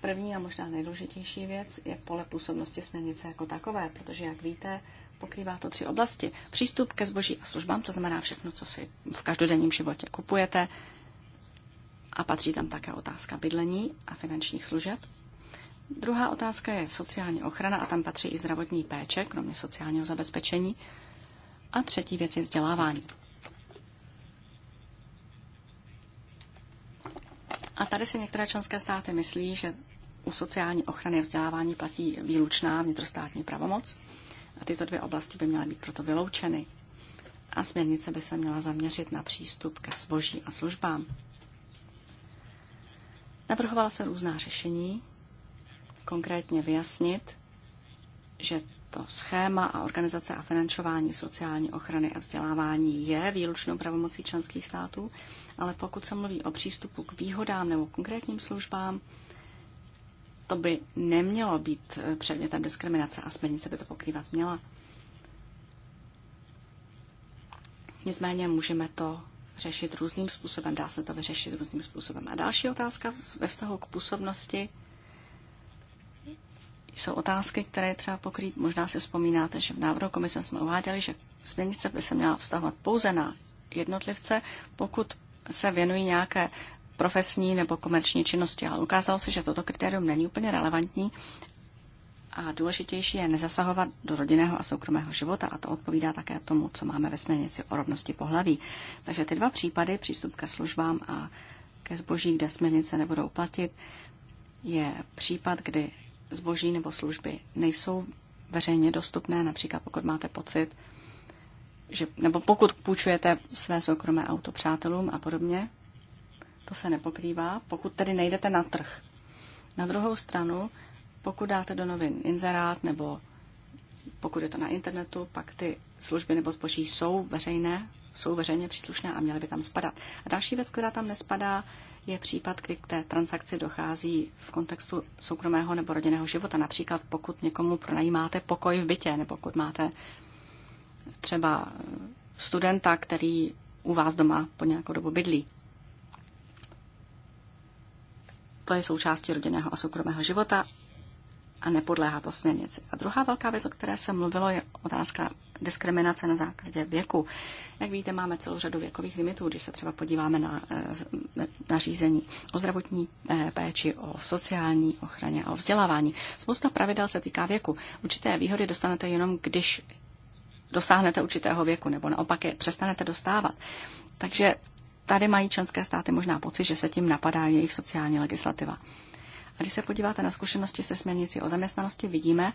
Speaker 3: První a možná nejdůležitější věc je pole působnosti směrnice jako takové, protože, jak víte, pokrývá to tři oblasti. Přístup ke zboží a službám, to znamená všechno, co si v každodenním životě kupujete, a patří tam také otázka bydlení a finančních služeb. Druhá otázka je sociální ochrana a tam patří i zdravotní péče, kromě sociálního zabezpečení. A třetí věc je vzdělávání. A tady si některé členské státy myslí, že u sociální ochrany a vzdělávání platí výlučná vnitrostátní pravomoc a tyto dvě oblasti by měly být proto vyloučeny. A směrnice by se měla zaměřit na přístup ke zboží a službám. Navrhovala se různá řešení, konkrétně vyjasnit, že to schéma a organizace a financování sociální ochrany a vzdělávání je výlučnou pravomocí členských států, ale pokud se mluví o přístupu k výhodám nebo konkrétním službám, to by nemělo být eh, předmětem diskriminace a směrnice by to pokrývat měla. Nicméně můžeme to řešit různým způsobem, dá se to vyřešit různým způsobem. A další otázka ve vztahu k působnosti jsou otázky, které je třeba pokrýt. Možná si vzpomínáte, že v návrhu komise jsme uváděli, že směrnice by se měla vztahovat pouze na jednotlivce, pokud se věnují nějaké profesní nebo komerční činnosti, ale ukázalo se, že toto kritérium není úplně relevantní a důležitější je nezasahovat do rodinného a soukromého života a to odpovídá také tomu, co máme ve směrnici o rovnosti pohlaví. Takže ty dva případy, přístup ke službám a ke zboží, kde směrnice nebudou platit, je případ, kdy zboží nebo služby nejsou veřejně dostupné, například pokud máte pocit, že, nebo pokud půjčujete své soukromé auto přátelům a podobně, to se nepokrývá, pokud tedy nejdete na trh. Na druhou stranu, pokud dáte do novin inzerát nebo pokud je to na internetu, pak ty služby nebo zboží jsou veřejné, jsou veřejně příslušné a měly by tam spadat. A další věc, která tam nespadá, je případ, kdy k té transakci dochází v kontextu soukromého nebo rodinného života. Například pokud někomu pronajímáte pokoj v bytě, nebo pokud máte třeba studenta, který u vás doma po nějakou dobu bydlí. To je součástí rodinného a soukromého života a nepodléhá to směrnici. A druhá velká věc, o které se mluvilo, je otázka diskriminace na základě věku. Jak víte, máme celou řadu věkových limitů, když se třeba podíváme na eh, nařízení o zdravotní eh, péči, o sociální ochraně a o vzdělávání. Spousta pravidel se týká věku. Určité výhody dostanete jenom, když dosáhnete určitého věku, nebo naopak je přestanete dostávat. Takže tady mají členské státy možná pocit, že se tím napadá jejich sociální legislativa. A když se podíváte na zkušenosti se směrnicí o zaměstnanosti, vidíme,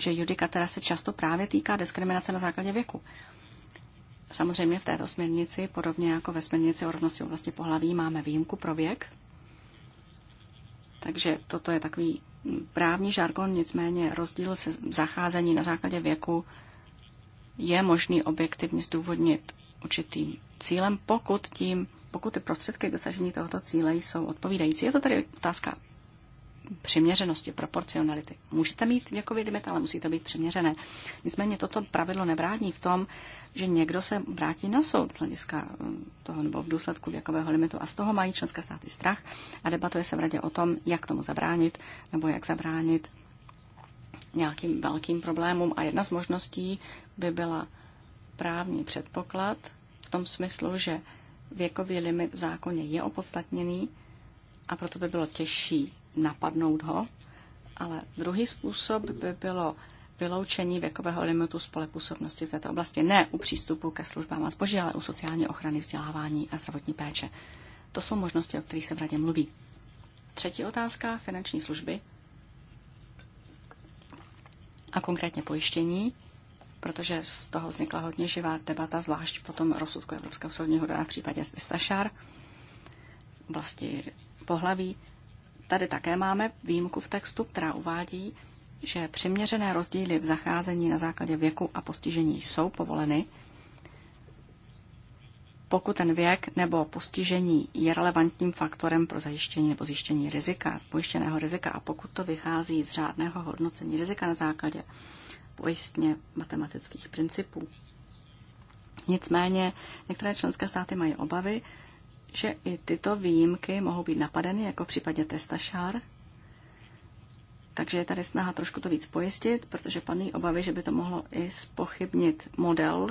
Speaker 3: že judikatera se často právě týká diskriminace na základě věku. Samozřejmě v této směrnici, podobně jako ve směrnici o rovnosti oblasti pohlaví, máme výjimku pro věk. Takže toto je takový právní žargon, nicméně rozdíl se zacházení na základě věku je možný objektivně zdůvodnit určitým cílem, pokud tím, pokud ty prostředky k dosažení tohoto cíle jsou odpovídající. Je to tady otázka přiměřenosti, proporcionality. Můžete mít věkový limit, ale musí to být přiměřené. Nicméně toto pravidlo nebrání v tom, že někdo se vrátí na soud z hlediska um, toho nebo v důsledku věkového limitu a z toho mají členské státy strach a debatuje se v radě o tom, jak tomu zabránit nebo jak zabránit nějakým velkým problémům. A jedna z možností by byla právní předpoklad v tom smyslu, že věkový limit v zákoně je opodstatněný a proto by bylo těžší napadnout ho, ale druhý způsob by bylo vyloučení věkového limitu spolepůsobnosti v této oblasti. Ne u přístupu ke službám a zboží, ale u sociální ochrany, vzdělávání a zdravotní péče. To jsou možnosti, o kterých se v radě mluví. Třetí otázka, finanční služby a konkrétně pojištění, protože z toho vznikla hodně živá debata, zvlášť potom rozsudku Evropského soudního dana v případě Sašar, oblasti pohlaví. Tady také máme výjimku v textu, která uvádí, že přiměřené rozdíly v zacházení na základě věku a postižení jsou povoleny, pokud ten věk nebo postižení je relevantním faktorem pro zajištění nebo zjištění rizika, pojištěného rizika a pokud to vychází z řádného hodnocení rizika na základě pojistně matematických principů. Nicméně některé členské státy mají obavy, že i tyto výjimky mohou být napadeny, jako v případě testa šár. Takže je tady snaha trošku to víc pojistit, protože panují obavy, že by to mohlo i spochybnit model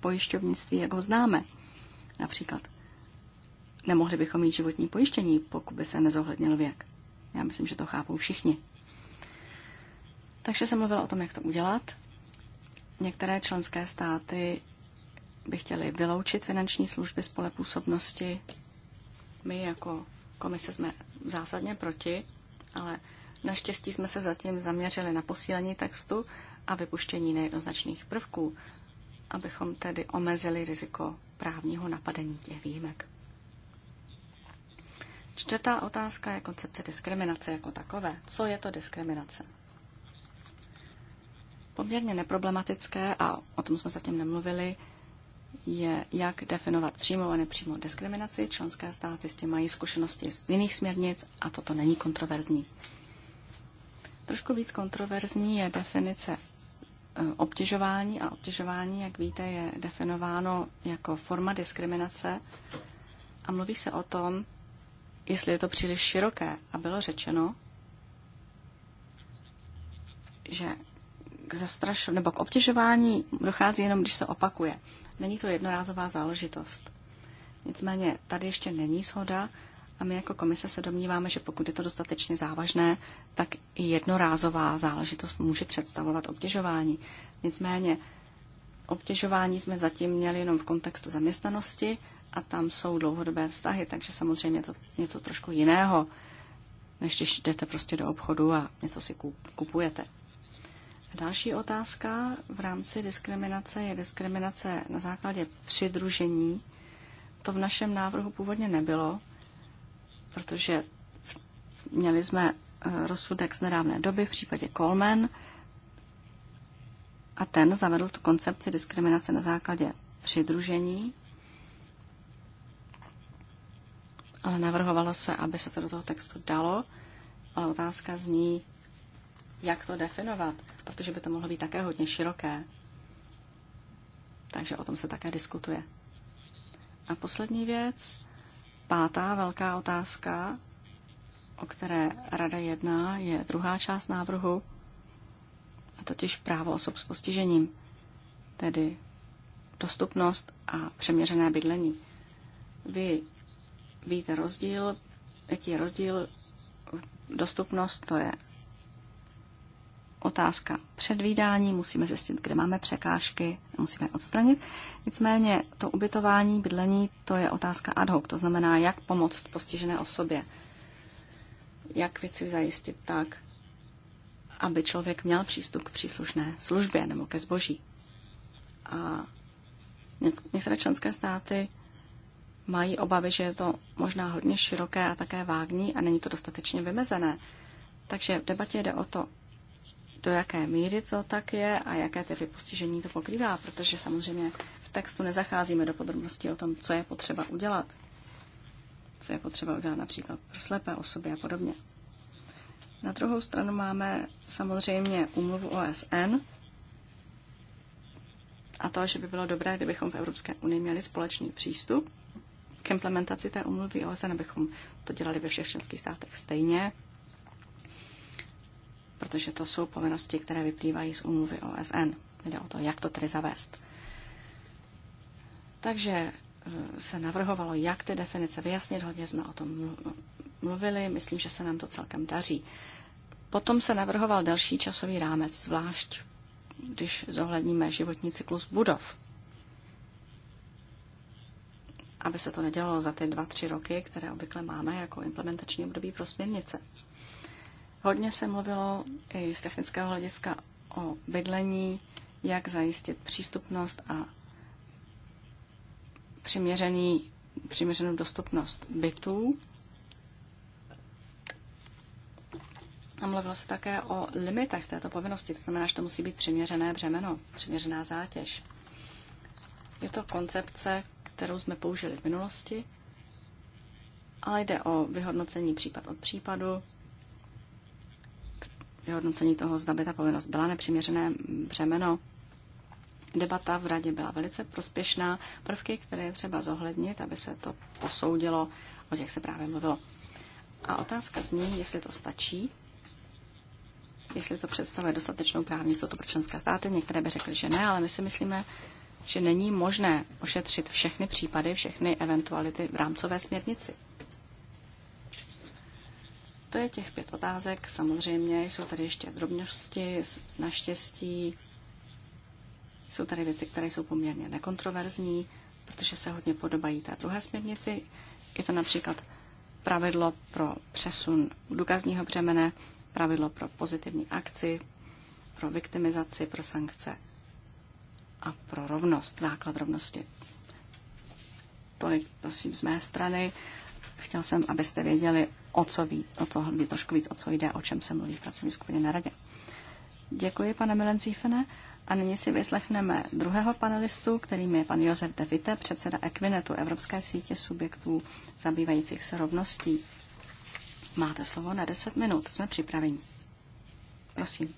Speaker 3: pojišťovnictví, jak ho známe. Například, nemohli bychom mít životní pojištění, pokud by se nezohlednil věk. Já myslím, že to chápou všichni. Takže jsem mluvila o tom, jak to udělat. Některé členské státy by chtěly vyloučit finanční služby z pole působnosti my jako komise jsme zásadně proti, ale naštěstí jsme se zatím zaměřili na posílení textu a vypuštění nejednoznačných prvků, abychom tedy omezili riziko právního napadení těch výjimek. Čtvrtá otázka je koncepce diskriminace jako takové. Co je to diskriminace? Poměrně neproblematické, a o tom jsme zatím nemluvili, je, jak definovat přímou a nepřímo diskriminaci. Členské státy s tím mají zkušenosti z jiných směrnic a toto není kontroverzní. Trošku víc kontroverzní je definice e, obtěžování a obtěžování, jak víte, je definováno jako forma diskriminace a mluví se o tom, jestli je to příliš široké. A bylo řečeno, že k zastrašu, nebo k obtěžování dochází jenom, když se opakuje. Není to jednorázová záležitost. Nicméně tady ještě není shoda a my jako komise se domníváme, že pokud je to dostatečně závažné, tak i jednorázová záležitost může představovat obtěžování. Nicméně obtěžování jsme zatím měli jenom v kontextu zaměstnanosti a tam jsou dlouhodobé vztahy, takže samozřejmě je to něco trošku jiného, než když jdete prostě do obchodu a něco si kupujete. Další otázka v rámci diskriminace je diskriminace na základě přidružení. To v našem návrhu původně nebylo, protože měli jsme eh, rozsudek z nedávné doby v případě Coleman a ten zavedl tu koncepci diskriminace na základě přidružení, ale navrhovalo se, aby se to do toho textu dalo. Ale otázka zní, jak to definovat, protože by to mohlo být také hodně široké. Takže o tom se také diskutuje. A poslední věc, pátá velká otázka, o které Rada jedná, je druhá část návrhu, a totiž právo osob s postižením, tedy dostupnost a přeměřené bydlení. Vy víte rozdíl, jaký je rozdíl. Dostupnost to je otázka předvídání, musíme zjistit, kde máme překážky, musíme je odstranit. Nicméně to ubytování, bydlení, to je otázka ad hoc, to znamená, jak pomoct postižené osobě, jak věci zajistit tak, aby člověk měl přístup k příslušné službě nebo ke zboží. A některé členské státy mají obavy, že je to možná hodně široké a také vágní a není to dostatečně vymezené. Takže v debatě jde o to, do jaké míry to tak je a jaké typy postižení to pokrývá, protože samozřejmě v textu nezacházíme do podrobností o tom, co je potřeba udělat. Co je potřeba udělat například pro slepé osoby a podobně. Na druhou stranu máme samozřejmě úmluvu OSN a to, že by bylo dobré, kdybychom v Evropské unii měli společný přístup k implementaci té umluvy OSN, abychom to dělali ve všech členských státech stejně, protože to jsou povinnosti, které vyplývají z úmluvy OSN. Jde o to, jak to tedy zavést. Takže e, se navrhovalo, jak ty definice vyjasnit, hodně jsme o tom mluvili, myslím, že se nám to celkem daří. Potom se navrhoval další časový rámec, zvlášť když zohledníme životní cyklus budov. Aby se to nedělalo za ty dva, tři roky, které obvykle máme jako implementační období pro směrnice. Hodně se mluvilo i z technického hlediska o bydlení, jak zajistit přístupnost a přiměřený, přiměřenou dostupnost bytů. A mluvilo se také o limitech této povinnosti, to znamená, že to musí být přiměřené břemeno, přiměřená zátěž. Je to koncepce, kterou jsme použili v minulosti, ale jde o vyhodnocení případ od případu, vyhodnocení toho, zda by ta povinnost byla nepřiměřené břemeno. Debata v radě byla velice prospěšná. Prvky, které je třeba zohlednit, aby se to posoudilo, o těch se právě mluvilo. A otázka zní, jestli to stačí, jestli to představuje dostatečnou právní jistotu pro členské státy. Některé by řekly, že ne, ale my si myslíme, že není možné ošetřit všechny případy, všechny eventuality v rámcové směrnici. To je těch pět otázek. Samozřejmě jsou tady ještě drobnosti, naštěstí. Jsou tady věci, které jsou poměrně nekontroverzní, protože se hodně podobají té druhé směrnici. Je to například pravidlo pro přesun důkazního břemene, pravidlo pro pozitivní akci, pro viktimizaci, pro sankce a pro rovnost, základ rovnosti. Tolik, prosím, z mé strany. Chtěl jsem, abyste věděli, o co ví, o co ví trošku víc, o co jde, o čem se mluví v pracovní skupině na radě. Děkuji, pane Zífene. A nyní si vyslechneme druhého panelistu, kterým je pan Josef Vitte, předseda Equinetu Evropské sítě subjektů zabývajících se rovností. Máte slovo na 10 minut, jsme připraveni. Prosím.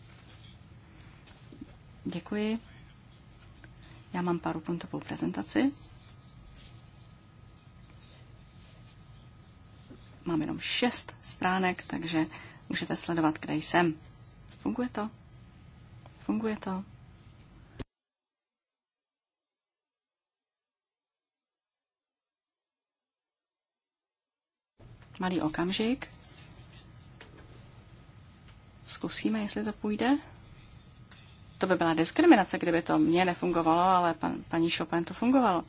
Speaker 3: Děkuji. Já mám pár punktovou prezentaci. Mám jenom šest stránek, takže můžete sledovat, kde jsem. Funguje to? Funguje to? Malý okamžik. Zkusíme, jestli to půjde. To by byla diskriminace, kdyby to mně nefungovalo, ale pan, paní Chopin to fungovalo.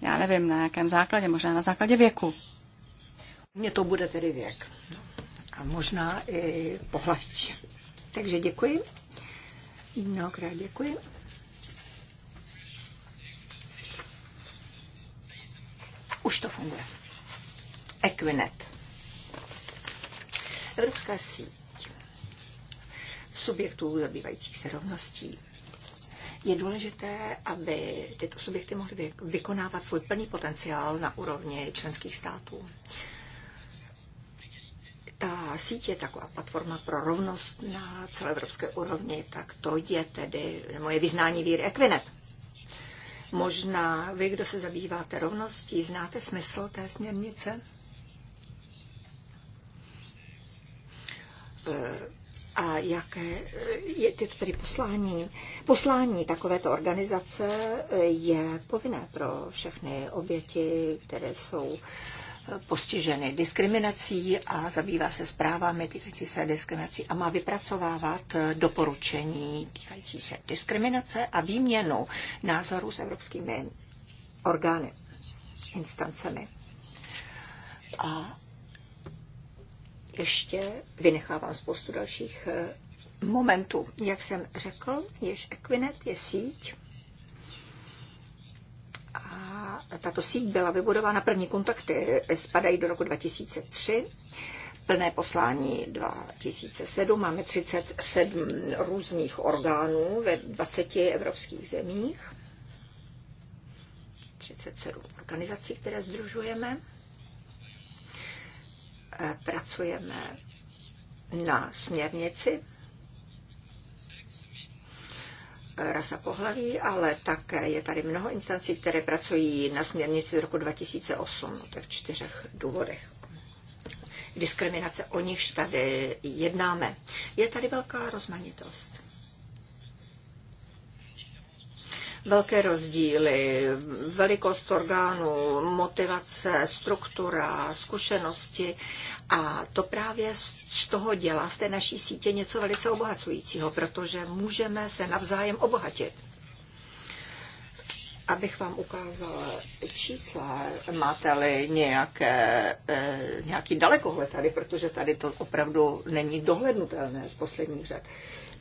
Speaker 3: Já nevím, na jakém základě, možná na základě věku.
Speaker 1: Mně to bude tedy věk. A možná i pohlaví. Takže děkuji. Mnohokrát děkuji. Už to funguje. Equinet. Evropská síť subjektů zabývajících se rovností. Je důležité, aby tyto subjekty mohly vykonávat svůj plný potenciál na úrovni členských států ta síť je taková platforma pro rovnost na celoevropské úrovni, tak to je tedy moje vyznání víry Equinet. Možná vy, kdo se zabýváte rovností, znáte smysl té směrnice? E, a jaké je tyto tedy poslání? Poslání takovéto organizace je povinné pro všechny oběti, které jsou uh, postiženy diskriminací a zabývá se zprávami týkající se diskriminací a má vypracovávat doporučení týkající se diskriminace a výměnu názorů s evropskými orgány, instancemi. A ještě vynechávám spoustu dalších eh, momentů. Jak jsem řekl, jež Equinet je síť tato síť byla vybudována, první kontakty spadají do roku 2003, plné poslání 2007, máme 37 různých orgánů ve 20 evropských zemích, 37 organizací, které združujeme. Eh, pracujeme na směrnici rasa pohlaví, ale také je tady mnoho instancí, které pracují na směrnici z roku 2008, to je v čtyřech důvodech diskriminace, o nichž tady jednáme. Je tady velká rozmanitost. Velké rozdíly, velikost orgánů, motivace, struktura, zkušenosti a to právě z z toho dělá z té naší sítě něco velice obohacujícího, protože můžeme se navzájem obohatit. Abych vám ukázala čísla, máte-li nějaké, eh, nějaký dalekohled tady, protože tady to opravdu není dohlednutelné z posledních řad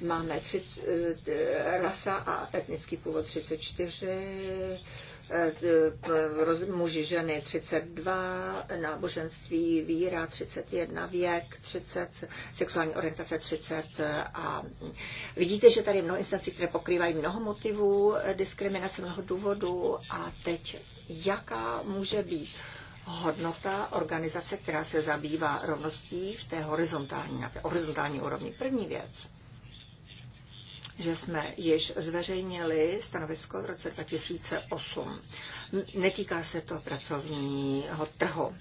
Speaker 1: máme 30, eh, rasa a etnický původ 34, Eh, muži, ženy 32, náboženství, víra 31, věk 30, sexuální orientace 30 eh, a vidíte, že tady je mnoho instancí, které pokrývají mnoho motivů eh, diskriminace, mnoho důvodů a teď jaká může být hodnota organizace, která se zabývá rovností v té horizontální, na té horizontální úrovni. První věc že jsme již zveřejnili stanovisko v roce 2008. Netýká se to pracovního trhu.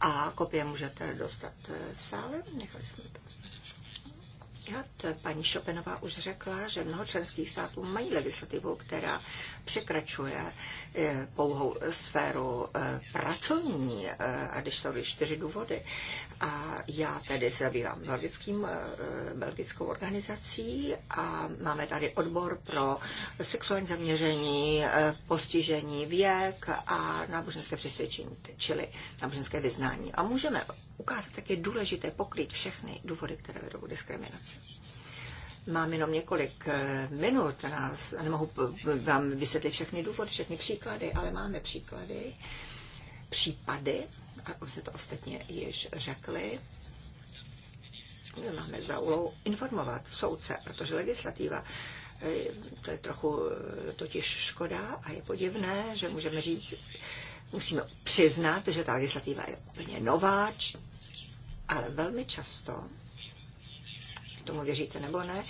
Speaker 1: A kopie můžete dostat v sále. Nechali jsme to. Já, paní Šopenová už řekla, že mnoho členských států mají legislativu, která překračuje eh, pouhou sféru eh, pracovní, eh, a když to byly čtyři důvody. A já tedy se zabývám belgickým, eh, belgickou organizací a máme tady odbor pro sexuální zaměření, eh, postižení, věk a náboženské přesvědčení, čili náboženské vyznání. A můžeme ukázat, jak je důležité pokrýt všechny důvody, které vedou k diskriminaci. Mám jenom několik eh, minut, nás, nemohu vám vysvětlit všechny důvody, všechny příklady, ale máme příklady, případy, a už se to ostatně již řekli, máme za úlohu informovat soudce, protože legislativa eh, to je trochu eh, totiž škoda a je podivné, že můžeme říct, musíme přiznat, že ta legislativa je úplně nová, ale velmi často, tomu věříte nebo ne,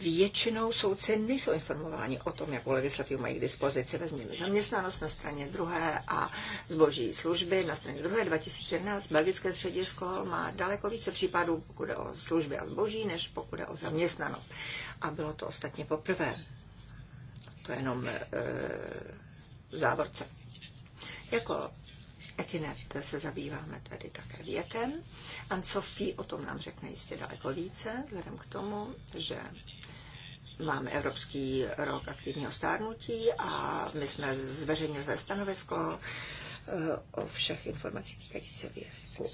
Speaker 1: většinou soudci nejsou informováni o tom, jakou legislativu mají k dispozici. Vezměme zaměstnanost na straně druhé a zboží služby. Na straně druhé 2014 Belgické středisko má daleko více případů, pokud je o služby a zboží, než pokud je o zaměstnanost. A bylo to ostatně poprvé. To je jenom e, závorce. Jako Ekinet se zabýváme tedy také věkem. Anne o tom nám řekne jistě daleko více, vzhledem k tomu, že Máme Evropský rok aktivního stárnutí a my jsme zveřejnili své stanovisko eh, o všech informacích týkající se věku,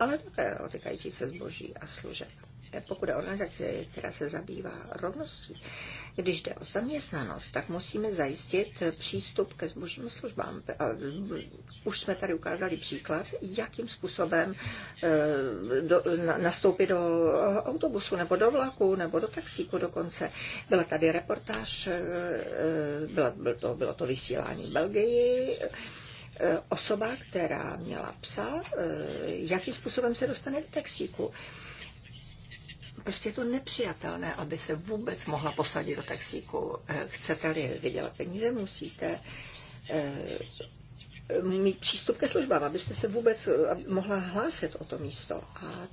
Speaker 1: ale také o týkající se zboží a služeb. Pokud je organizace, která se zabývá rovností, když jde o zaměstnanost, tak musíme zajistit přístup ke zbožím službám. Eh, už jsme tady ukázali příklad, jakým způsobem eh, do, nastoupit do autobusu nebo do vlaku nebo do taxíku dokonce. Byla tady reportáž, eh, byla, bylo, to, bylo to vysílání v Belgii, osoba, která měla psa, jakým způsobem se dostane do taxíku. Prostě je to nepřijatelné, aby se vůbec mohla posadit do taxíku. Eh, chcete-li vydělat peníze, musíte eh, mít přístup ke službám, abyste se vůbec eh, mohla hlásit o to místo. A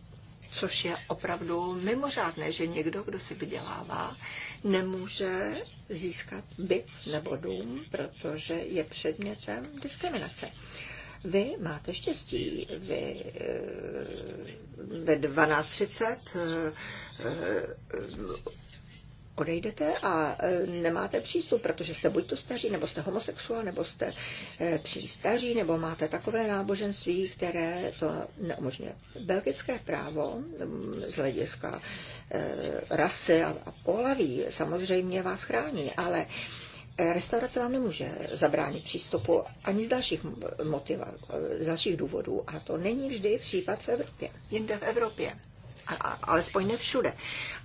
Speaker 1: což je opravdu mimořádné, že někdo, kdo si vydělává, nemůže získat byt nebo dům, protože je předmětem diskriminace. Vy máte štěstí. Vy eh, ve 12.30 eh, eh, odejdete a nemáte přístup, protože jste buď to staří, nebo jste homosexuál, nebo jste příliš nebo máte takové náboženství, které to neumožňuje. Belgické právo mm, z hlediska rasy a pohlaví samozřejmě vás chrání, ale Restaurace vám nemůže zabránit přístupu ani z dalších motivů, z dalších důvodů a to není vždy případ v Evropě. Jinde v Evropě. A, a, alespoň ne všude.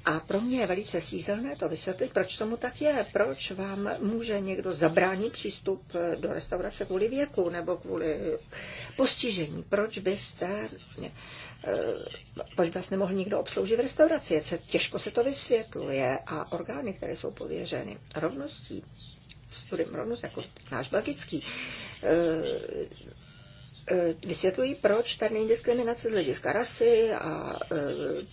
Speaker 1: A pro mě je velice sízelné to vysvětlit, proč tomu tak je. Proč vám může někdo zabránit přístup do restaurace kvůli věku nebo kvůli postižení. Proč byste eh, proč vás nemohl nikdo obsloužit v restauraci. Těžko se to vysvětluje a orgány, které jsou pověřeny rovností studem Ronus, jako náš belgický, eh, eh, vysvětlují, proč tady není diskriminace z hlediska rasy a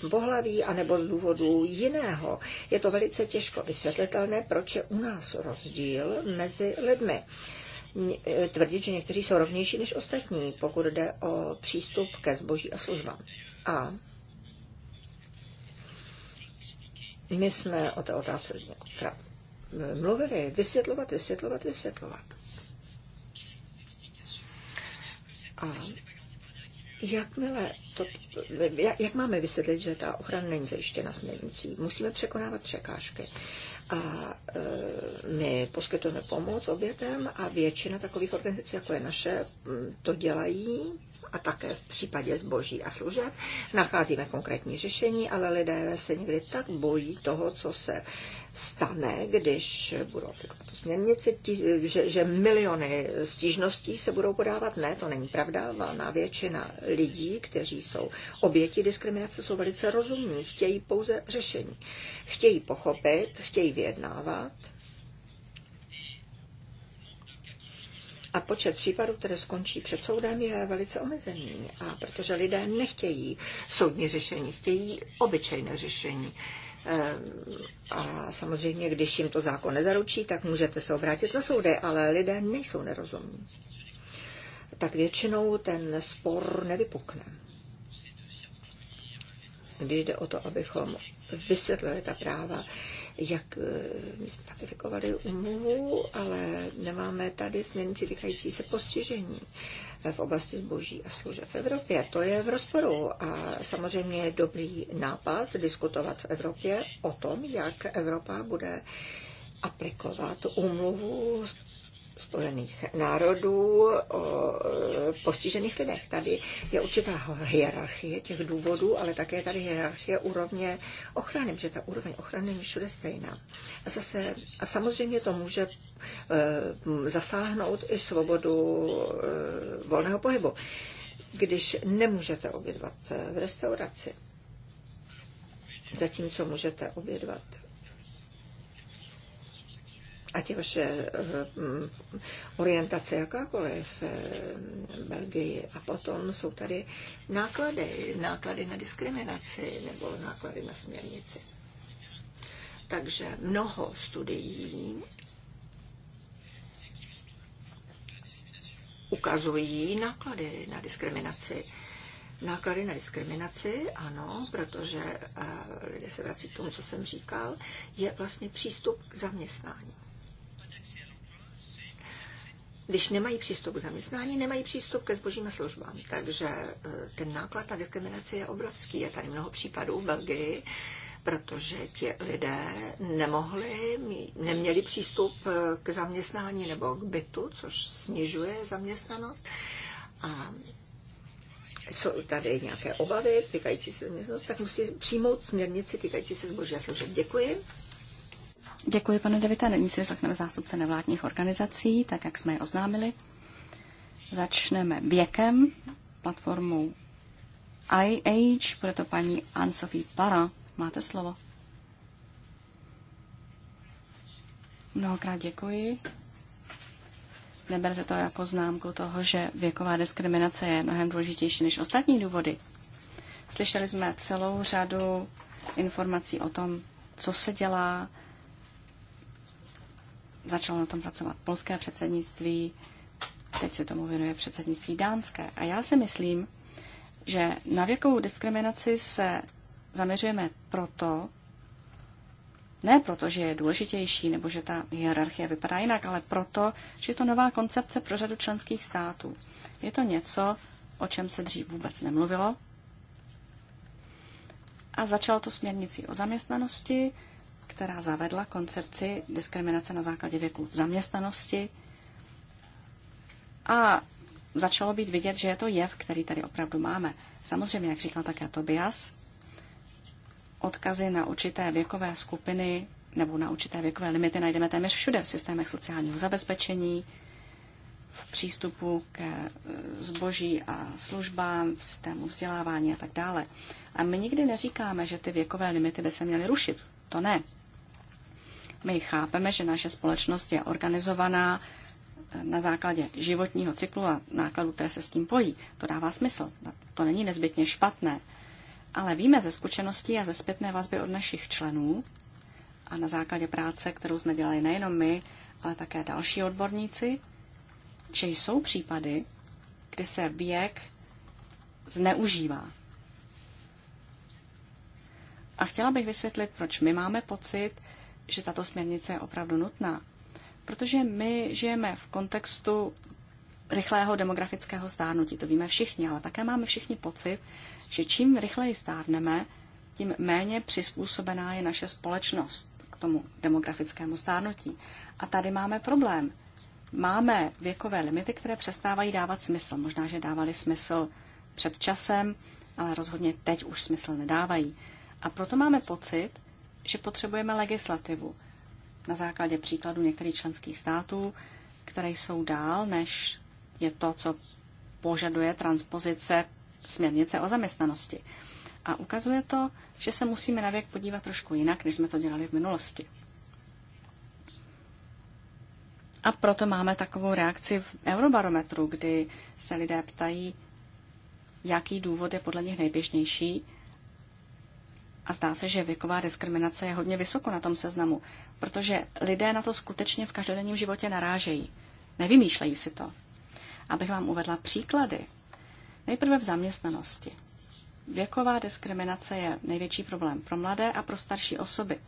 Speaker 1: eh, pohlaví, anebo z důvodu jiného. Je to velice těžko vysvětlitelné, proč je u nás rozdíl mezi lidmi. Tvrdit, že někteří jsou rovnější než ostatní, pokud jde o přístup ke zboží a službám. A my jsme o té otázce několikrát mluvili, vysvětlovat, vysvětlovat, vysvětlovat. A jakmile to, jak, jak máme vysvětlit, že ta ochrana není zajištěna směrnicí? Musíme překonávat překážky. A e, my poskytujeme pomoc obětem a většina takových organizací, jako je naše, to dělají a také v případě zboží a služeb nacházíme konkrétní řešení, ale lidé se někdy tak bojí toho, co se stane, když budou To tu že, že miliony stížností se budou podávat. Ne, to není pravda. Valná většina lidí, kteří jsou oběti diskriminace, jsou velice rozumní, chtějí pouze řešení. Chtějí pochopit, chtějí vyjednávat. A počet případů, které skončí před soudem, je velice omezený. A protože lidé nechtějí soudní řešení, chtějí obyčejné řešení. Uh, Ehm, a samozřejmě, když jim to zákon nezaručí, tak můžete se obrátit na soudy, ale lidé nejsou nerozumní. Tak většinou ten spor nevypukne. Když jde o to, abychom vysvětlili ta práva, jak eh, my jsme ratifikovali umluvu, ale nemáme tady směrnici týkající se postižení v oblasti zboží a služeb v Evropě. To je v rozporu a samozřejmě je dobrý nápad diskutovat v Evropě o tom, jak Evropa bude aplikovat úmluvu spojených národů o e, postižených lidech. Tady je určitá hierarchie těch důvodů, ale také je tady hierarchie úrovně ochrany, protože ta úroveň ochrany je všude stejná. A, zase, a samozřejmě to může e, zasáhnout i svobodu e, volného pohybu, když nemůžete obědvat v restauraci, zatímco můžete obědvat ať je vaše eh, mm, orientace jakákoliv eh, v Belgii. A potom jsou tady náklady, náklady na diskriminaci nebo náklady na směrnici. Takže mnoho studií ukazují náklady na diskriminaci. Náklady na diskriminaci, ano, protože eh, lidé se vrací k tomu, co jsem říkal, je vlastně přístup k zaměstnání. Když nemají přístup k zaměstnání, nemají přístup ke zbožím a službám. Takže eh, ten náklad na diskriminaci je obrovský. Je tady mnoho případů v Belgii, protože ti lidé nemohli, neměli přístup eh, k zaměstnání nebo k bytu, což snižuje zaměstnanost. A jsou tady nějaké obavy týkající se zaměstnanosti, tak musí přijmout směrnici týkající se zboží a služeb. Děkuji.
Speaker 3: Děkuji, pane Devita. Nyní si vyslechneme zástupce nevládních organizací, tak jak jsme je oznámili. Začneme věkem, platformou IH, bude to paní Anne-Sophie Para. Máte slovo. Mnohokrát děkuji. Neberte to jako známku toho, že věková diskriminace je mnohem důležitější než ostatní důvody. Slyšeli jsme celou řadu informací o tom, co se dělá, Začalo na tom pracovat polské předsednictví, teď se tomu věnuje předsednictví dánské. A já si myslím, že na věkovou diskriminaci se zaměřujeme proto, ne proto, že je důležitější nebo že ta hierarchie vypadá jinak, ale proto, že je to nová koncepce pro řadu členských států. Je to něco, o čem se dřív vůbec nemluvilo. A začalo to směrnicí o zaměstnanosti, která zavedla koncepci diskriminace na základě věku v zaměstnanosti a začalo být vidět, že je to jev, který tady opravdu máme. Samozřejmě, jak říkal také Tobias, odkazy na určité věkové skupiny nebo na určité věkové limity najdeme téměř všude v systémech sociálního zabezpečení, v přístupu ke e, zboží a službám, v systému vzdělávání a tak dále. A my nikdy neříkáme, že ty věkové limity by se měly rušit. To ne. My chápeme, že naše společnost je organizovaná na základě životního cyklu a nákladů, které se s tím pojí. To dává smysl. To není nezbytně špatné. Ale víme ze zkušeností a ze zpětné vazby od našich členů a na základě práce, kterou jsme dělali nejenom my, ale také další odborníci, že jsou případy, kdy se věk zneužívá. A chtěla bych vysvětlit, proč my máme pocit, že tato směrnice je opravdu nutná, protože my žijeme v kontextu rychlého demografického stárnutí. To víme všichni, ale také máme všichni pocit, že čím rychleji stárneme, tím méně přizpůsobená je naše společnost k tomu demografickému stárnutí. A tady máme problém. Máme věkové limity, které přestávají dávat smysl. Možná, že dávaly smysl před časem, ale rozhodně teď už smysl nedávají. A proto máme pocit, že potřebujeme legislativu na základě příkladu některých členských států, které jsou dál, než je to, co požaduje transpozice směrnice o zaměstnanosti. A ukazuje to, že se musíme na věk podívat trošku jinak, než jsme to dělali v minulosti. A proto máme takovou reakci v Eurobarometru, kdy se lidé ptají, jaký důvod je podle nich nejběžnější a zdá se, že věková diskriminace je hodně vysoko na tom seznamu, protože lidé na to skutečně v každodenním životě narážejí. Nevymýšlejí si to. Abych vám uvedla příklady. Nejprve v zaměstnanosti. Věková diskriminace je největší problém pro mladé a pro starší osoby.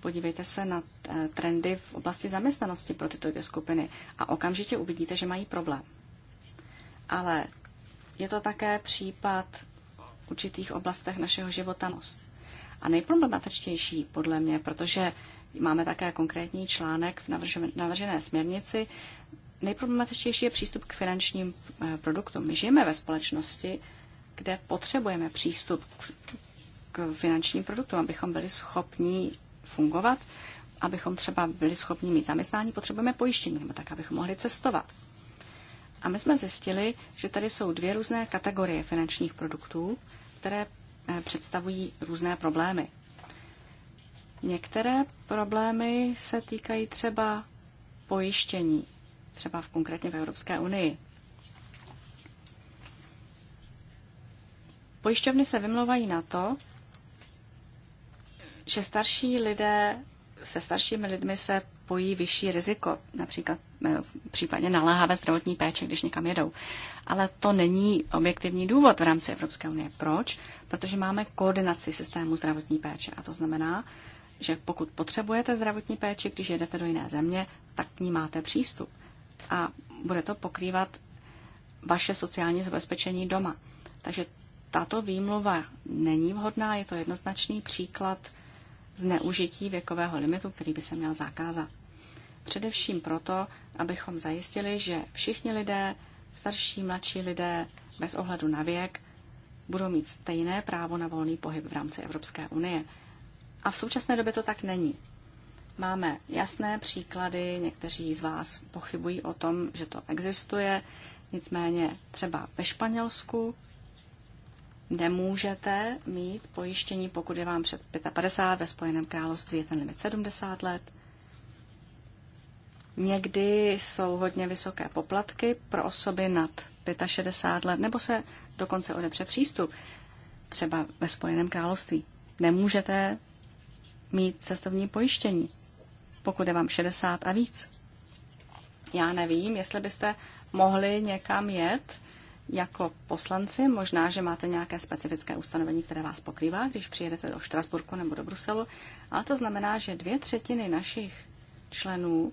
Speaker 3: Podívejte se na eh, trendy v oblasti zaměstnanosti pro tyto dvě skupiny a okamžitě uvidíte, že mají problém. Ale je to také případ v určitých oblastech našeho života. Most a nejproblematičtější podle mě, protože máme také konkrétní článek v navržené směrnici, nejproblematičtější je přístup k finančním eh, produktům. My žijeme ve společnosti, kde potřebujeme přístup k finančním produktům, abychom byli schopni fungovat, abychom třeba byli schopni mít zaměstnání, potřebujeme pojištění, nebo tak, abychom mohli cestovat. A my jsme zjistili, že tady jsou dvě různé kategorie finančních produktů, které Eh, představují různé problémy. Některé problémy se týkají třeba pojištění, třeba v, konkrétně v Evropské unii. Pojišťovny se vymlouvají na to, že starší lidé se staršími lidmi se pojí vyšší riziko, například eh, v případě naléhavé zdravotní péče, když někam jedou. Ale to není objektivní důvod v rámci Evropské unie. Proč? protože máme koordinaci systému zdravotní péče. A to znamená, že pokud potřebujete zdravotní péči, když jedete do jiné země, tak k ní máte přístup. A bude to pokrývat vaše sociální zabezpečení doma. Takže tato výmluva není vhodná, je to jednoznačný příklad zneužití věkového limitu, který by se měl zakázat. Především proto, abychom zajistili, že všichni lidé, starší, mladší lidé, bez ohledu na věk, budou mít stejné právo na volný pohyb v rámci Evropské unie. A v současné době to tak není. Máme jasné příklady, někteří z vás pochybují o tom, že to existuje, nicméně třeba ve Španělsku nemůžete mít pojištění, pokud je vám před 55, ve Spojeném království je ten limit 70 let. Někdy jsou hodně vysoké poplatky pro osoby nad 65 let, nebo se dokonce odepře přístup, třeba ve Spojeném království. Nemůžete mít cestovní pojištění, pokud je vám 60 a víc. Já nevím, jestli byste mohli někam jet jako poslanci, možná, že máte nějaké specifické ustanovení, které vás pokrývá, když přijedete do Štrasburku nebo do Bruselu, ale to znamená, že dvě třetiny našich členů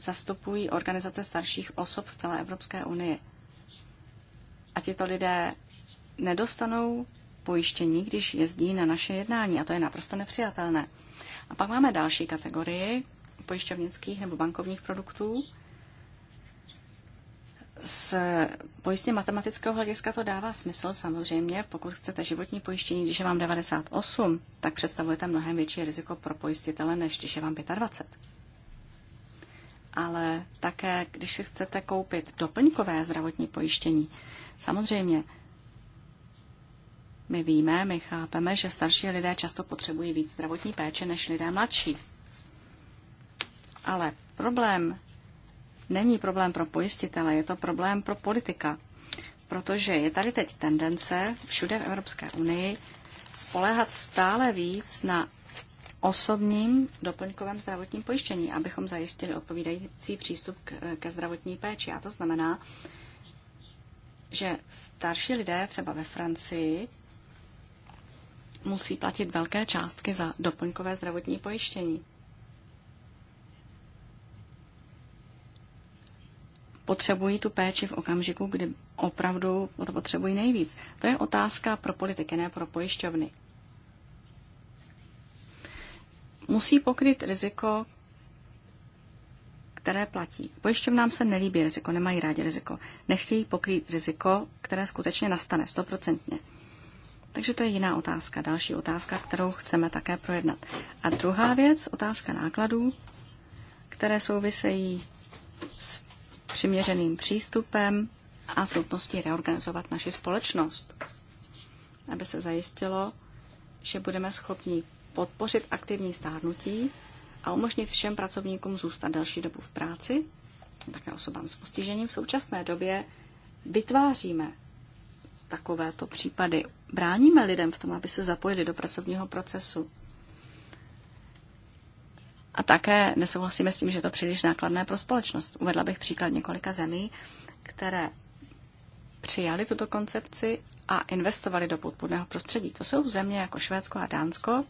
Speaker 3: zastupují organizace starších osob v celé Evropské unii a tito lidé nedostanou pojištění, když jezdí na naše jednání a to je naprosto nepřijatelné. A pak máme další kategorii pojišťovnických nebo bankovních produktů. Z pojistně matematického hlediska to dává smysl samozřejmě, pokud chcete životní pojištění, když je vám 98, tak představujete mnohem větší riziko pro pojistitele, než když je vám 25 ale také, když si chcete koupit doplňkové zdravotní pojištění. Samozřejmě, my víme, my chápeme, že starší lidé často potřebují víc zdravotní péče než lidé mladší. Ale problém není problém pro pojistitele, je to problém pro politika. Protože je tady teď tendence všude v Evropské unii spoléhat stále víc na osobním doplňkovém zdravotním pojištění, abychom zajistili odpovídající přístup ke zdravotní péči. A to znamená, že starší lidé třeba ve Francii musí platit velké částky za doplňkové zdravotní pojištění. Potřebují tu péči v okamžiku, kdy opravdu to potřebují nejvíc. To je otázka pro politiky, ne pro pojišťovny musí pokryt riziko, které platí. Pojišťovnám se nelíbí riziko, nemají rádi riziko. Nechtějí pokrýt riziko, které skutečně nastane stoprocentně. Takže to je jiná otázka, další otázka, kterou chceme také projednat. A druhá věc, otázka nákladů, které souvisejí s přiměřeným přístupem a s nutností reorganizovat naši společnost, aby se zajistilo, že budeme schopni podpořit aktivní stárnutí a umožnit všem pracovníkům zůstat další dobu v práci, také osobám s postižením. V současné době vytváříme takovéto případy. Bráníme lidem v tom, aby se zapojili do pracovního procesu. A také nesouhlasíme s tím, že je to příliš nákladné pro společnost. Uvedla bych příklad několika zemí, které přijali tuto koncepci a investovali do podpůrného prostředí. To jsou země jako Švédsko a Dánsko,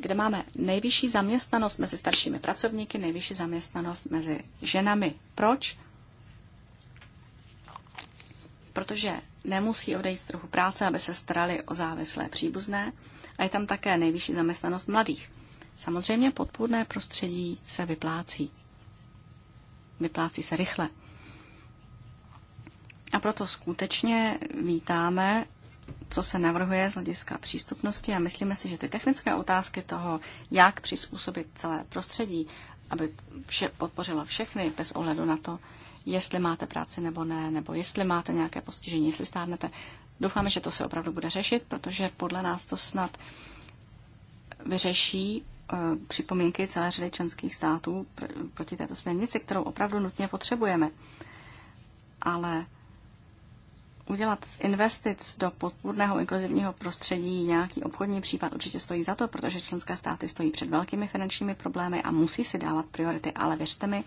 Speaker 3: kde máme nejvyšší zaměstnanost mezi staršími pracovníky, nejvyšší zaměstnanost mezi ženami. Proč? Protože nemusí odejít z trochu práce, aby se starali o závislé příbuzné a je tam také nejvyšší zaměstnanost mladých. Samozřejmě podpůrné prostředí se vyplácí. Vyplácí se rychle. A proto skutečně vítáme co se navrhuje z hlediska přístupnosti a myslíme si, že ty technické otázky toho, jak přizpůsobit celé prostředí, aby vše podpořilo všechny bez ohledu na to, jestli máte práci nebo ne, nebo jestli máte nějaké postižení, jestli stárnete. Doufáme, že to se opravdu bude řešit, protože podle nás to snad vyřeší eh, připomínky celé řady členských států proti této směrnici, kterou opravdu nutně potřebujeme. Ale udělat z investic do podpůrného inkluzivního prostředí nějaký obchodní případ určitě stojí za to, protože členské státy stojí před velkými finančními problémy a musí si dávat priority, ale věřte mi,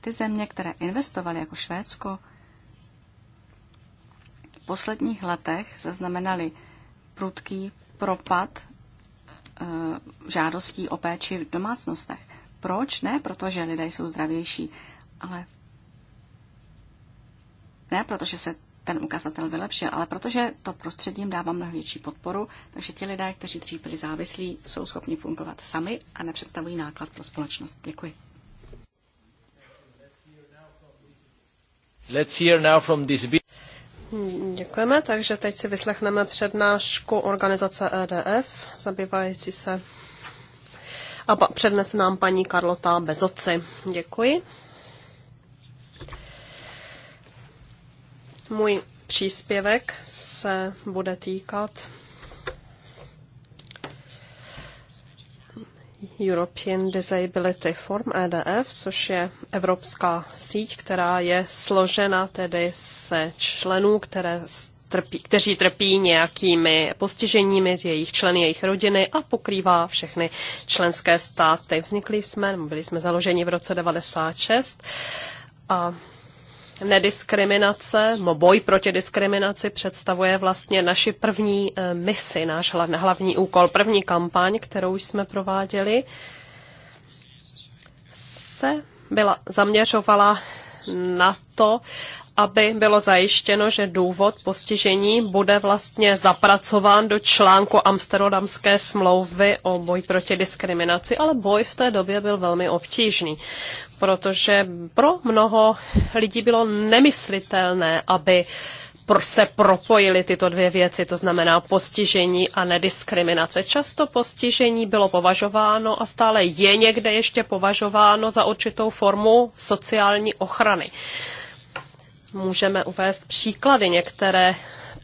Speaker 3: ty země, které investovaly jako Švédsko, v posledních letech zaznamenaly prudký propad e, žádostí o péči v domácnostech. Proč? Ne Protože lidé jsou zdravější, ale ne Protože se ten ukazatel vylepšil, ale protože to prostředím dává mnohem větší podporu, takže ti lidé, kteří dřív byli závislí, jsou schopni fungovat sami a nepředstavují náklad pro společnost. Děkuji.
Speaker 1: Let's hear now from this...
Speaker 2: Děkujeme, takže teď si vyslechneme přednášku organizace EDF, zabývající se a přednese nám paní Karlota Bezoci. Děkuji. Můj příspěvek se bude týkat European Disability Forum EDF, což je evropská síť, která je složena tedy se členů, které trpí, kteří trpí nějakými postiženími, z jejich členy, jejich rodiny a pokrývá všechny členské státy. Vznikli jsme, byli jsme založeni v roce 96 a nediskriminace, boj proti diskriminaci představuje vlastně naši první eh, misi, náš hlavní úkol, první kampaň, kterou jsme prováděli, se byla zaměřovala na to, aby bylo zajištěno, že důvod postižení bude vlastně zapracován do článku Amsterdamské smlouvy o boji proti diskriminaci, ale boj v té době byl velmi obtížný protože pro mnoho lidí bylo nemyslitelné, aby se propojily tyto dvě věci, to znamená postižení a nediskriminace. Často postižení bylo považováno a stále je někde ještě považováno za určitou formu sociální ochrany. Můžeme uvést příklady některé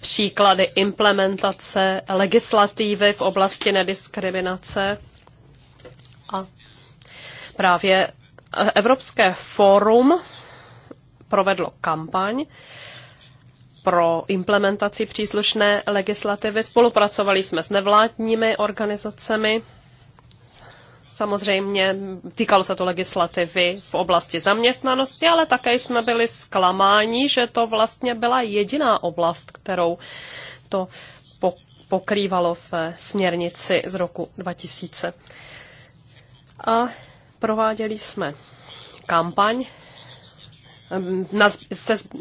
Speaker 2: příklady implementace legislativy v oblasti nediskriminace a právě Evropské fórum provedlo kampaň pro implementaci příslušné legislativy. Spolupracovali jsme s nevládními organizacemi. Samozřejmě týkalo se to legislativy v oblasti zaměstnanosti, ale také jsme byli zklamáni, že to vlastně byla jediná oblast, kterou to pokrývalo v směrnici z roku 2000. A Prováděli jsme kampaň,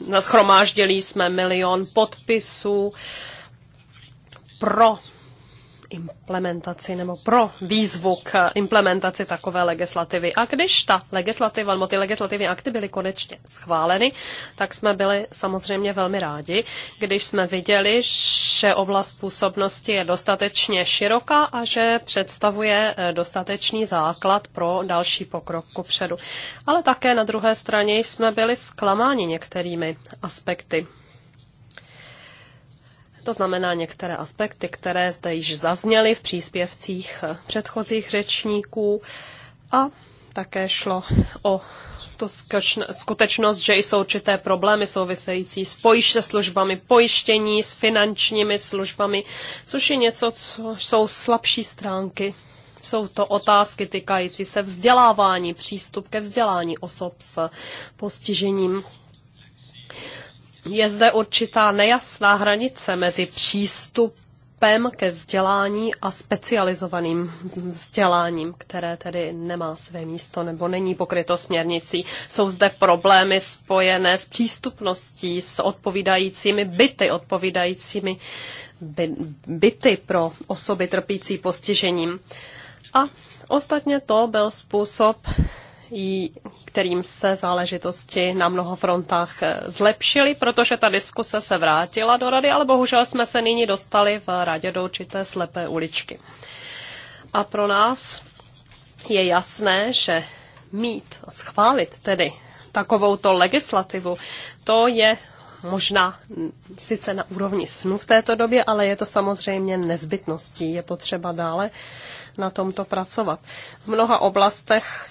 Speaker 2: naschromáždili jsme milion podpisů pro implementaci nebo pro výzvu k implementaci takové legislativy. A když ta legislativa nebo ty legislativní akty byly konečně schváleny, tak jsme byli samozřejmě velmi rádi, když jsme viděli, že oblast působnosti je dostatečně široká a že představuje eh, dostatečný základ pro další pokrok kupředu. Ale také na druhé straně jsme byli zklamáni některými aspekty to znamená některé aspekty, které zde již zazněly v příspěvcích předchozích řečníků a také šlo o tu skutečnost, že jsou určité problémy související s pojiště službami pojištění, s finančními službami, což je něco, co jsou slabší stránky. Jsou to otázky týkající se vzdělávání, přístup ke vzdělání osob s postižením je zde určitá nejasná hranice mezi přístupem ke vzdělání a specializovaným vzděláním, které tedy nemá své místo nebo není pokryto směrnicí. Jsou zde problémy spojené s přístupností, s odpovídajícími byty, odpovídajícími by, byty pro osoby trpící postižením. A ostatně to byl způsob, kterým se záležitosti na mnoha frontách eh, zlepšily, protože ta diskuse se vrátila do rady, ale bohužel jsme se nyní dostali v radě do určité slepé uličky. A pro nás je jasné, že mít a schválit tedy takovouto legislativu, to je možná sice na úrovni snu v této době, ale je to samozřejmě nezbytností. Je potřeba dále na tomto pracovat. V mnoha oblastech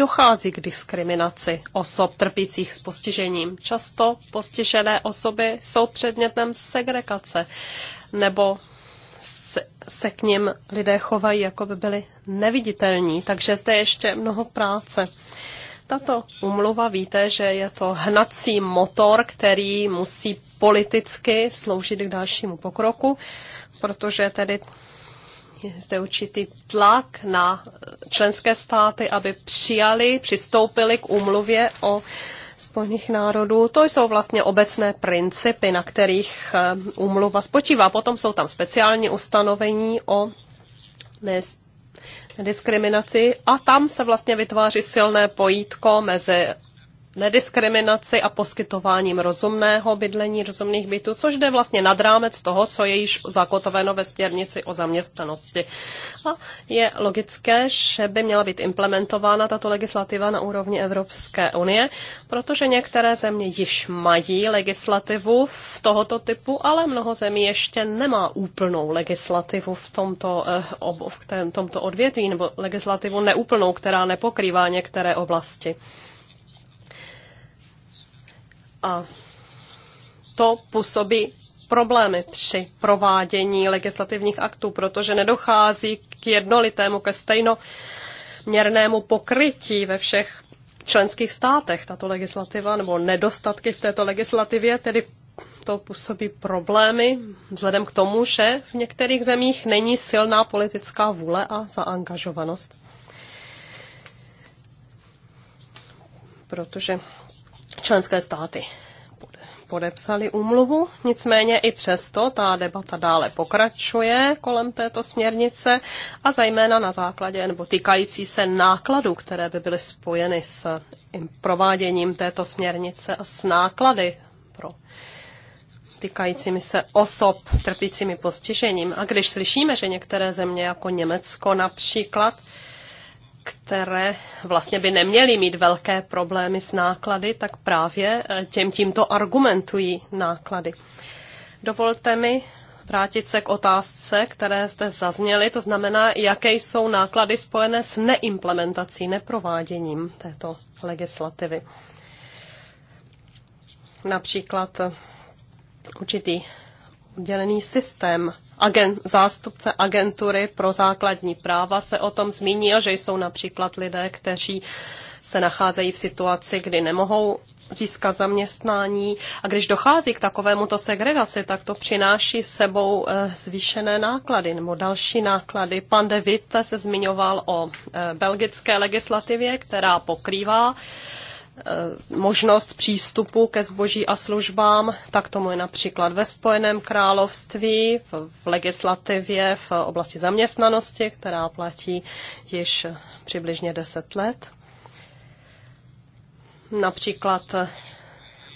Speaker 2: dochází k diskriminaci osob trpících s postižením. Často postižené osoby jsou předmětem segregace nebo se, se k ním lidé chovají, jako by byli neviditelní, takže zde ještě mnoho práce. Tato umluva, víte, že je to hnací motor, který musí politicky sloužit k dalšímu pokroku, protože tedy je zde určitý tlak na členské státy, aby přijali, přistoupili k úmluvě o Spojených národů. To jsou vlastně obecné principy, na kterých eh, úmluva spočívá. Potom jsou tam speciální ustanovení o diskriminaci a tam se vlastně vytváří silné pojítko mezi nediskriminaci a poskytováním rozumného bydlení, rozumných bytů, což jde vlastně nad rámec toho, co je již zakotveno ve směrnici o zaměstnanosti. A je logické, že by měla být implementována tato legislativa na úrovni Evropské unie, protože některé země již mají legislativu v tohoto typu, ale mnoho zemí ještě nemá úplnou legislativu v tomto, eh, v tomto odvětví nebo legislativu neúplnou, která nepokrývá některé oblasti. A to působí problémy při provádění legislativních aktů, protože nedochází k jednolitému, ke stejnoměrnému pokrytí ve všech členských státech tato legislativa, nebo nedostatky v této legislativě, tedy to působí problémy vzhledem k tomu, že v některých zemích není silná politická vůle a zaangažovanost. Protože členské státy podepsali úmluvu, nicméně i přesto ta debata dále pokračuje kolem této směrnice a zejména na základě nebo týkající se nákladů, které by byly spojeny s prováděním této směrnice a s náklady pro týkajícími se osob trpícími postižením. A když slyšíme, že některé země jako Německo například které vlastně by neměly mít velké problémy s náklady, tak právě eh, těm tímto argumentují náklady. Dovolte mi vrátit se k otázce, které jste zazněly, to znamená, jaké jsou náklady spojené s neimplementací, neprováděním této legislativy. Například eh, určitý oddělený systém agent, zástupce agentury pro základní práva se o tom zmínil, že jsou například lidé, kteří se nacházejí v situaci, kdy nemohou získat zaměstnání. A když dochází k takovémuto segregaci, tak to přináší sebou eh, zvýšené náklady nebo další náklady. Pan De Witte se zmiňoval o eh, belgické legislativě, která pokrývá Eh, možnost přístupu ke zboží a službám, tak tomu je například ve Spojeném království, v legislativě v oblasti zaměstnanosti, která platí již přibližně 10 let. Například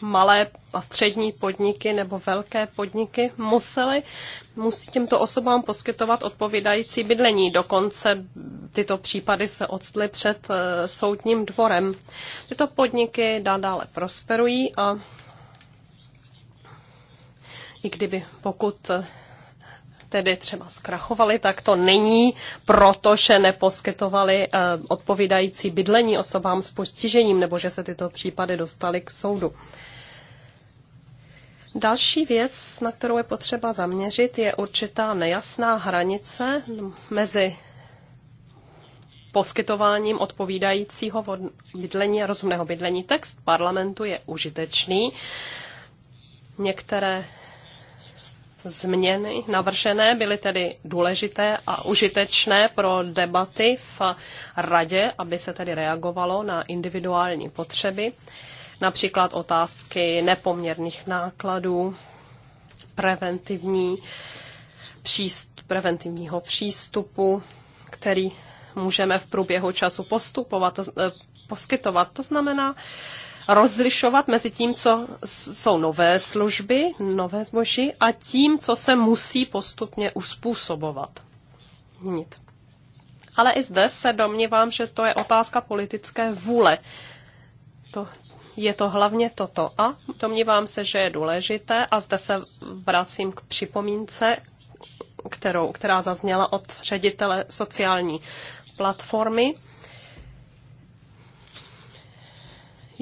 Speaker 2: malé a střední podniky nebo velké podniky musely, musí těmto osobám poskytovat odpovídající bydlení. Dokonce tyto případy se odstly před eh, soudním dvorem. Tyto podniky dále prosperují a i kdyby, pokud eh, tedy třeba zkrachovali, tak to není protože neposkytovali eh, odpovídající bydlení osobám s postižením nebo že se tyto případy dostaly k soudu. Další věc, na kterou je potřeba zaměřit, je určitá nejasná hranice mezi poskytováním odpovídajícího bydlení a rozumného bydlení. Text parlamentu je užitečný. Některé Změny navržené byly tedy důležité a užitečné pro debaty v radě, aby se tedy reagovalo na individuální potřeby, například otázky nepoměrných nákladů, preventivní příst, preventivního přístupu, který můžeme v průběhu času postupovat, eh, poskytovat. To znamená, rozlišovat mezi tím, co jsou nové služby, nové zboží a tím, co se musí postupně uspůsobovat. Nit. Ale i zde se domnívám, že to je otázka politické vůle. To je to hlavně toto. A domnívám se, že je důležité, a zde se vracím k připomínce, kterou, která zazněla od ředitele sociální platformy,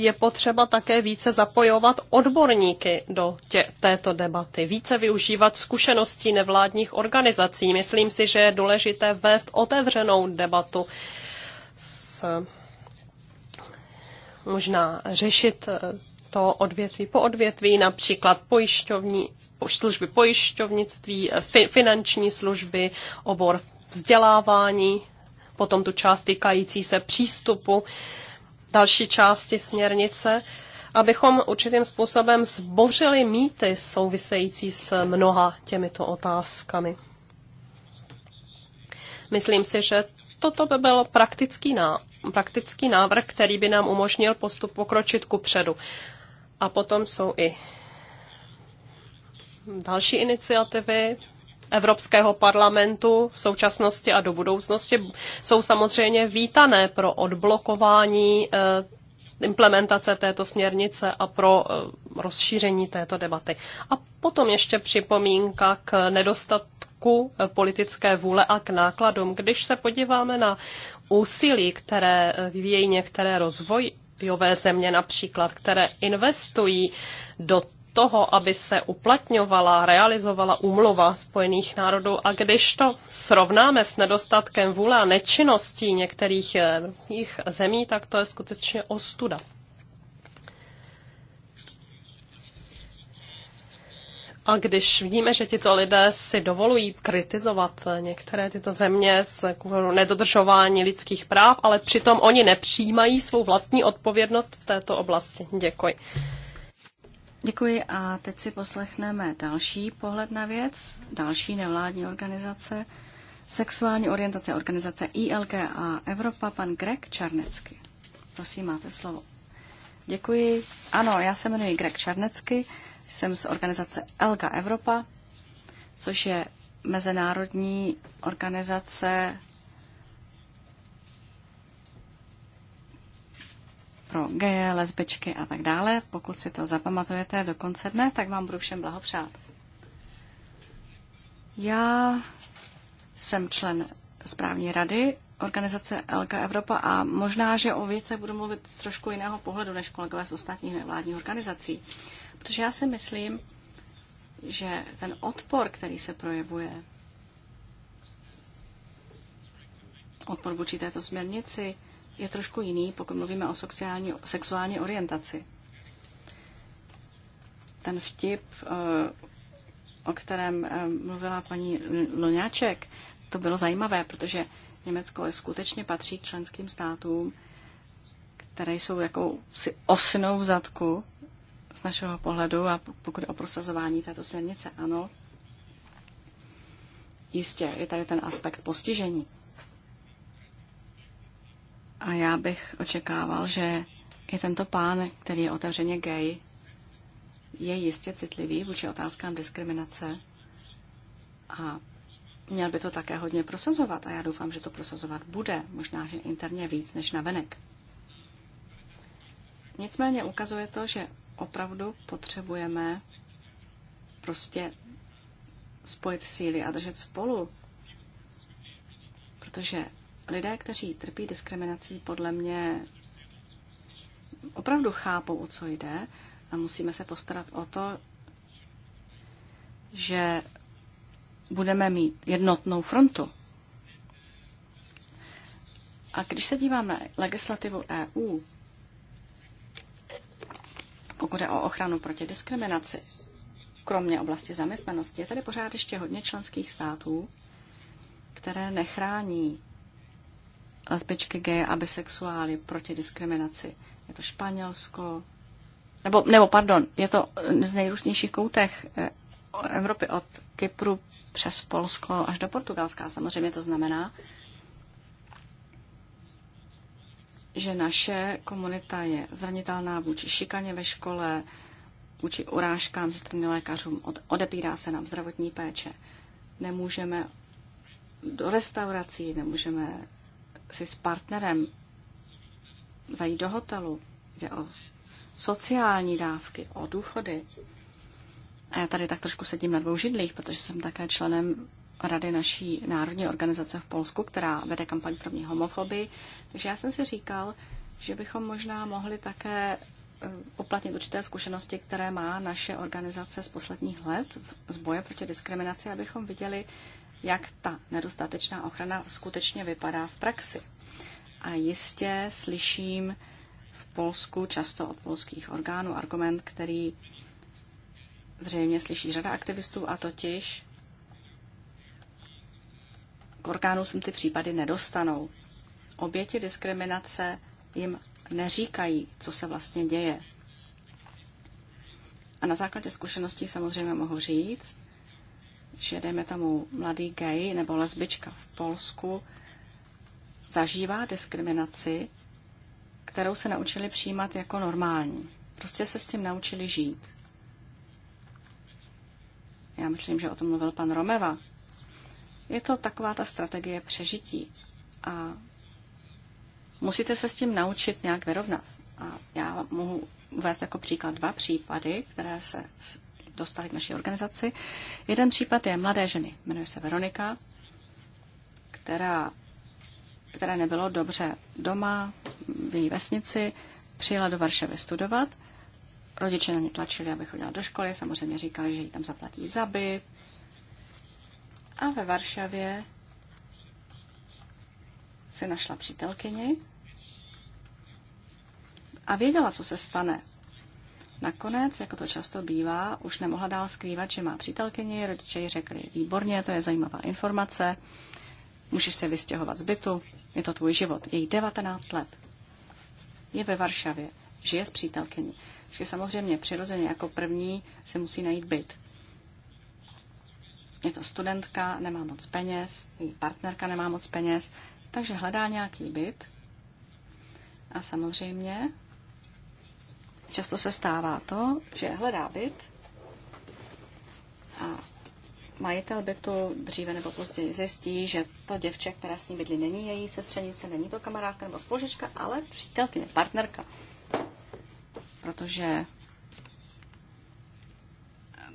Speaker 2: je potřeba také více zapojovat odborníky do tě, této debaty, více využívat zkušeností nevládních organizací. Myslím si, že je důležité vést otevřenou debatu s možná řešit eh, to odvětví po odvětví, například pojišťovní, služby pojišťovnictví, eh, fi, finanční služby, obor vzdělávání, potom tu část týkající se přístupu další části směrnice, abychom určitým způsobem zbořili mýty související s mnoha těmito otázkami. Myslím si, že toto by byl praktický, ná, praktický návrh, který by nám umožnil postup pokročit ku předu. A potom jsou i další iniciativy, Evropského parlamentu v současnosti a do budoucnosti jsou samozřejmě vítané pro odblokování eh, implementace této směrnice a pro eh, rozšíření této debaty. A potom ještě připomínka k nedostatku eh, politické vůle a k nákladům. Když se podíváme na úsilí, které vyvíjejí některé rozvoj, země například, které investují do toho, aby se uplatňovala, realizovala umlova Spojených národů. A když to srovnáme s nedostatkem vůle a nečinností některých jejich eh, zemí, tak to je skutečně ostuda. A když vidíme, že tito lidé si dovolují kritizovat eh, některé tyto země z nedodržování lidských práv, ale přitom oni nepřijímají svou vlastní odpovědnost v této oblasti. Děkuji.
Speaker 3: Děkuji a teď si poslechneme další pohled na věc, další nevládní organizace, sexuální orientace organizace ILGA Evropa, pan Greg Čarnecky. Prosím, máte slovo. Děkuji. Ano, já se jmenuji Greg Čarnecky, jsem z organizace Elga Evropa, což je mezinárodní organizace pro geje, lesbičky a tak dále. Pokud si to zapamatujete do konce dne, tak vám budu všem blahopřát. Já jsem člen správní rady organizace LK Evropa a možná, že o věcech budu mluvit z trošku jiného pohledu než kolegové z ostatních nevládních organizací. Protože já si myslím, že ten odpor, který se projevuje, odpor vůči této směrnici, je trošku jiný, pokud mluvíme o sociální, sexuální orientaci. Ten vtip, eh, o kterém eh, mluvila paní Loňáček, to bylo zajímavé, protože Německo je skutečně patří k členským státům, které jsou si osnou v zadku z našeho pohledu a pokud o prosazování této směrnice, ano. Jistě, je tady ten aspekt postižení. A já bych očekával, že i tento pán, který je otevřeně gay, je jistě citlivý vůči otázkám diskriminace a měl by to také hodně prosazovat a já doufám, že to prosazovat bude, možná, že interně víc než na venek. Nicméně ukazuje to, že opravdu potřebujeme prostě spojit síly a držet spolu, protože lidé, kteří trpí diskriminací, podle mě opravdu chápou, o co jde a musíme se postarat o to, že budeme mít jednotnou frontu. A když se díváme na legislativu EU, pokud je o ochranu proti diskriminaci, kromě oblasti zaměstnanosti, je tady pořád ještě hodně členských států, které nechrání lesbičky, geje a bisexuály proti diskriminaci. Je to Španělsko, nebo, nebo pardon, je to z nejrůznějších koutech eh, Evropy od Kypru přes Polsko až do Portugalska. Samozřejmě to znamená, že naše komunita je zranitelná vůči šikaně ve škole, vůči urážkám ze strany lékařům, odepírá se nám zdravotní péče. Nemůžeme do restaurací, nemůžeme si s partnerem zajít do hotelu, jde o sociální dávky, o důchody. A já tady tak trošku sedím na dvou židlích, protože jsem také členem rady naší národní organizace v Polsku, která vede kampaň proti homofobii. Takže já jsem si říkal, že bychom možná mohli také eh, uplatnit určité zkušenosti, které má naše organizace z posledních let z boje proti diskriminaci, abychom viděli, jak ta nedostatečná ochrana skutečně vypadá v praxi. A jistě slyším v Polsku často od polských orgánů argument, který zřejmě slyší řada aktivistů, a totiž k orgánu se ty případy nedostanou. Oběti diskriminace jim neříkají, co se vlastně děje. A na základě zkušeností samozřejmě mohu říct, že dejme tomu mladý gay nebo lesbička v Polsku zažívá diskriminaci, kterou se naučili přijímat jako normální. Prostě se s tím naučili žít. Já myslím, že o tom mluvil pan Romeva. Je to taková ta strategie přežití a musíte se s tím naučit nějak vyrovnat. A já mohu uvést jako příklad dva případy, které se dostali k naší organizaci. Jeden případ je mladé ženy, jmenuje se Veronika, která, které nebylo dobře doma v její vesnici, přijela do Varšavy studovat. Rodiče na ně tlačili, aby chodila do školy, samozřejmě říkali, že jí tam zaplatí zaby. A ve Varšavě si našla přítelkyni a věděla, co se stane, Nakonec, jako to často bývá, už nemohla dál skrývat, že má přítelkyni, rodiče jí řekli, výborně, to je zajímavá informace, můžeš se vystěhovat z bytu, je to tvůj život. Její 19 let. Je ve Varšavě, žije s přítelkyní. Takže samozřejmě přirozeně jako první se musí najít byt. Je to studentka, nemá moc peněz, její partnerka nemá moc peněz, takže hledá nějaký byt. A samozřejmě Často se stává to, že hledá byt a majitel bytu dříve nebo později zjistí, že to děvče, která s ní bydlí, není její sestřenice, není to kamarádka nebo spolužička, ale přítelkyně, partnerka. Protože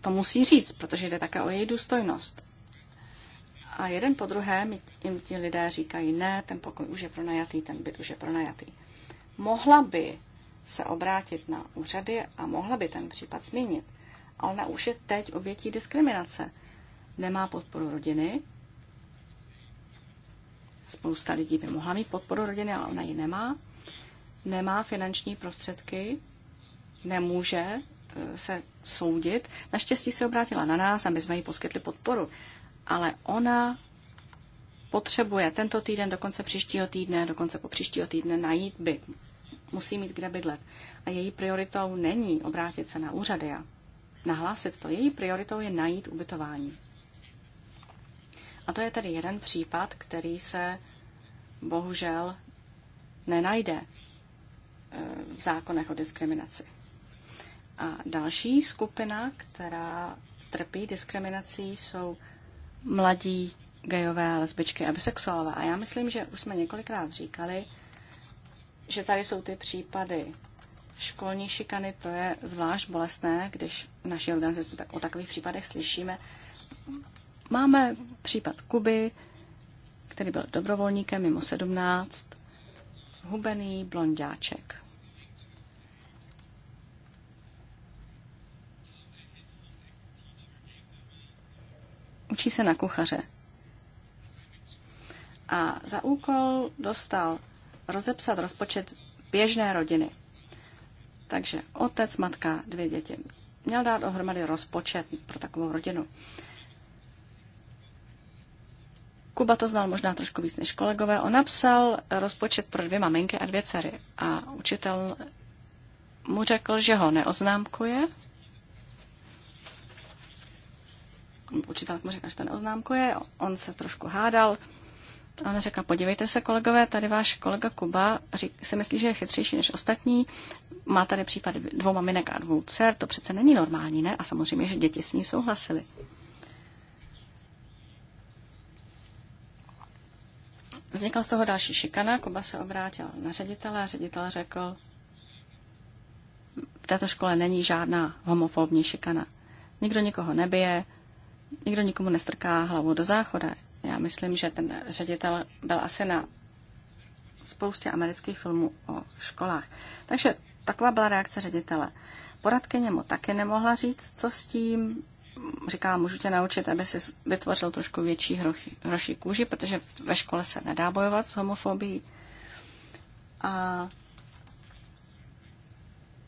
Speaker 3: to musí říct, protože jde také o její důstojnost. A jeden po druhém jim ti lidé říkají, ne, ten pokoj už je pronajatý, ten byt už je pronajatý. Mohla by se obrátit na úřady a mohla by ten případ změnit. A ona už je teď obětí diskriminace. Nemá podporu rodiny. Spousta lidí by mohla mít podporu rodiny, ale ona ji nemá. Nemá finanční prostředky, nemůže e, se soudit. Naštěstí se obrátila na nás a my jsme jí poskytli podporu. Ale ona potřebuje tento týden, do konce příštího týdne, do konce po příštího týdne najít byt musí mít kde bydlet. A její prioritou není obrátit se na úřady a nahlásit to. Její prioritou je najít ubytování. A to je tedy jeden případ, který se bohužel nenajde e, v zákonech o diskriminaci. A další skupina, která trpí diskriminací, jsou mladí gejové, lesbičky a bisexuálové. A já myslím, že už jsme několikrát říkali, že tady jsou ty případy školní šikany, to je zvlášť bolestné, když v naší organizaci tak o takových případech slyšíme. Máme případ Kuby, který byl dobrovolníkem mimo 17, hubený blondáček. Učí se na kuchaře. A za úkol dostal rozepsat rozpočet běžné rodiny. Takže otec, matka, dvě děti. Měl dát ohromady rozpočet pro takovou rodinu. Kuba to znal možná trošku víc než kolegové. On napsal rozpočet pro dvě maminky a dvě dcery. A učitel mu řekl, že ho neoznámkuje. Učitel mu řekl, že to neoznámkuje. On se trošku hádal. A ona řekla, podívejte se, kolegové, tady váš kolega Kuba řík, si myslí, že je chytřejší než ostatní. Má tady případ dvou maminek a dvou dcer, to přece není normální, ne? A samozřejmě, že děti s ní souhlasily. Vznikla z toho další šikana, Kuba se obrátil na ředitele a ředitel řekl, v této škole není žádná homofobní šikana. Nikdo nikoho nebije, nikdo nikomu nestrká hlavu do záchoda. Já myslím, že ten ředitel byl asi na spoustě amerických filmů o školách. Takže taková byla reakce ředitele. Poradky němu taky nemohla říct, co s tím. Říká, můžu tě naučit, aby si vytvořil trošku větší hroši, hroší kůži, protože ve škole se nedá bojovat s homofobií. A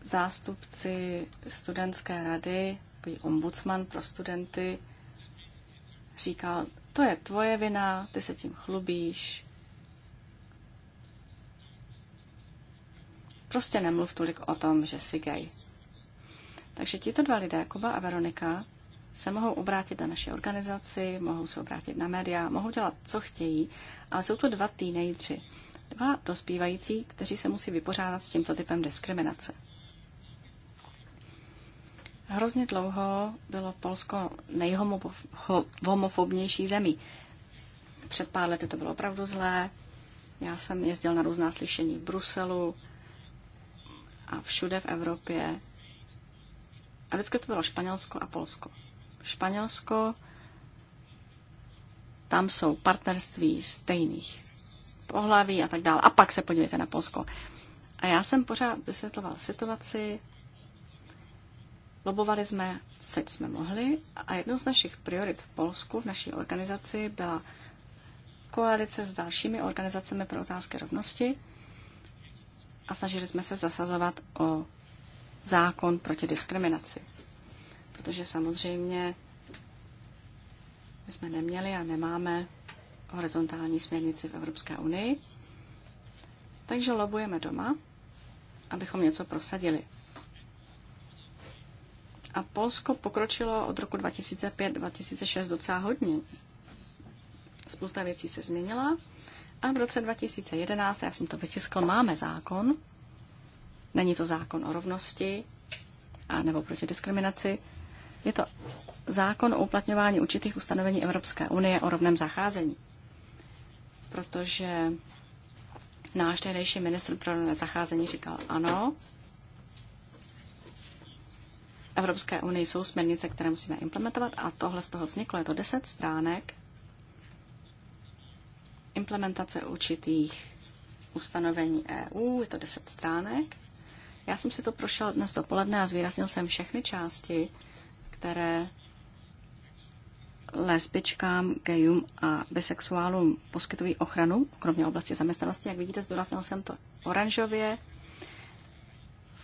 Speaker 3: zástupci studentské rady, takový ombudsman pro studenty, říkal, to je tvoje vina, ty se tím chlubíš. Prostě nemluv tolik o tom, že jsi gay. Takže tito dva lidé, Kuba a Veronika, se mohou obrátit na naši organizaci, mohou se obrátit na média, mohou dělat, co chtějí, ale jsou to dva týnejdři, dva dospívající, kteří se musí vypořádat s tímto typem diskriminace. Hrozně dlouho bylo Polsko nejhomofobnější zemí. Před pár lety to bylo opravdu zlé. Já jsem jezdil na různá slyšení v Bruselu a všude v Evropě. A vždycky to bylo Španělsko a Polsko. Španělsko, tam jsou partnerství stejných pohlaví a tak dále. A pak se podívejte na Polsko. A já jsem pořád vysvětloval situaci, Lobovali jsme, seč jsme mohli, a jednou z našich priorit v Polsku v naší organizaci byla koalice s dalšími organizacemi pro otázky rovnosti a snažili jsme se zasazovat o zákon proti diskriminaci. Protože samozřejmě my jsme neměli a nemáme horizontální směrnici v Evropské unii, takže lobujeme doma, abychom něco prosadili. A Polsko pokročilo od roku 2005-2006 docela hodně. Spousta věcí se změnila. A v roce 2011, já jsem to vytiskl, máme zákon. Není to zákon o rovnosti a nebo proti diskriminaci. Je to zákon o uplatňování určitých ustanovení Evropské unie o rovném zacházení. Protože náš tehdejší ministr pro rovné zacházení říkal ano, Evropské unii jsou směrnice, které musíme implementovat a tohle z toho vzniklo. Je to 10 stránek implementace určitých ustanovení EU, je to 10 stránek. Já jsem si to prošel dnes dopoledne a zvýraznil jsem všechny části, které lesbičkám, gejům a bisexuálům poskytují ochranu, kromě oblasti zaměstnanosti. Jak vidíte, zdůraznil jsem to oranžově,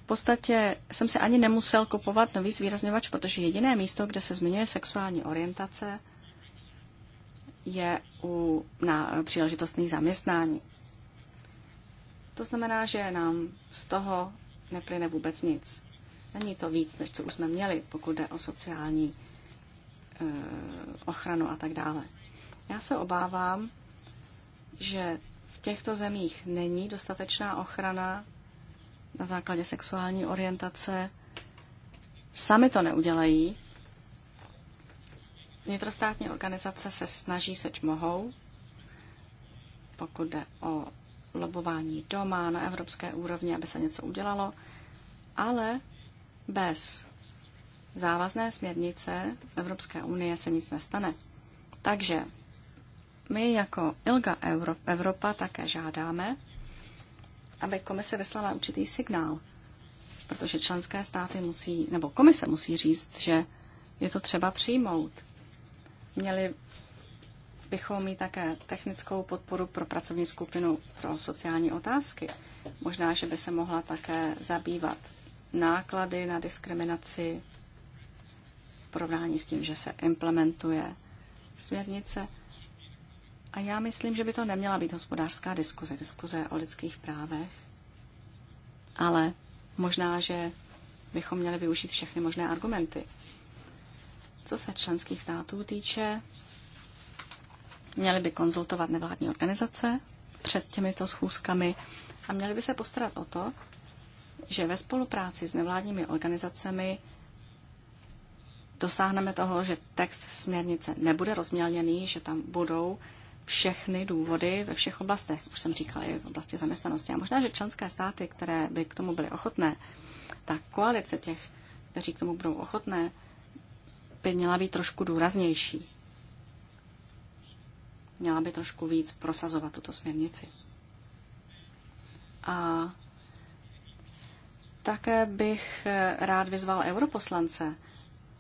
Speaker 3: podstatě jsem se ani nemusel kupovat nový zvýrazněvač, protože jediné místo, kde se zmiňuje sexuální orientace, je u, na příležitostných zaměstnání. To znamená, že nám z toho neplyne vůbec nic. Není to víc, než co už jsme měli, pokud jde o sociální e, ochranu a tak dále. Já se obávám, že v těchto zemích není dostatečná ochrana na základě sexuální orientace, sami to neudělají. Vnitrostátní organizace se snaží, seč mohou, pokud jde o lobování doma na evropské úrovni, aby se něco udělalo, ale bez závazné směrnice z Evropské unie se nic nestane. Takže my jako ILGA Evropa také žádáme, aby komise vyslala určitý signál, protože členské státy musí, nebo komise musí říct, že je to třeba přijmout. Měli bychom mít také technickou podporu pro pracovní skupinu pro sociální otázky. Možná, že by se mohla také zabývat náklady na diskriminaci v porovnání s tím, že se implementuje směrnice. A já myslím, že by to neměla být hospodářská diskuze, diskuze o lidských právech, ale možná, že bychom měli využít všechny možné argumenty. Co se členských států týče, měli by konzultovat nevládní organizace před těmito schůzkami a měli by se postarat o to, že ve spolupráci s nevládními organizacemi dosáhneme toho, že text směrnice nebude rozmělněný, že tam budou všechny důvody ve všech oblastech. Už jsem říkala, i v oblasti zaměstnanosti. A možná, že členské státy, které by k tomu byly ochotné, ta koalice těch, kteří k tomu budou ochotné, by měla být trošku důraznější. Měla by trošku víc prosazovat tuto směrnici. A také bych rád vyzval europoslance,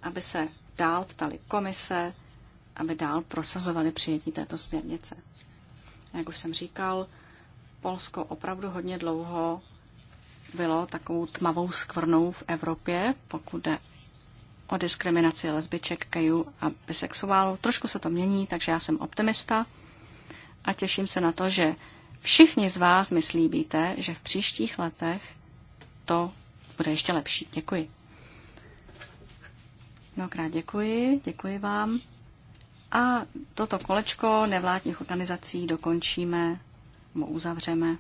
Speaker 3: aby se dál ptali komise, aby dál prosazovali přijetí této směrnice. Jak už jsem říkal, Polsko opravdu hodně dlouho bylo takovou tmavou skvrnou v Evropě, pokud jde o diskriminaci lesbiček, gayů a bisexuálů. Trošku se to mění, takže já jsem optimista a těším se na to, že všichni z vás mi slíbíte, že v příštích letech to bude ještě lepší. Děkuji. Mnohokrát děkuji, děkuji vám. A toto kolečko nevládních organizací dokončíme nebo uzavřeme.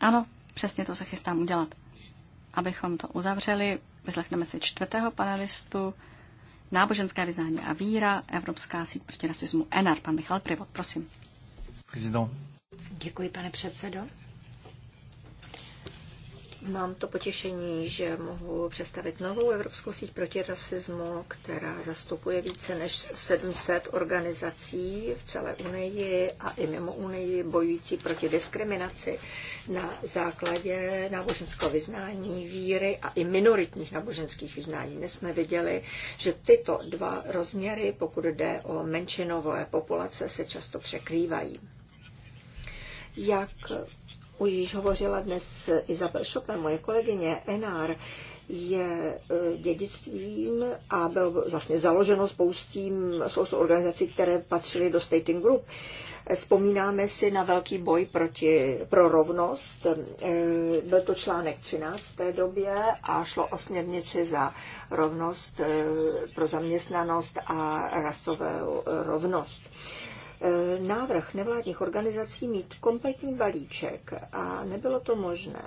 Speaker 3: Ano, přesně to se chystám udělat. Abychom to uzavřeli, vyslechneme si čtvrtého panelistu, náboženské vyznání a víra, Evropská síť proti rasismu ENAR. Pan Michal Privot, prosím. Prezident. Děkuji, pane předsedo. Mám to potěšení, že mohu
Speaker 1: představit novou Evropskou síť proti rasismu, která zastupuje více než 700 organizací v celé Unii a i mimo Unii bojující proti diskriminaci na základě náboženského vyznání, víry a i minoritních náboženských vyznání. My jsme viděli, že tyto dva rozměry, pokud jde o menšinové populace, se často překrývají. Jak už již hovořila dnes Izabel Šopen, moje kolegyně Enár, je e, dědictvím a bylo vlastně založeno spoustím, spoustou organizací, které patřily do Stating Group. Vzpomínáme si na velký boj proti, pro rovnost. E, byl to článek 13 v té době a šlo o směrnici za rovnost e, pro zaměstnanost a rasovou rovnost. E, návrh nevládních organizací mít kompletní balíček a nebylo to možné.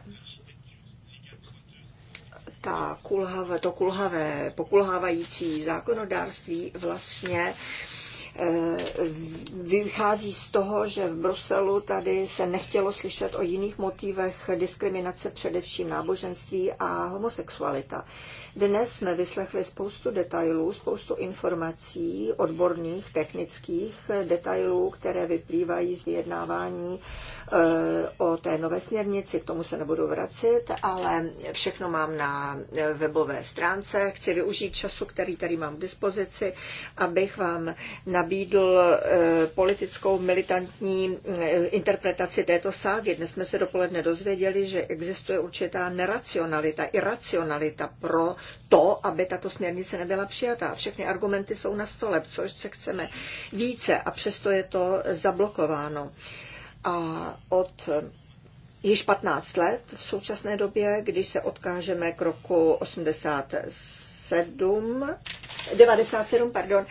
Speaker 1: Ta kulhavé, to kulhavé, pokulhávající zákonodárství vlastně e, vychází z toho, že v Bruselu tady se nechtělo slyšet o jiných motivech diskriminace, především náboženství a homosexualita. Dnes jsme vyslechli spoustu detailů, spoustu informací, odborných, technických detailů, které vyplývají z vyjednávání eh, o té nové směrnici, k tomu se nebudu vracet, ale všechno mám na eh, webové stránce. Chci využít času, který tady mám k dispozici, abych vám nabídl eh, politickou militantní interpretaci této ságy. Dnes jsme se dopoledne dozvěděli, že existuje určitá neracionalita, iracionalita pro to, aby tato směrnice nebyla přijatá. Všechny argumenty jsou na stole, což se chceme více a přesto je to zablokováno. A od eh, již 15 let v současné době, když se odkážeme k roku 87, 97, pardon,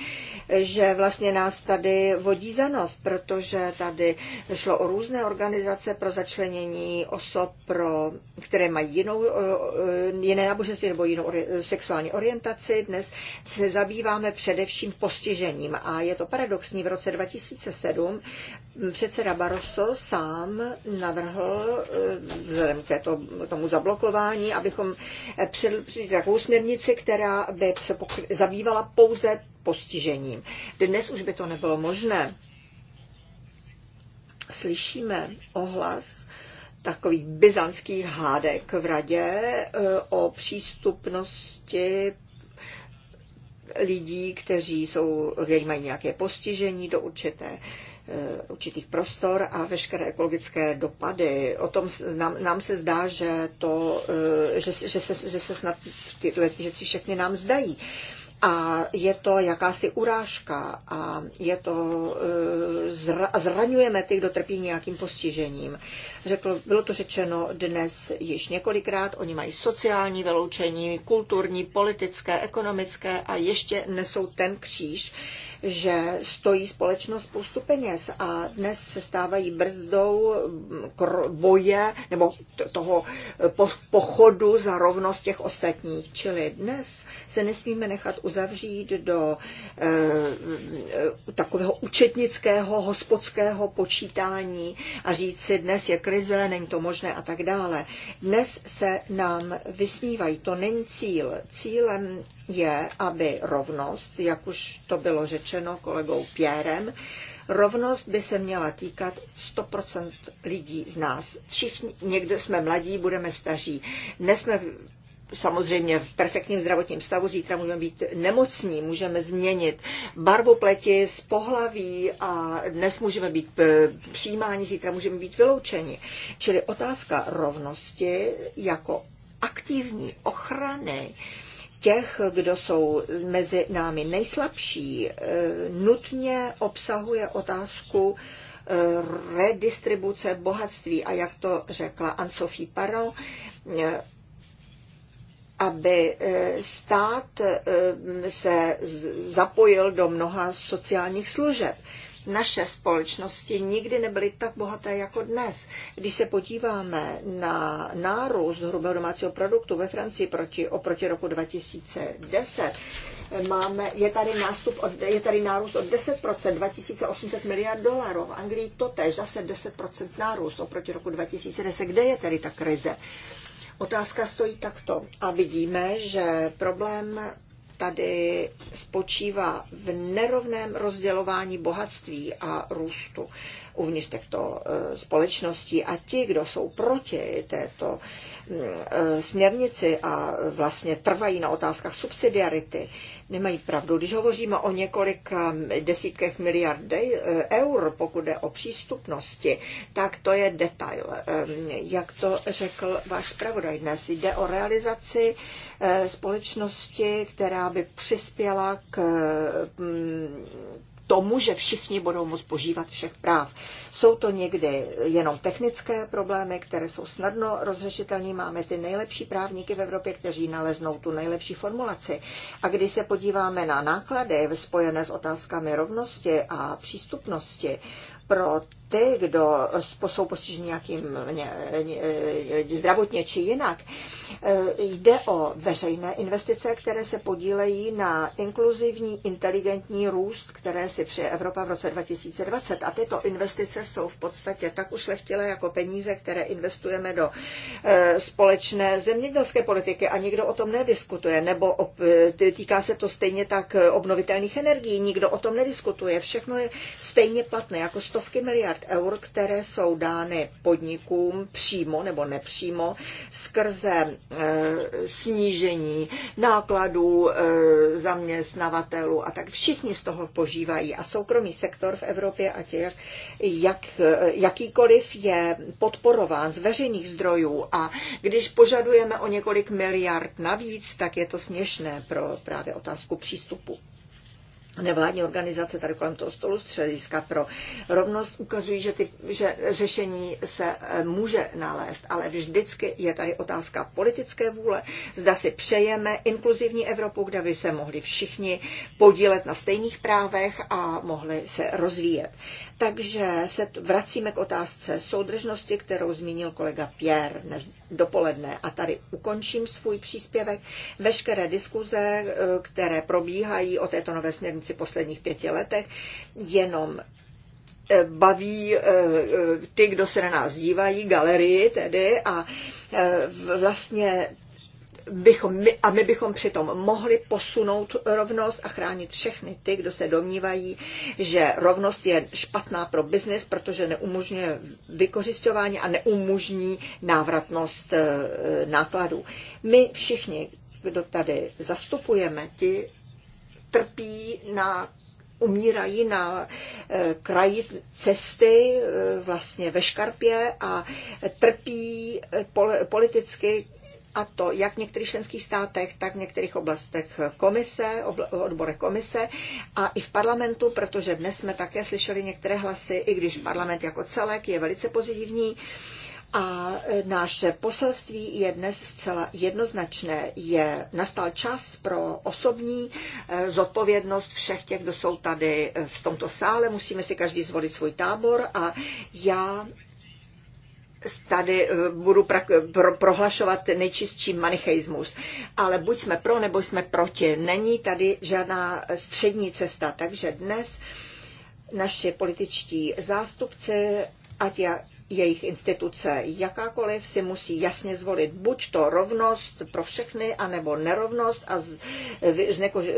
Speaker 1: že vlastně nás tady vodí za nos, protože tady šlo o různé organizace pro začlenění osob, pro které mají jinou, eh, eh, jiné náboženství nebo jinou sexuální orientaci. Dnes se zabýváme především postižením a je to paradoxní. V roce 2007 předseda Barroso sám navrhl eh, vzhledem k této, tomu zablokování, abychom předli takovou směrnici, která by se zabývala pouze postižením. Dnes už by to nebylo možné. Slyšíme ohlas takových byzantských hádek v radě eh, o přístupnosti lidí, kteří jsou, kteří mají nějaké postižení do určité eh, určitých prostor a veškeré ekologické dopady. O tom nám, nám se zdá, že, to, eh, že, že, se, že se snad tyhle věci všechny nám zdají a je to jakási urážka a je to, e, zra, zraňujeme ty, kdo trpí nějakým postižením. Řekl, bylo to řečeno dnes již několikrát, oni mají sociální vyloučení, kulturní, politické, ekonomické a ještě nesou ten kříž, že stojí společnost spoustu peněz a dnes se stávají brzdou mm, boje nebo toho eh, pochodu za rovnost těch ostatních. Čili dnes se nesmíme nechat uzavřít do eh, takového účetnického, hospodského počítání a říct si, dnes je krize, není to možné a tak dále. Dnes se nám vysmívají, to není cíl. Cílem je, aby rovnost, jak už to bylo řečeno kolegou Pierrem, rovnost by se měla týkat 100% lidí z nás. Všichni, někdo jsme mladí, budeme staří. Dnes jsme samozřejmě v perfektním zdravotním stavu, zítra můžeme být nemocní, můžeme změnit barvu pleti z pohlaví a dnes můžeme být eh, přijímáni, zítra můžeme být vyloučeni. Čili otázka rovnosti jako aktivní ochrany těch, kdo jsou mezi námi nejslabší, eh, nutně obsahuje otázku eh, redistribuce bohatství. A jak to řekla Anne-Sophie Paron, eh, aby stát se zapojil do mnoha sociálních služeb. Naše společnosti nikdy nebyly tak bohaté jako dnes. Když se podíváme na nárůst hrubého domácího produktu ve Francii proti, oproti roku 2010, máme, je tady, nástup od, je tady nárůst od 10%, 2800 miliard dolarů. V Anglii to tež, zase 10% nárůst oproti roku 2010. Kde je tady ta krize? Otázka stojí takto a vidíme, že problém tady spočívá v nerovném rozdělování bohatství a růstu uvnitř těchto e, společností a ti, kdo jsou proti této e, směrnici a vlastně trvají na otázkách subsidiarity, nemají pravdu. Když hovoříme o několika desítkách miliard e, eur, pokud je o přístupnosti, tak to je detail. Jak to řekl váš zpravodaj dnes, jde o realizaci společnosti, která by přispěla k tomu, že všichni budou moct požívat všech práv. Jsou to někdy jenom technické problémy, které jsou snadno rozřešitelné. Máme ty nejlepší právníky v Evropě, kteří naleznou tu nejlepší formulaci. A když se podíváme na náklady spojené s otázkami rovnosti a přístupnosti pro ty, kdo jsou postiženi nějakým zdravotně či jinak, e, jde o veřejné investice, které se podílejí na inkluzivní, inteligentní růst, které si přeje Evropa v roce 2020. A tyto investice jsou v podstatě tak ušlechtilé jako peníze, které investujeme do e, společné zemědělské politiky a nikdo o tom nediskutuje, nebo e, týká se to stejně tak obnovitelných energií, nikdo o tom nediskutuje. Všechno je stejně platné jako stovky miliard eur, které jsou dány podnikům přímo nebo nepřímo skrze eh, snížení nákladů eh, zaměstnavatelů a tak všichni z toho požívají. A soukromý sektor v Evropě, ať je jak, eh, jakýkoliv, je podporován z veřejných zdrojů a když požadujeme o několik miliard navíc, tak je to směšné pro právě otázku přístupu nevládní organizace tady kolem toho stolu střediska pro rovnost ukazují, že, ty, že řešení se eh, může nalézt, ale vždycky je tady otázka politické vůle. Zda si přejeme inkluzivní Evropu, kde by se mohli všichni podílet na stejných právech a mohli se rozvíjet. Takže se vracíme k otázce soudržnosti, kterou zmínil kolega Pierre dnes dopoledne. A tady ukončím svůj příspěvek. Veškeré diskuze, e, které probíhají o této nové směrnici posledních pěti letech, jenom e, baví e, ty, kdo se na nás dívají, galerii tedy a vlastně bychom, my, a my bychom přitom mohli posunout rovnost a chránit všechny ty, kdo se domnívají, že rovnost je špatná pro biznis, protože neumožňuje vykořišťování a neumožní návratnost eh, nákladů. My všichni, kdo tady zastupujeme, ti trpí na umírají na eh, kraji cesty, eh, vlastně ve škarpě a trpí politicky a to jak v některých členských státech, tak v některých oblastech komise, odbore komise a i v parlamentu, protože dnes jsme také slyšeli některé hlasy, i když parlament jako celek je velice pozitivní, a e, naše poselství je dnes zcela jednoznačné. Je nastal čas pro osobní e, zodpovědnost všech těch, kdo jsou tady e, v tomto sále. Musíme si každý zvolit svůj tábor a já tady eh, budu pra, pro, prohlašovat nejčistší manichejismus. Ale buď jsme pro, nebo jsme proti. Není tady žádná střední cesta. Takže dnes naši političtí zástupci, ať já, jejich instituce jakákoliv si musí jasně zvolit buď to rovnost pro všechny, anebo nerovnost a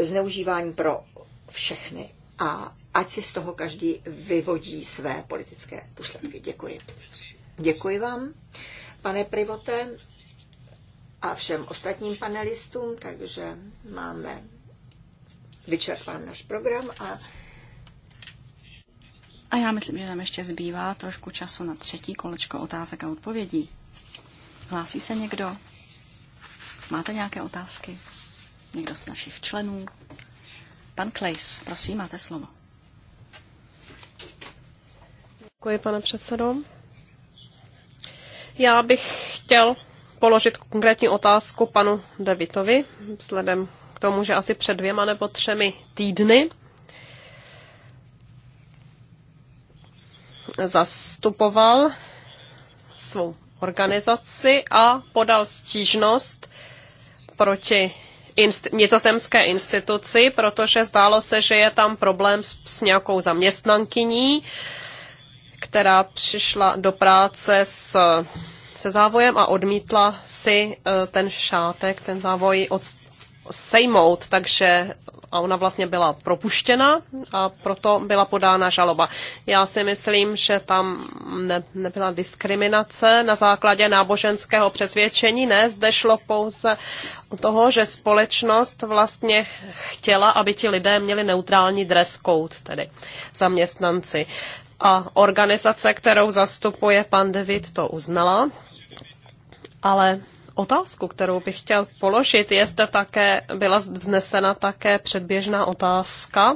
Speaker 1: zneužívání pro všechny. A ať si z toho každý vyvodí své politické důsledky. Děkuji. Děkuji vám, pane Privote a všem ostatním panelistům, takže máme vyčerpán náš program a
Speaker 3: a já myslím, že nám ještě zbývá trošku času na třetí kolečko otázek a odpovědí. Hlásí se někdo? Máte nějaké otázky? Někdo z našich členů? Pan Klejs, prosím, máte slovo.
Speaker 2: Děkuji, pane předsedo. Já bych chtěl položit konkrétní otázku panu Davitovi, vzhledem k tomu, že asi před dvěma nebo třemi týdny zastupoval svou organizaci a podal stížnost proti inst- nizozemské instituci, protože zdálo se, že je tam problém s, s nějakou zaměstnankyní která přišla do práce s, se závojem a odmítla si e, ten šátek, ten závoj od, sejmout, takže a ona vlastně byla propuštěna a proto byla podána žaloba. Já si myslím, že tam ne, nebyla diskriminace na základě náboženského přesvědčení, ne, zde šlo pouze o toho, že společnost vlastně chtěla, aby ti lidé měli neutrální dress code, tedy zaměstnanci a organizace, kterou zastupuje pan David, to uznala. Ale otázku, kterou bych chtěl položit, je zde také, byla vznesena také předběžná otázka.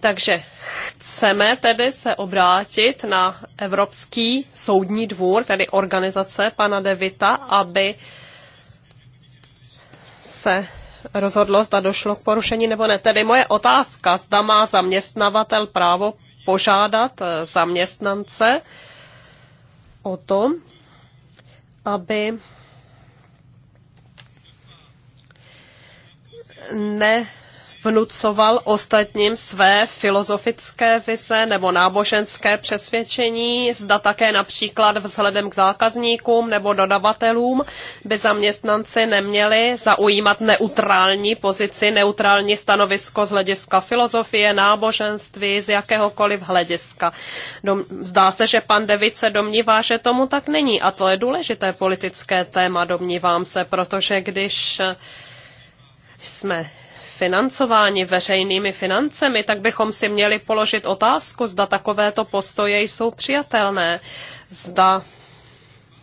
Speaker 2: Takže chceme tedy se obrátit na Evropský soudní dvůr, tedy organizace pana Devita, aby se rozhodlo, zda došlo k porušení nebo ne. Tedy moje otázka, zda má zaměstnavatel právo požádat eh, zaměstnance o to, aby ne vnucoval ostatním své filozofické vize nebo náboženské přesvědčení, zda také například vzhledem k zákazníkům nebo dodavatelům by zaměstnanci neměli zaujímat neutrální pozici, neutrální stanovisko z hlediska filozofie, náboženství, z jakéhokoliv hlediska. Dom- zdá se, že pan David se domnívá, že tomu tak není a to je důležité politické téma, domnívám se, protože když jsme financováni veřejnými financemi, tak bychom si měli položit otázku, zda takovéto postoje jsou přijatelné. Zda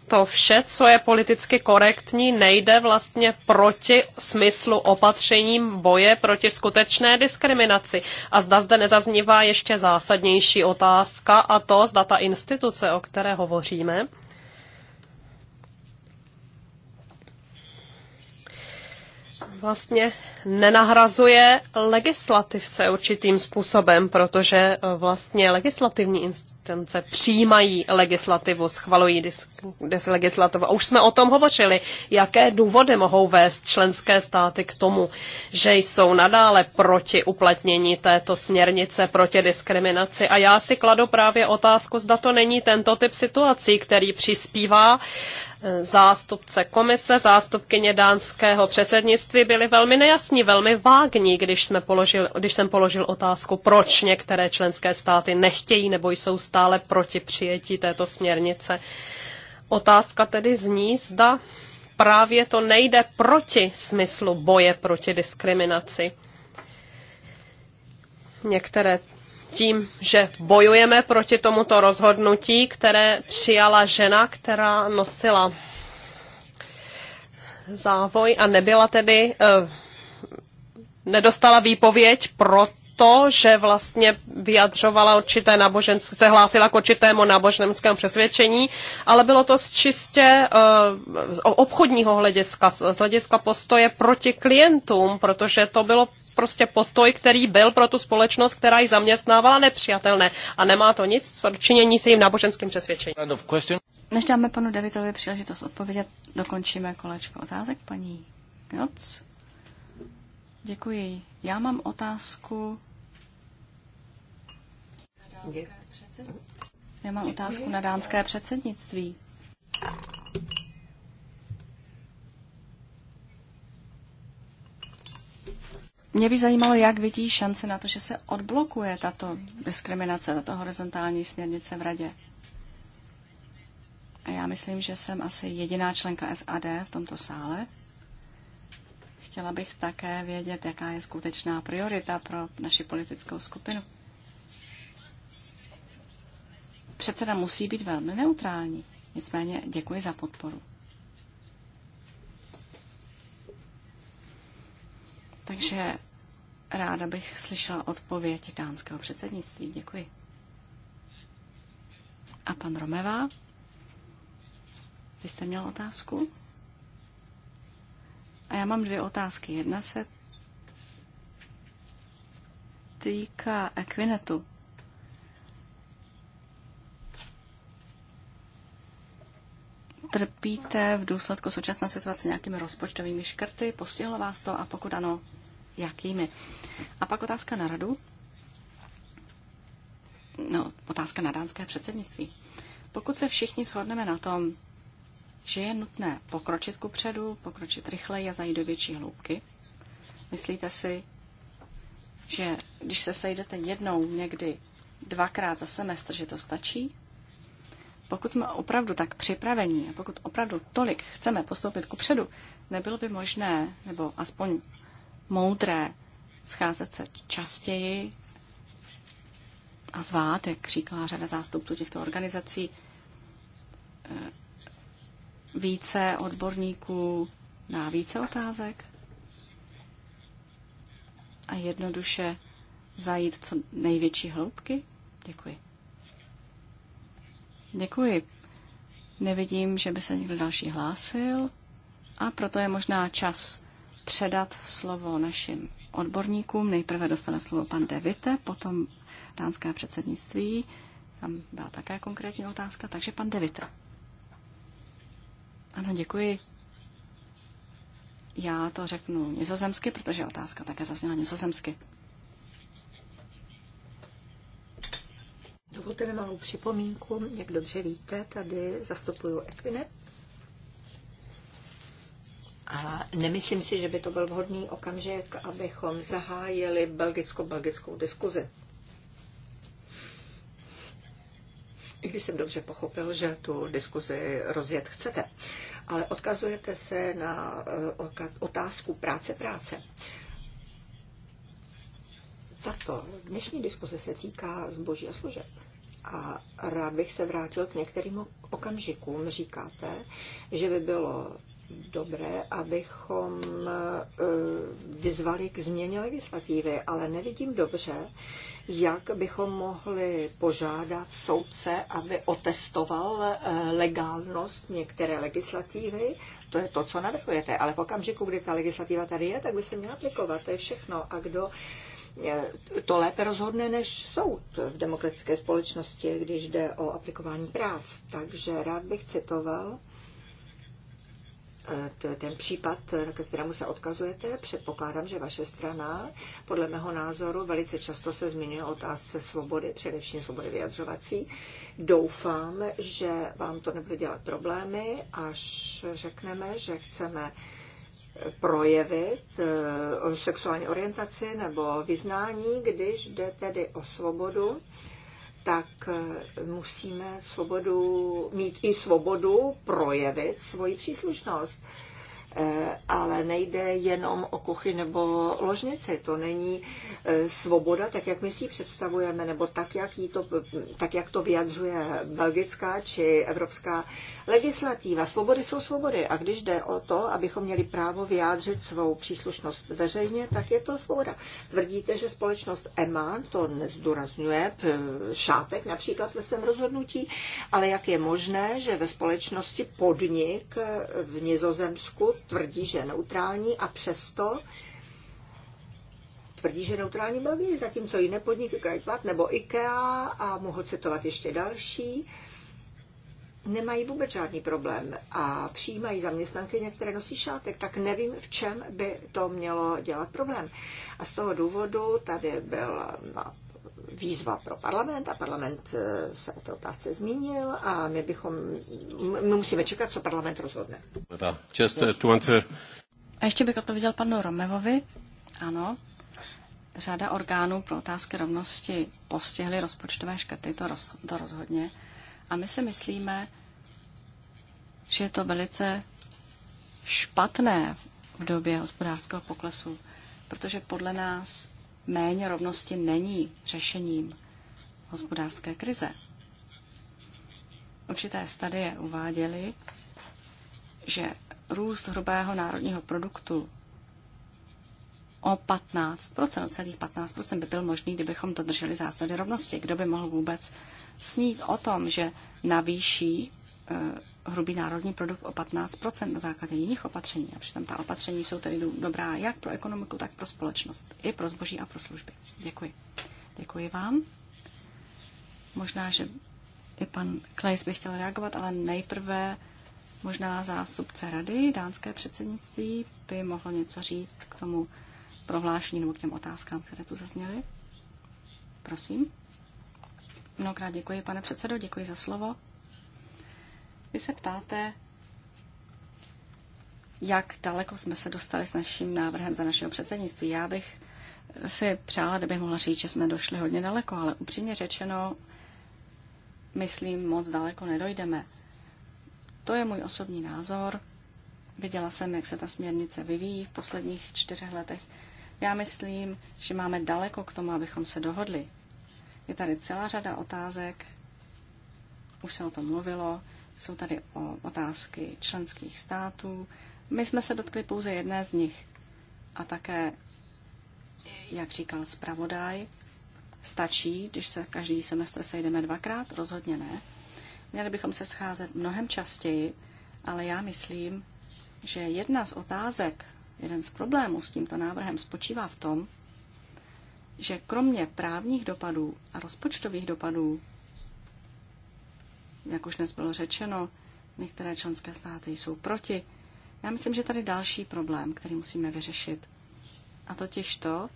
Speaker 2: to vše, co je politicky korektní, nejde vlastně proti smyslu opatřením boje proti skutečné diskriminaci. A zda zde nezaznívá ještě zásadnější otázka a to, zda ta instituce, o které hovoříme, vlastně nenahrazuje legislativce určitým způsobem, protože eh, vlastně legislativní instituce konce přijímají legislativu, schvalují disk, legislativu. A už jsme o tom hovořili, jaké důvody mohou vést členské státy k tomu, že jsou nadále proti uplatnění této směrnice proti diskriminaci. A já si kladu právě otázku, zda to není tento typ situací, který přispívá eh, zástupce komise, zástupkyně dánského předsednictví byli velmi nejasní, velmi vágní, když, jsme položil, když jsem položil otázku, proč některé členské státy nechtějí nebo jsou stále proti přijetí této směrnice. Otázka tedy zní, zda právě to nejde proti smyslu boje proti diskriminaci. Některé tím, že bojujeme proti tomuto rozhodnutí, které přijala žena, která nosila závoj a nebyla tedy, eh, nedostala výpověď pro to, že vlastně vyjadřovala určité náboženské, se hlásila k určitému náboženskému přesvědčení, ale bylo to z čistě uh, obchodního hlediska, z hlediska postoje proti klientům, protože to bylo prostě postoj, který byl pro tu společnost, která ji zaměstnávala, nepřijatelné. A nemá to nic co činění s jejím náboženským přesvědčením.
Speaker 3: Než dáme panu Davidovi příležitost odpovědět, dokončíme kolečko otázek paní Joc. Děkuji. Já mám otázku.
Speaker 1: Já mám otázku na dánské
Speaker 3: předsednictví. Mě by zajímalo, jak vidí šance na to, že se odblokuje tato diskriminace, tato horizontální směrnice v radě. A já myslím, že jsem asi jediná členka SAD v tomto sále. Chtěla bych také vědět, jaká je skutečná priorita pro naši politickou skupinu. Předseda musí být velmi neutrální, nicméně děkuji za podporu. Takže ráda bych slyšela odpověď dánského předsednictví. Děkuji. A pan Romeva, vy jste měl otázku? A já mám dvě otázky. Jedna se týká Equinetu. Trpíte v důsledku současné situace nějakými rozpočtovými škrty? Postihlo vás to a pokud ano, jakými? A pak otázka na radu. No, otázka na dánské předsednictví. Pokud se všichni shodneme na tom, že je nutné pokročit ku předu, pokročit rychleji a zajít do větší hloubky? Myslíte si, že když se sejdete jednou někdy dvakrát za semestr, že to stačí? Pokud jsme opravdu tak připravení a pokud opravdu tolik chceme postoupit ku předu, nebylo by možné, nebo aspoň moudré, scházet se častěji a zvát, jak říkala řada zástupců těchto organizací, více odborníků na více otázek a jednoduše zajít co největší hloubky? Děkuji. Děkuji. Nevidím, že by se někdo další hlásil a proto je možná čas předat slovo našim odborníkům. Nejprve dostane slovo pan Devite, potom dánské předsednictví. Tam byla také konkrétní otázka, takže pan Devite. Ano, děkuji. Já to řeknu nizozemsky, protože otázka také zazněla nizozemsky.
Speaker 1: Dovolte mi malou připomínku. Jak dobře víte, tady zastupuju Equinet. A nemyslím si, že by to byl vhodný okamžik, abychom zahájili belgicko-belgickou diskuzi. i když jsem dobře pochopil, že tu diskuzi rozjet chcete, ale odkazujete se na eh, otázku práce práce. Tato dnešní diskuze se týká zboží a služeb. A rád bych se vrátil k některým okamžikům. Říkáte, že by bylo dobré, abychom eh, vyzvali k změně legislativy, ale nevidím dobře, jak bychom mohli požádat soudce, aby otestoval eh, legálnost některé legislativy. To je to, co navrhujete. Ale v okamžiku, kdy ta legislativa tady je, tak by se měla aplikovat. To je všechno. A kdo eh, to lépe rozhodne než soud v demokratické společnosti, když jde o aplikování práv. Takže rád bych citoval ten případ, ke kterému se odkazujete, předpokládám, že vaše strana, podle mého názoru, velice často se zmiňuje o otázce svobody, především svobody vyjadřovací. Doufám, že vám to nebude dělat problémy, až řekneme, že chceme projevit eh, sexuální orientaci nebo vyznání, když jde tedy o svobodu tak eh, musíme svobodu, mít i svobodu projevit svoji příslušnost. Eh, ale nejde jenom o kuchy nebo ložnici. To není eh, svoboda, tak jak my si ji představujeme, nebo tak jak, jí to, tak, jak to vyjadřuje belgická či evropská Legislativa. Svobody jsou svobody a když jde o to, abychom měli právo vyjádřit svou příslušnost veřejně, tak je to svoboda. Tvrdíte, že společnost EMA to nezdůrazňuje, šátek například ve svém rozhodnutí, ale jak je možné, že ve společnosti podnik v Nizozemsku tvrdí, že je neutrální a přesto tvrdí, že neutrální Belgii, zatímco jiné podniky Kreitvat nebo IKEA a mohu citovat ještě další, nemají vůbec žádný problém a přijímají zaměstnanky, které nosí šátek, tak nevím, v čem by to mělo dělat problém. A z toho důvodu tady byl na výzva pro parlament a parlament eh, se o té otázce zmínil a my bychom,
Speaker 3: my musíme čekat,
Speaker 1: co parlament rozhodne.
Speaker 2: Eh, a
Speaker 3: ještě bych odpověděl panu Romevovi. Ano, řada orgánů pro otázky rovnosti postihly rozpočtové škrty, to, roz, to rozhodně. A my si myslíme, že je to velice špatné v době hospodářského poklesu, protože podle nás méně rovnosti není řešením hospodářské krize. Určité studie uváděly, že růst hrubého národního produktu o 15%, o celých 15% by byl možný, kdybychom dodrželi zásady rovnosti. Kdo by mohl vůbec snít o tom, že navýší eh, hrubý národní produkt o 15 na základě jiných opatření. A přitom ta opatření jsou tedy dobrá jak pro ekonomiku, tak pro společnost. I pro zboží a pro služby. Děkuji. Děkuji vám. Možná, že i pan Klejs by chtěl reagovat, ale nejprve možná zástupce rady, dánské předsednictví, by mohlo něco říct k tomu prohlášení nebo k těm otázkám, které tu zazněly. Prosím. Mnohokrát děkuji, pane předsedo, děkuji za slovo. Vy se ptáte, jak daleko jsme se dostali s naším návrhem za našeho předsednictví. Já bych si přála, kdybych mohla říct, že jsme došli hodně daleko, ale upřímně řečeno, myslím, moc daleko nedojdeme. To je můj osobní názor. Viděla jsem, jak se ta směrnice vyvíjí v posledních čtyřech letech. Já myslím, že máme daleko k tomu, abychom se dohodli. Je tady celá řada otázek, už se o tom mluvilo, jsou tady o otázky členských států. My jsme se dotkli pouze jedné z nich a také, jak říkal zpravodaj, stačí, když se každý semestr sejdeme dvakrát? Rozhodně ne. Měli bychom se scházet mnohem častěji, ale já myslím, že jedna z otázek, jeden z problémů s tímto návrhem spočívá v tom, že kromě právních dopadů a rozpočtových dopadů, jak už dnes bylo řečeno, některé členské státy jsou proti, já myslím, že tady další problém, který musíme vyřešit. A totiž to,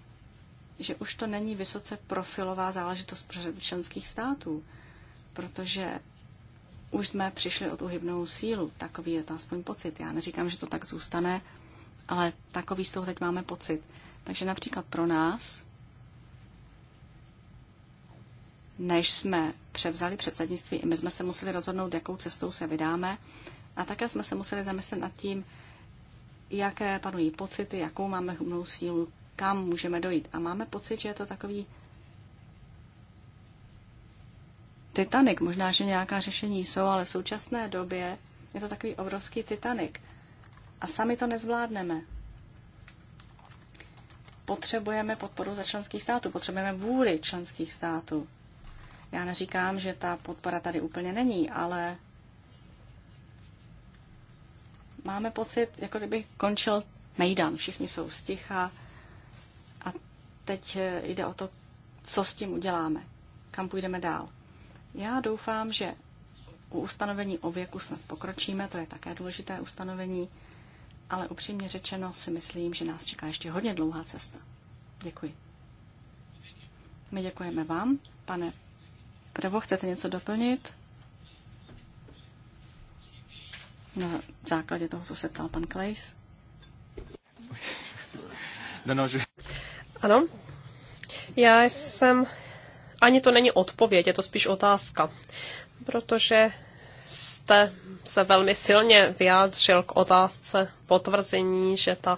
Speaker 3: že už to není vysoce profilová záležitost pro členských států, protože už jsme přišli o tu hybnou sílu. Takový je to aspoň pocit. Já neříkám, že to tak zůstane, ale takový z toho teď máme pocit. Takže například pro nás než jsme převzali předsednictví, i my jsme se museli rozhodnout, jakou cestou se vydáme. A také jsme se museli zamyslet nad tím, jaké panují pocity, jakou máme humnou sílu, kam můžeme dojít. A máme pocit, že je to takový Titanic. Možná, že nějaká řešení jsou, ale v současné době je to takový obrovský Titanic. A sami to nezvládneme. Potřebujeme podporu za členských států, potřebujeme vůli členských států. Já neříkám, že ta podpora tady úplně není, ale máme pocit, jako kdyby končil Mejdan. Všichni jsou sticha a teď jde o to, co s tím uděláme, kam půjdeme dál. Já doufám, že u ustanovení o věku snad pokročíme, to je také důležité ustanovení, ale upřímně řečeno si myslím, že nás čeká ještě hodně dlouhá cesta. Děkuji. My děkujeme vám, pane Pravo, chcete něco doplnit?
Speaker 2: Na základě toho, co se ptal pan Klejs. No, no, ano. Já jsem... Ani to není odpověď, je to spíš otázka. Protože jste se velmi silně vyjádřil k otázce potvrzení, že ta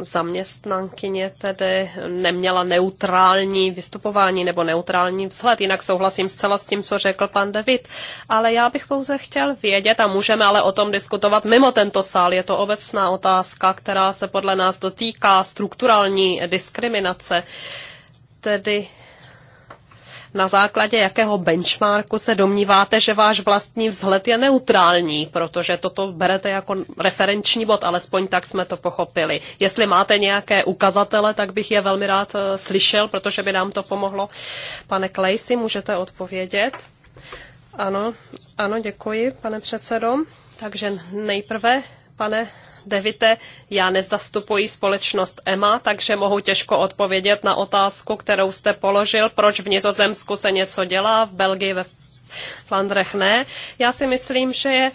Speaker 2: zaměstnankyně tedy neměla neutrální vystupování nebo neutrální vzhled. Jinak souhlasím zcela s tím, co řekl pan David. Ale já bych pouze chtěl vědět, a můžeme ale o tom diskutovat mimo tento sál, je to obecná otázka, která se podle nás dotýká strukturální diskriminace. Tedy na základě jakého benchmarku se domníváte, že váš vlastní vzhled je neutrální, protože toto berete jako referenční bod, alespoň tak jsme to pochopili. Jestli máte nějaké ukazatele, tak bych je velmi rád eh, slyšel, protože by nám to pomohlo. Pane Klejsi, můžete odpovědět? Ano, ano, děkuji, pane předsedo. Takže nejprve pane Devite, já nezastupuji společnost EMA, takže mohu těžko odpovědět na otázku, kterou jste položil, proč v Nizozemsku se něco dělá, v Belgii, ve Flandrech ne. Já si myslím, že je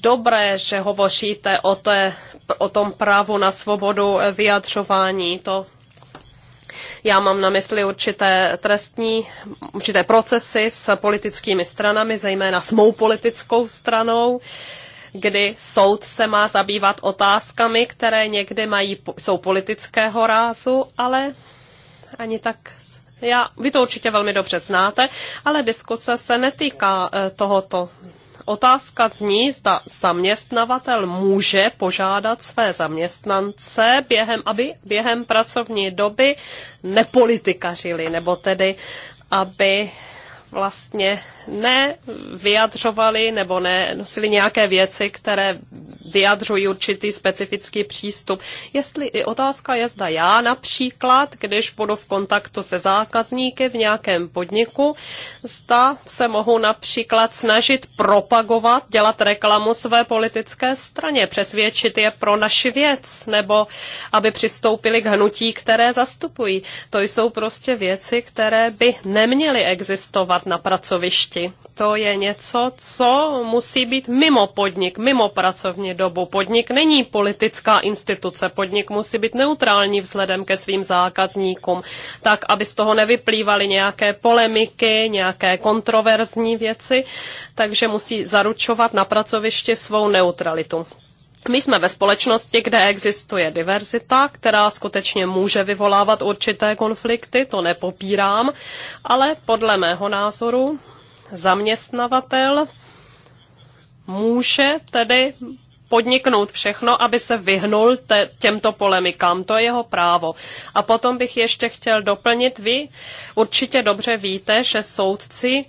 Speaker 2: dobré, že hovoříte o, té, o tom právu na svobodu vyjadřování. To já mám na mysli určité trestní, určité procesy s politickými stranami, zejména s mou politickou stranou. Uh, kdy soud se má zabývat otázkami, které někdy mají, jsou politického rázu, ale ani tak já, vy to určitě velmi dobře znáte, ale diskuse se netýká eh, tohoto. Otázka zní, zda zaměstnavatel může požádat své zaměstnance, během, aby během pracovní doby nepolitikařili, nebo tedy aby vlastně nevyjadřovali nebo nenosili nějaké věci, které vyjadřují určitý specifický přístup. Jestli i otázka je, zda já například, když budu v kontaktu se zákazníky v nějakém podniku, zda se mohu například snažit propagovat, dělat reklamu své politické straně, přesvědčit je pro naši věc, nebo aby přistoupili k hnutí, které zastupují. To jsou prostě věci, které by neměly existovat pracovat na pracovišti. To je něco, co musí být mimo podnik, mimo pracovní dobu. Podnik není politická instituce, podnik musí být neutrální vzhledem ke svým zákazníkům, tak aby z toho nevyplývaly nějaké polemiky, nějaké kontroverzní věci, takže musí zaručovat na pracovišti svou neutralitu. My jsme ve společnosti, kde existuje diverzita, která skutečně může vyvolávat určité konflikty, to nepopírám, ale podle mého názoru zaměstnavatel může tedy podniknout všechno, aby se vyhnul te, těmto polemikám. To je jeho právo. A potom bych ještě chtěl doplnit, vy určitě dobře víte, že soudci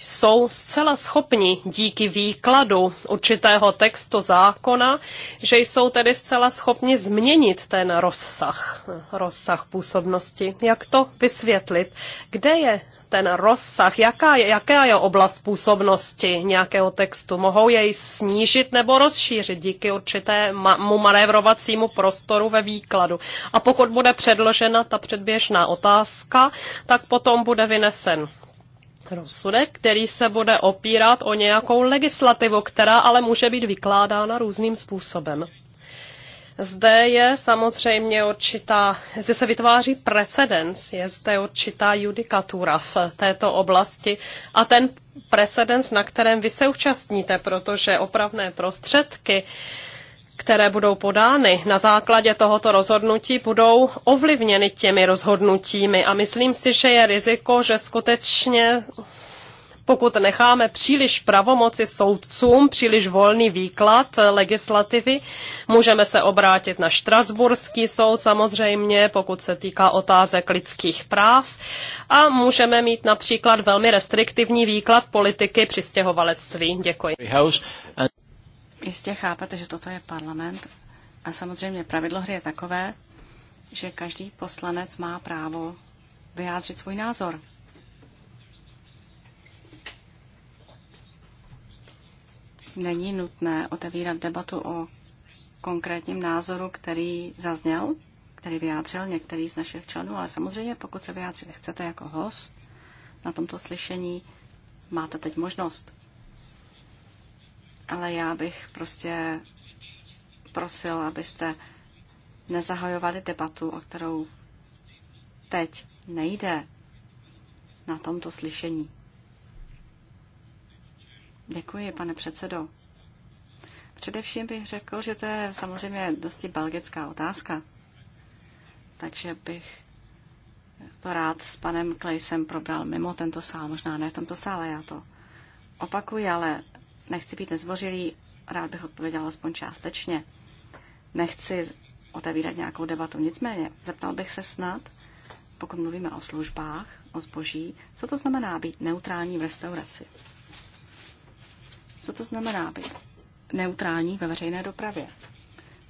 Speaker 2: jsou zcela schopni díky výkladu určitého textu zákona, že jsou tedy zcela schopni změnit ten rozsah, rozsah působnosti. Jak to vysvětlit? Kde je ten rozsah, jaká je, jaká je oblast působnosti nějakého textu. Mohou jej snížit nebo rozšířit díky určitému manévrovacímu prostoru ve výkladu. A pokud bude předložena ta předběžná otázka, tak potom bude vynesen rozsudek, který se bude opírat o nějakou legislativu, která ale může být vykládána různým způsobem. Zde je samozřejmě určitá, zde se vytváří precedens, je zde určitá judikatura v této oblasti a ten precedens, na kterém vy se účastníte, protože opravné prostředky uh, které budou podány na základě tohoto rozhodnutí, budou ovlivněny těmi rozhodnutími. A myslím si, že je riziko, že skutečně pokud necháme příliš pravomoci soudcům, příliš volný výklad legislativy, můžeme se obrátit na Štrasburský soud samozřejmě, pokud se týká otázek lidských práv a můžeme mít například velmi restriktivní výklad politiky přistěhovalectví. Děkuji.
Speaker 3: Uh,
Speaker 2: Jistě chápete, že toto je parlament a samozřejmě
Speaker 3: pravidlo hry je takové, že každý poslanec má právo vyjádřit svůj názor. Není nutné otevírat debatu o konkrétním názoru, který zazněl, který vyjádřil některý z našich členů, ale samozřejmě pokud se vyjádřit chcete jako host na tomto slyšení, máte teď možnost ale já bych prostě prosil, abyste nezahajovali debatu, o kterou teď nejde na tomto slyšení. Děkuji, pane předsedo. Především bych řekl, že to je samozřejmě dosti belgická otázka, takže bych to rád s panem Klejsem probral mimo tento sál, možná ne tento tomto sále, já to opakuji, ale Nechci být nezvořilý, rád bych odpověděl alespoň částečně. Nechci otevírat nějakou debatu. Nicméně, zeptal bych se snad, pokud mluvíme o službách, o zboží, co to znamená být neutrální v restauraci? Co to znamená být neutrální ve veřejné dopravě?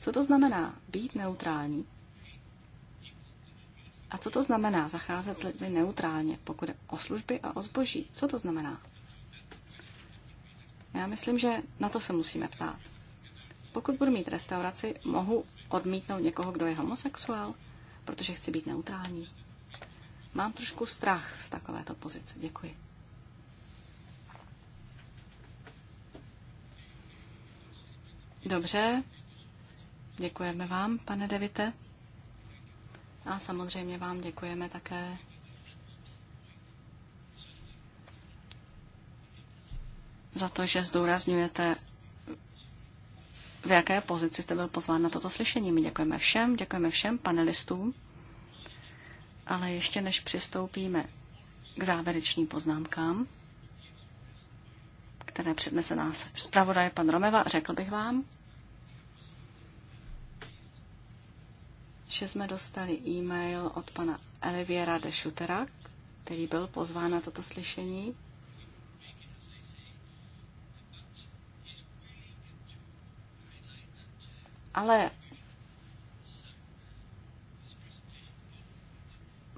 Speaker 3: Co to znamená být neutrální? A co to znamená zacházet s lidmi neutrálně, pokud je o služby a o zboží? Co to znamená? Já myslím, že na to se musíme ptát. Pokud budu mít restauraci, mohu odmítnout někoho, kdo je homosexuál, protože chci být neutrální. Mám trošku strach z takovéto pozice. Děkuji. Dobře, děkujeme vám, pane Devite. A samozřejmě vám děkujeme také za to, že zdůrazňujete, v jaké pozici jste byl pozván na toto slyšení. My děkujeme všem, děkujeme všem panelistům, ale ještě než přistoupíme k závěrečným poznámkám, které přednese nás zpravodaj pan Romeva, řekl bych vám, že jsme dostali e-mail od pana Eliviera de Schutera, který byl pozván na toto slyšení ale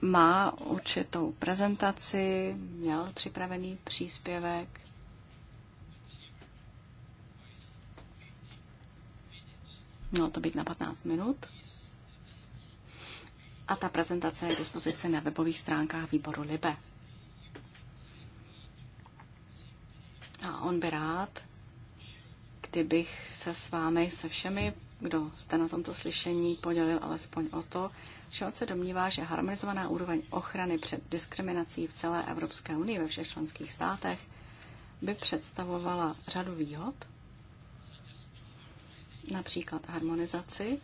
Speaker 3: má určitou prezentaci, měl připravený příspěvek. Mělo to být na 15 minut. A ta prezentace je k dispozici na webových stránkách výboru Libe. A on by rád, kdybych se s vámi, se všemi kdo jste na tomto slyšení podělil alespoň o to, že on se domnívá, že harmonizovaná úroveň ochrany před diskriminací v celé Evropské unii ve všech členských státech by představovala řadu výhod, například harmonizaci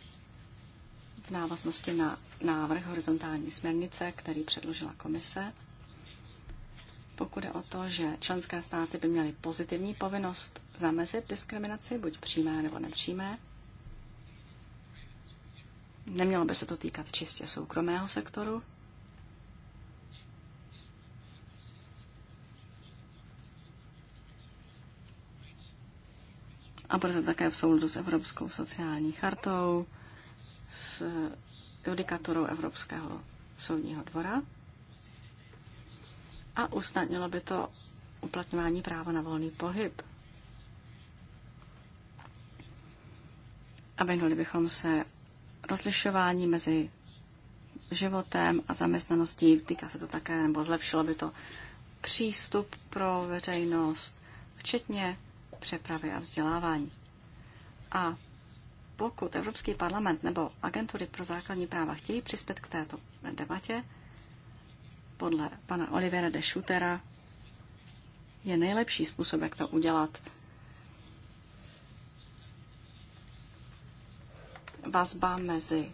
Speaker 3: v návaznosti na návrh horizontální směrnice, který předložila komise, pokud je o to, že členské státy by měly pozitivní povinnost zamezit diskriminaci, buď přímé nebo nepřímé, Nemělo by se to týkat čistě soukromého sektoru. A proto také v souladu s Evropskou sociální chartou, s judikaturou Evropského soudního dvora a usnadnilo by to uplatňování práva na volný pohyb. A vyhnuli bychom se rozlišování mezi životem a zaměstnaností. Týká se to také, nebo zlepšilo by to přístup pro veřejnost, včetně přepravy a vzdělávání. A pokud Evropský parlament nebo agentury pro základní práva chtějí přispět k této debatě, podle pana Olivera de Schutera je nejlepší způsob, jak to udělat, vazba mezi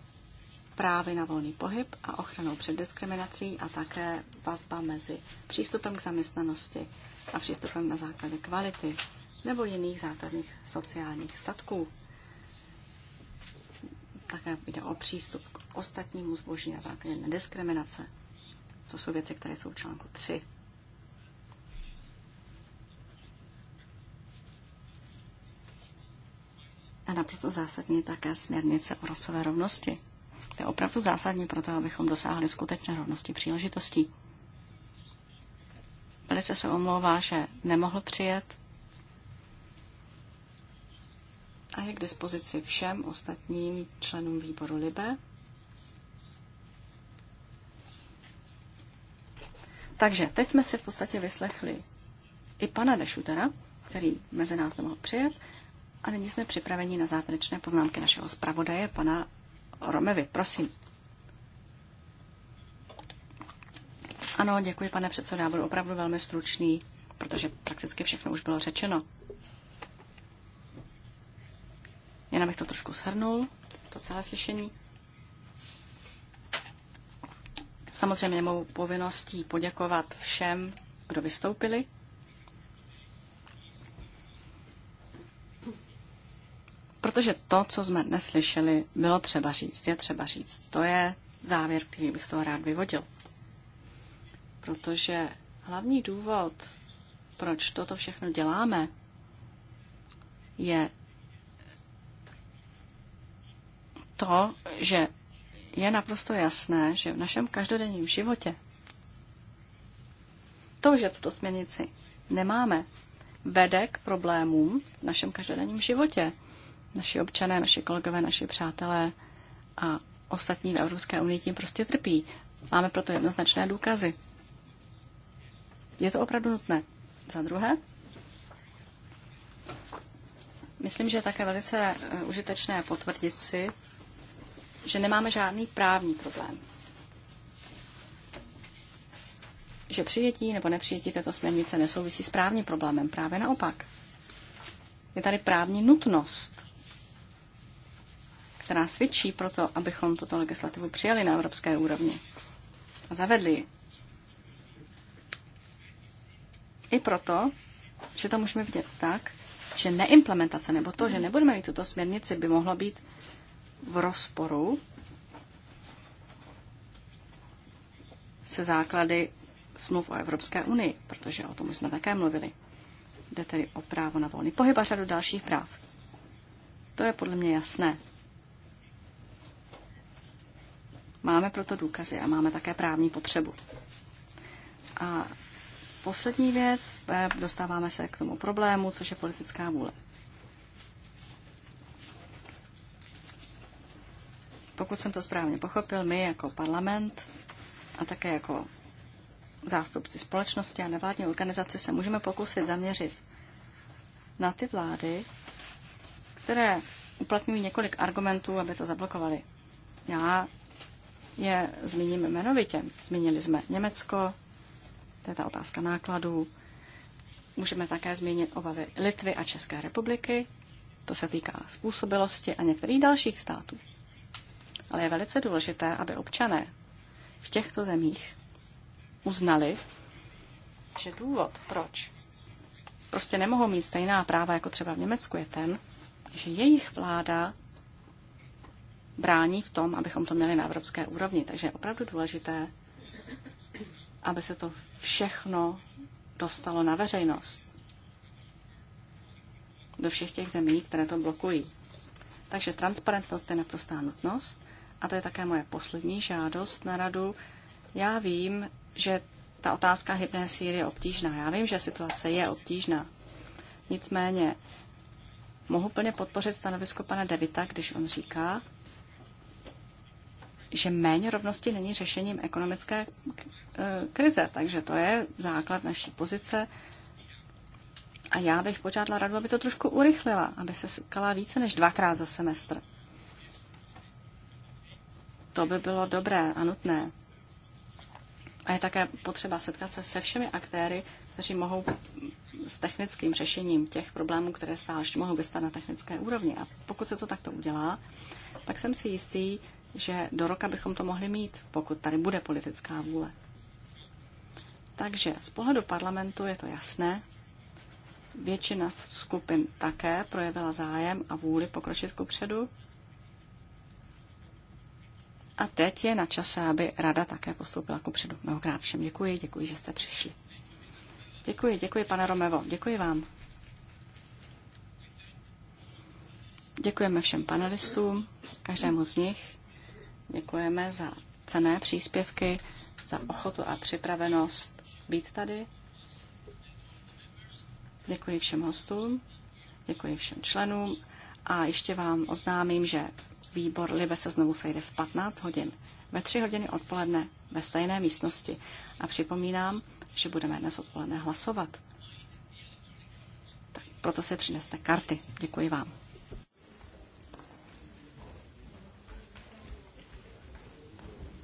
Speaker 3: právy na volný pohyb a ochranou před diskriminací a také vazba mezi přístupem k zaměstnanosti a přístupem na základě kvality nebo jiných základních sociálních statků. Také jde o přístup k ostatnímu zboží na základě nediskriminace. To jsou věci, které jsou v článku 3. a naprosto zásadní je také směrnice o rasové rovnosti. To je opravdu zásadní pro to, abychom dosáhli skutečné rovnosti příležitostí. Velice se omlouvá, že nemohl přijet a je k dispozici všem ostatním členům výboru LIBE. Takže teď jsme si v podstatě vyslechli i pana Dešutera, který mezi nás nemohl přijet, a nyní jsme připraveni na závěrečné poznámky našeho zpravodaje, pana Romevy. Prosím. Ano, děkuji, pane předsedo. Já budu opravdu velmi stručný, protože prakticky všechno už bylo řečeno. Jen abych to trošku shrnul, to celé slyšení. Samozřejmě mou povinností poděkovat všem, kdo vystoupili, Protože to, co jsme dnes slyšeli, bylo třeba říct, je třeba říct. To je závěr, který bych z toho rád vyvodil. Protože hlavní důvod, proč toto všechno děláme, je to, že je naprosto jasné, že v našem každodenním životě to, že tuto směnici nemáme, vede k problémům v našem každodenním životě. Naši občané, naši kolegové, naši přátelé a ostatní v Evropské unii tím prostě trpí. Máme proto jednoznačné důkazy. Je to opravdu nutné. Za druhé, myslím, že je také velice eh, užitečné potvrdit si, že nemáme žádný právní problém. Že přijetí nebo nepřijetí této směrnice nesouvisí s právním problémem. Právě naopak. Je tady právní nutnost která svědčí pro to, abychom tuto legislativu přijali na evropské úrovni a zavedli ji. I proto, že to můžeme vidět tak, že neimplementace nebo to, že nebudeme mít tuto směrnici, by mohlo být v rozporu se základy smluv o Evropské unii, protože o tom jsme také mluvili. Jde tedy o právo na volný pohyb a řadu dalších práv. To je podle mě jasné. Máme proto důkazy a máme také právní potřebu. A poslední věc, eh, dostáváme se k tomu problému, což je politická vůle. Pokud jsem to správně pochopil, my jako parlament a také jako zástupci společnosti a nevládní organizace se můžeme pokusit zaměřit na ty vlády, které uplatňují několik argumentů, aby to zablokovali. Já je zmíníme jmenovitě. Zmínili jsme Německo, to je ta otázka nákladů. Můžeme také zmínit obavy Litvy a České republiky, to se týká způsobilosti a některých dalších států. Ale je velice důležité, aby občané v těchto zemích uznali, že důvod, proč prostě nemohou mít stejná práva jako třeba v Německu, je ten, že jejich vláda brání v tom, abychom to měli na evropské úrovni. Takže je opravdu důležité, aby se to všechno dostalo na veřejnost. Do všech těch zemí, které to blokují. Takže transparentnost je naprostá nutnost. A to je také moje poslední žádost na radu. Já vím, že ta otázka hybné síly je obtížná. Já vím, že situace je obtížná. Nicméně mohu plně podpořit stanovisko pana Devita, když on říká, že méně rovnosti není řešením ekonomické e, krize. Takže to je základ naší pozice. A já bych požádala radu, aby to trošku urychlila, aby se skala více než dvakrát za semestr. To by bylo dobré a nutné. A je také potřeba setkat se se všemi aktéry, kteří mohou s technickým řešením těch problémů, které stále ještě mohou vystat na technické úrovni. A pokud se to takto udělá, tak jsem si jistý, že do roka bychom to mohli mít, pokud tady bude politická vůle. Takže z pohledu parlamentu je to jasné. Většina skupin také projevila zájem a vůli pokročit ku předu. A teď je na čase, aby rada také postoupila ku předu. Mnohokrát všem děkuji, děkuji, že jste přišli. Děkuji, děkuji, pane Romevo, děkuji vám. Děkujeme všem panelistům, každému z nich. Děkujeme za cené příspěvky, za ochotu a připravenost být tady. Děkuji všem hostům, děkuji všem členům a ještě vám oznámím, že výbor Libe se znovu sejde v 15 hodin, ve 3 hodiny odpoledne ve stejné místnosti. A připomínám, že budeme dnes odpoledne hlasovat. Tak proto se přineste karty. Děkuji vám.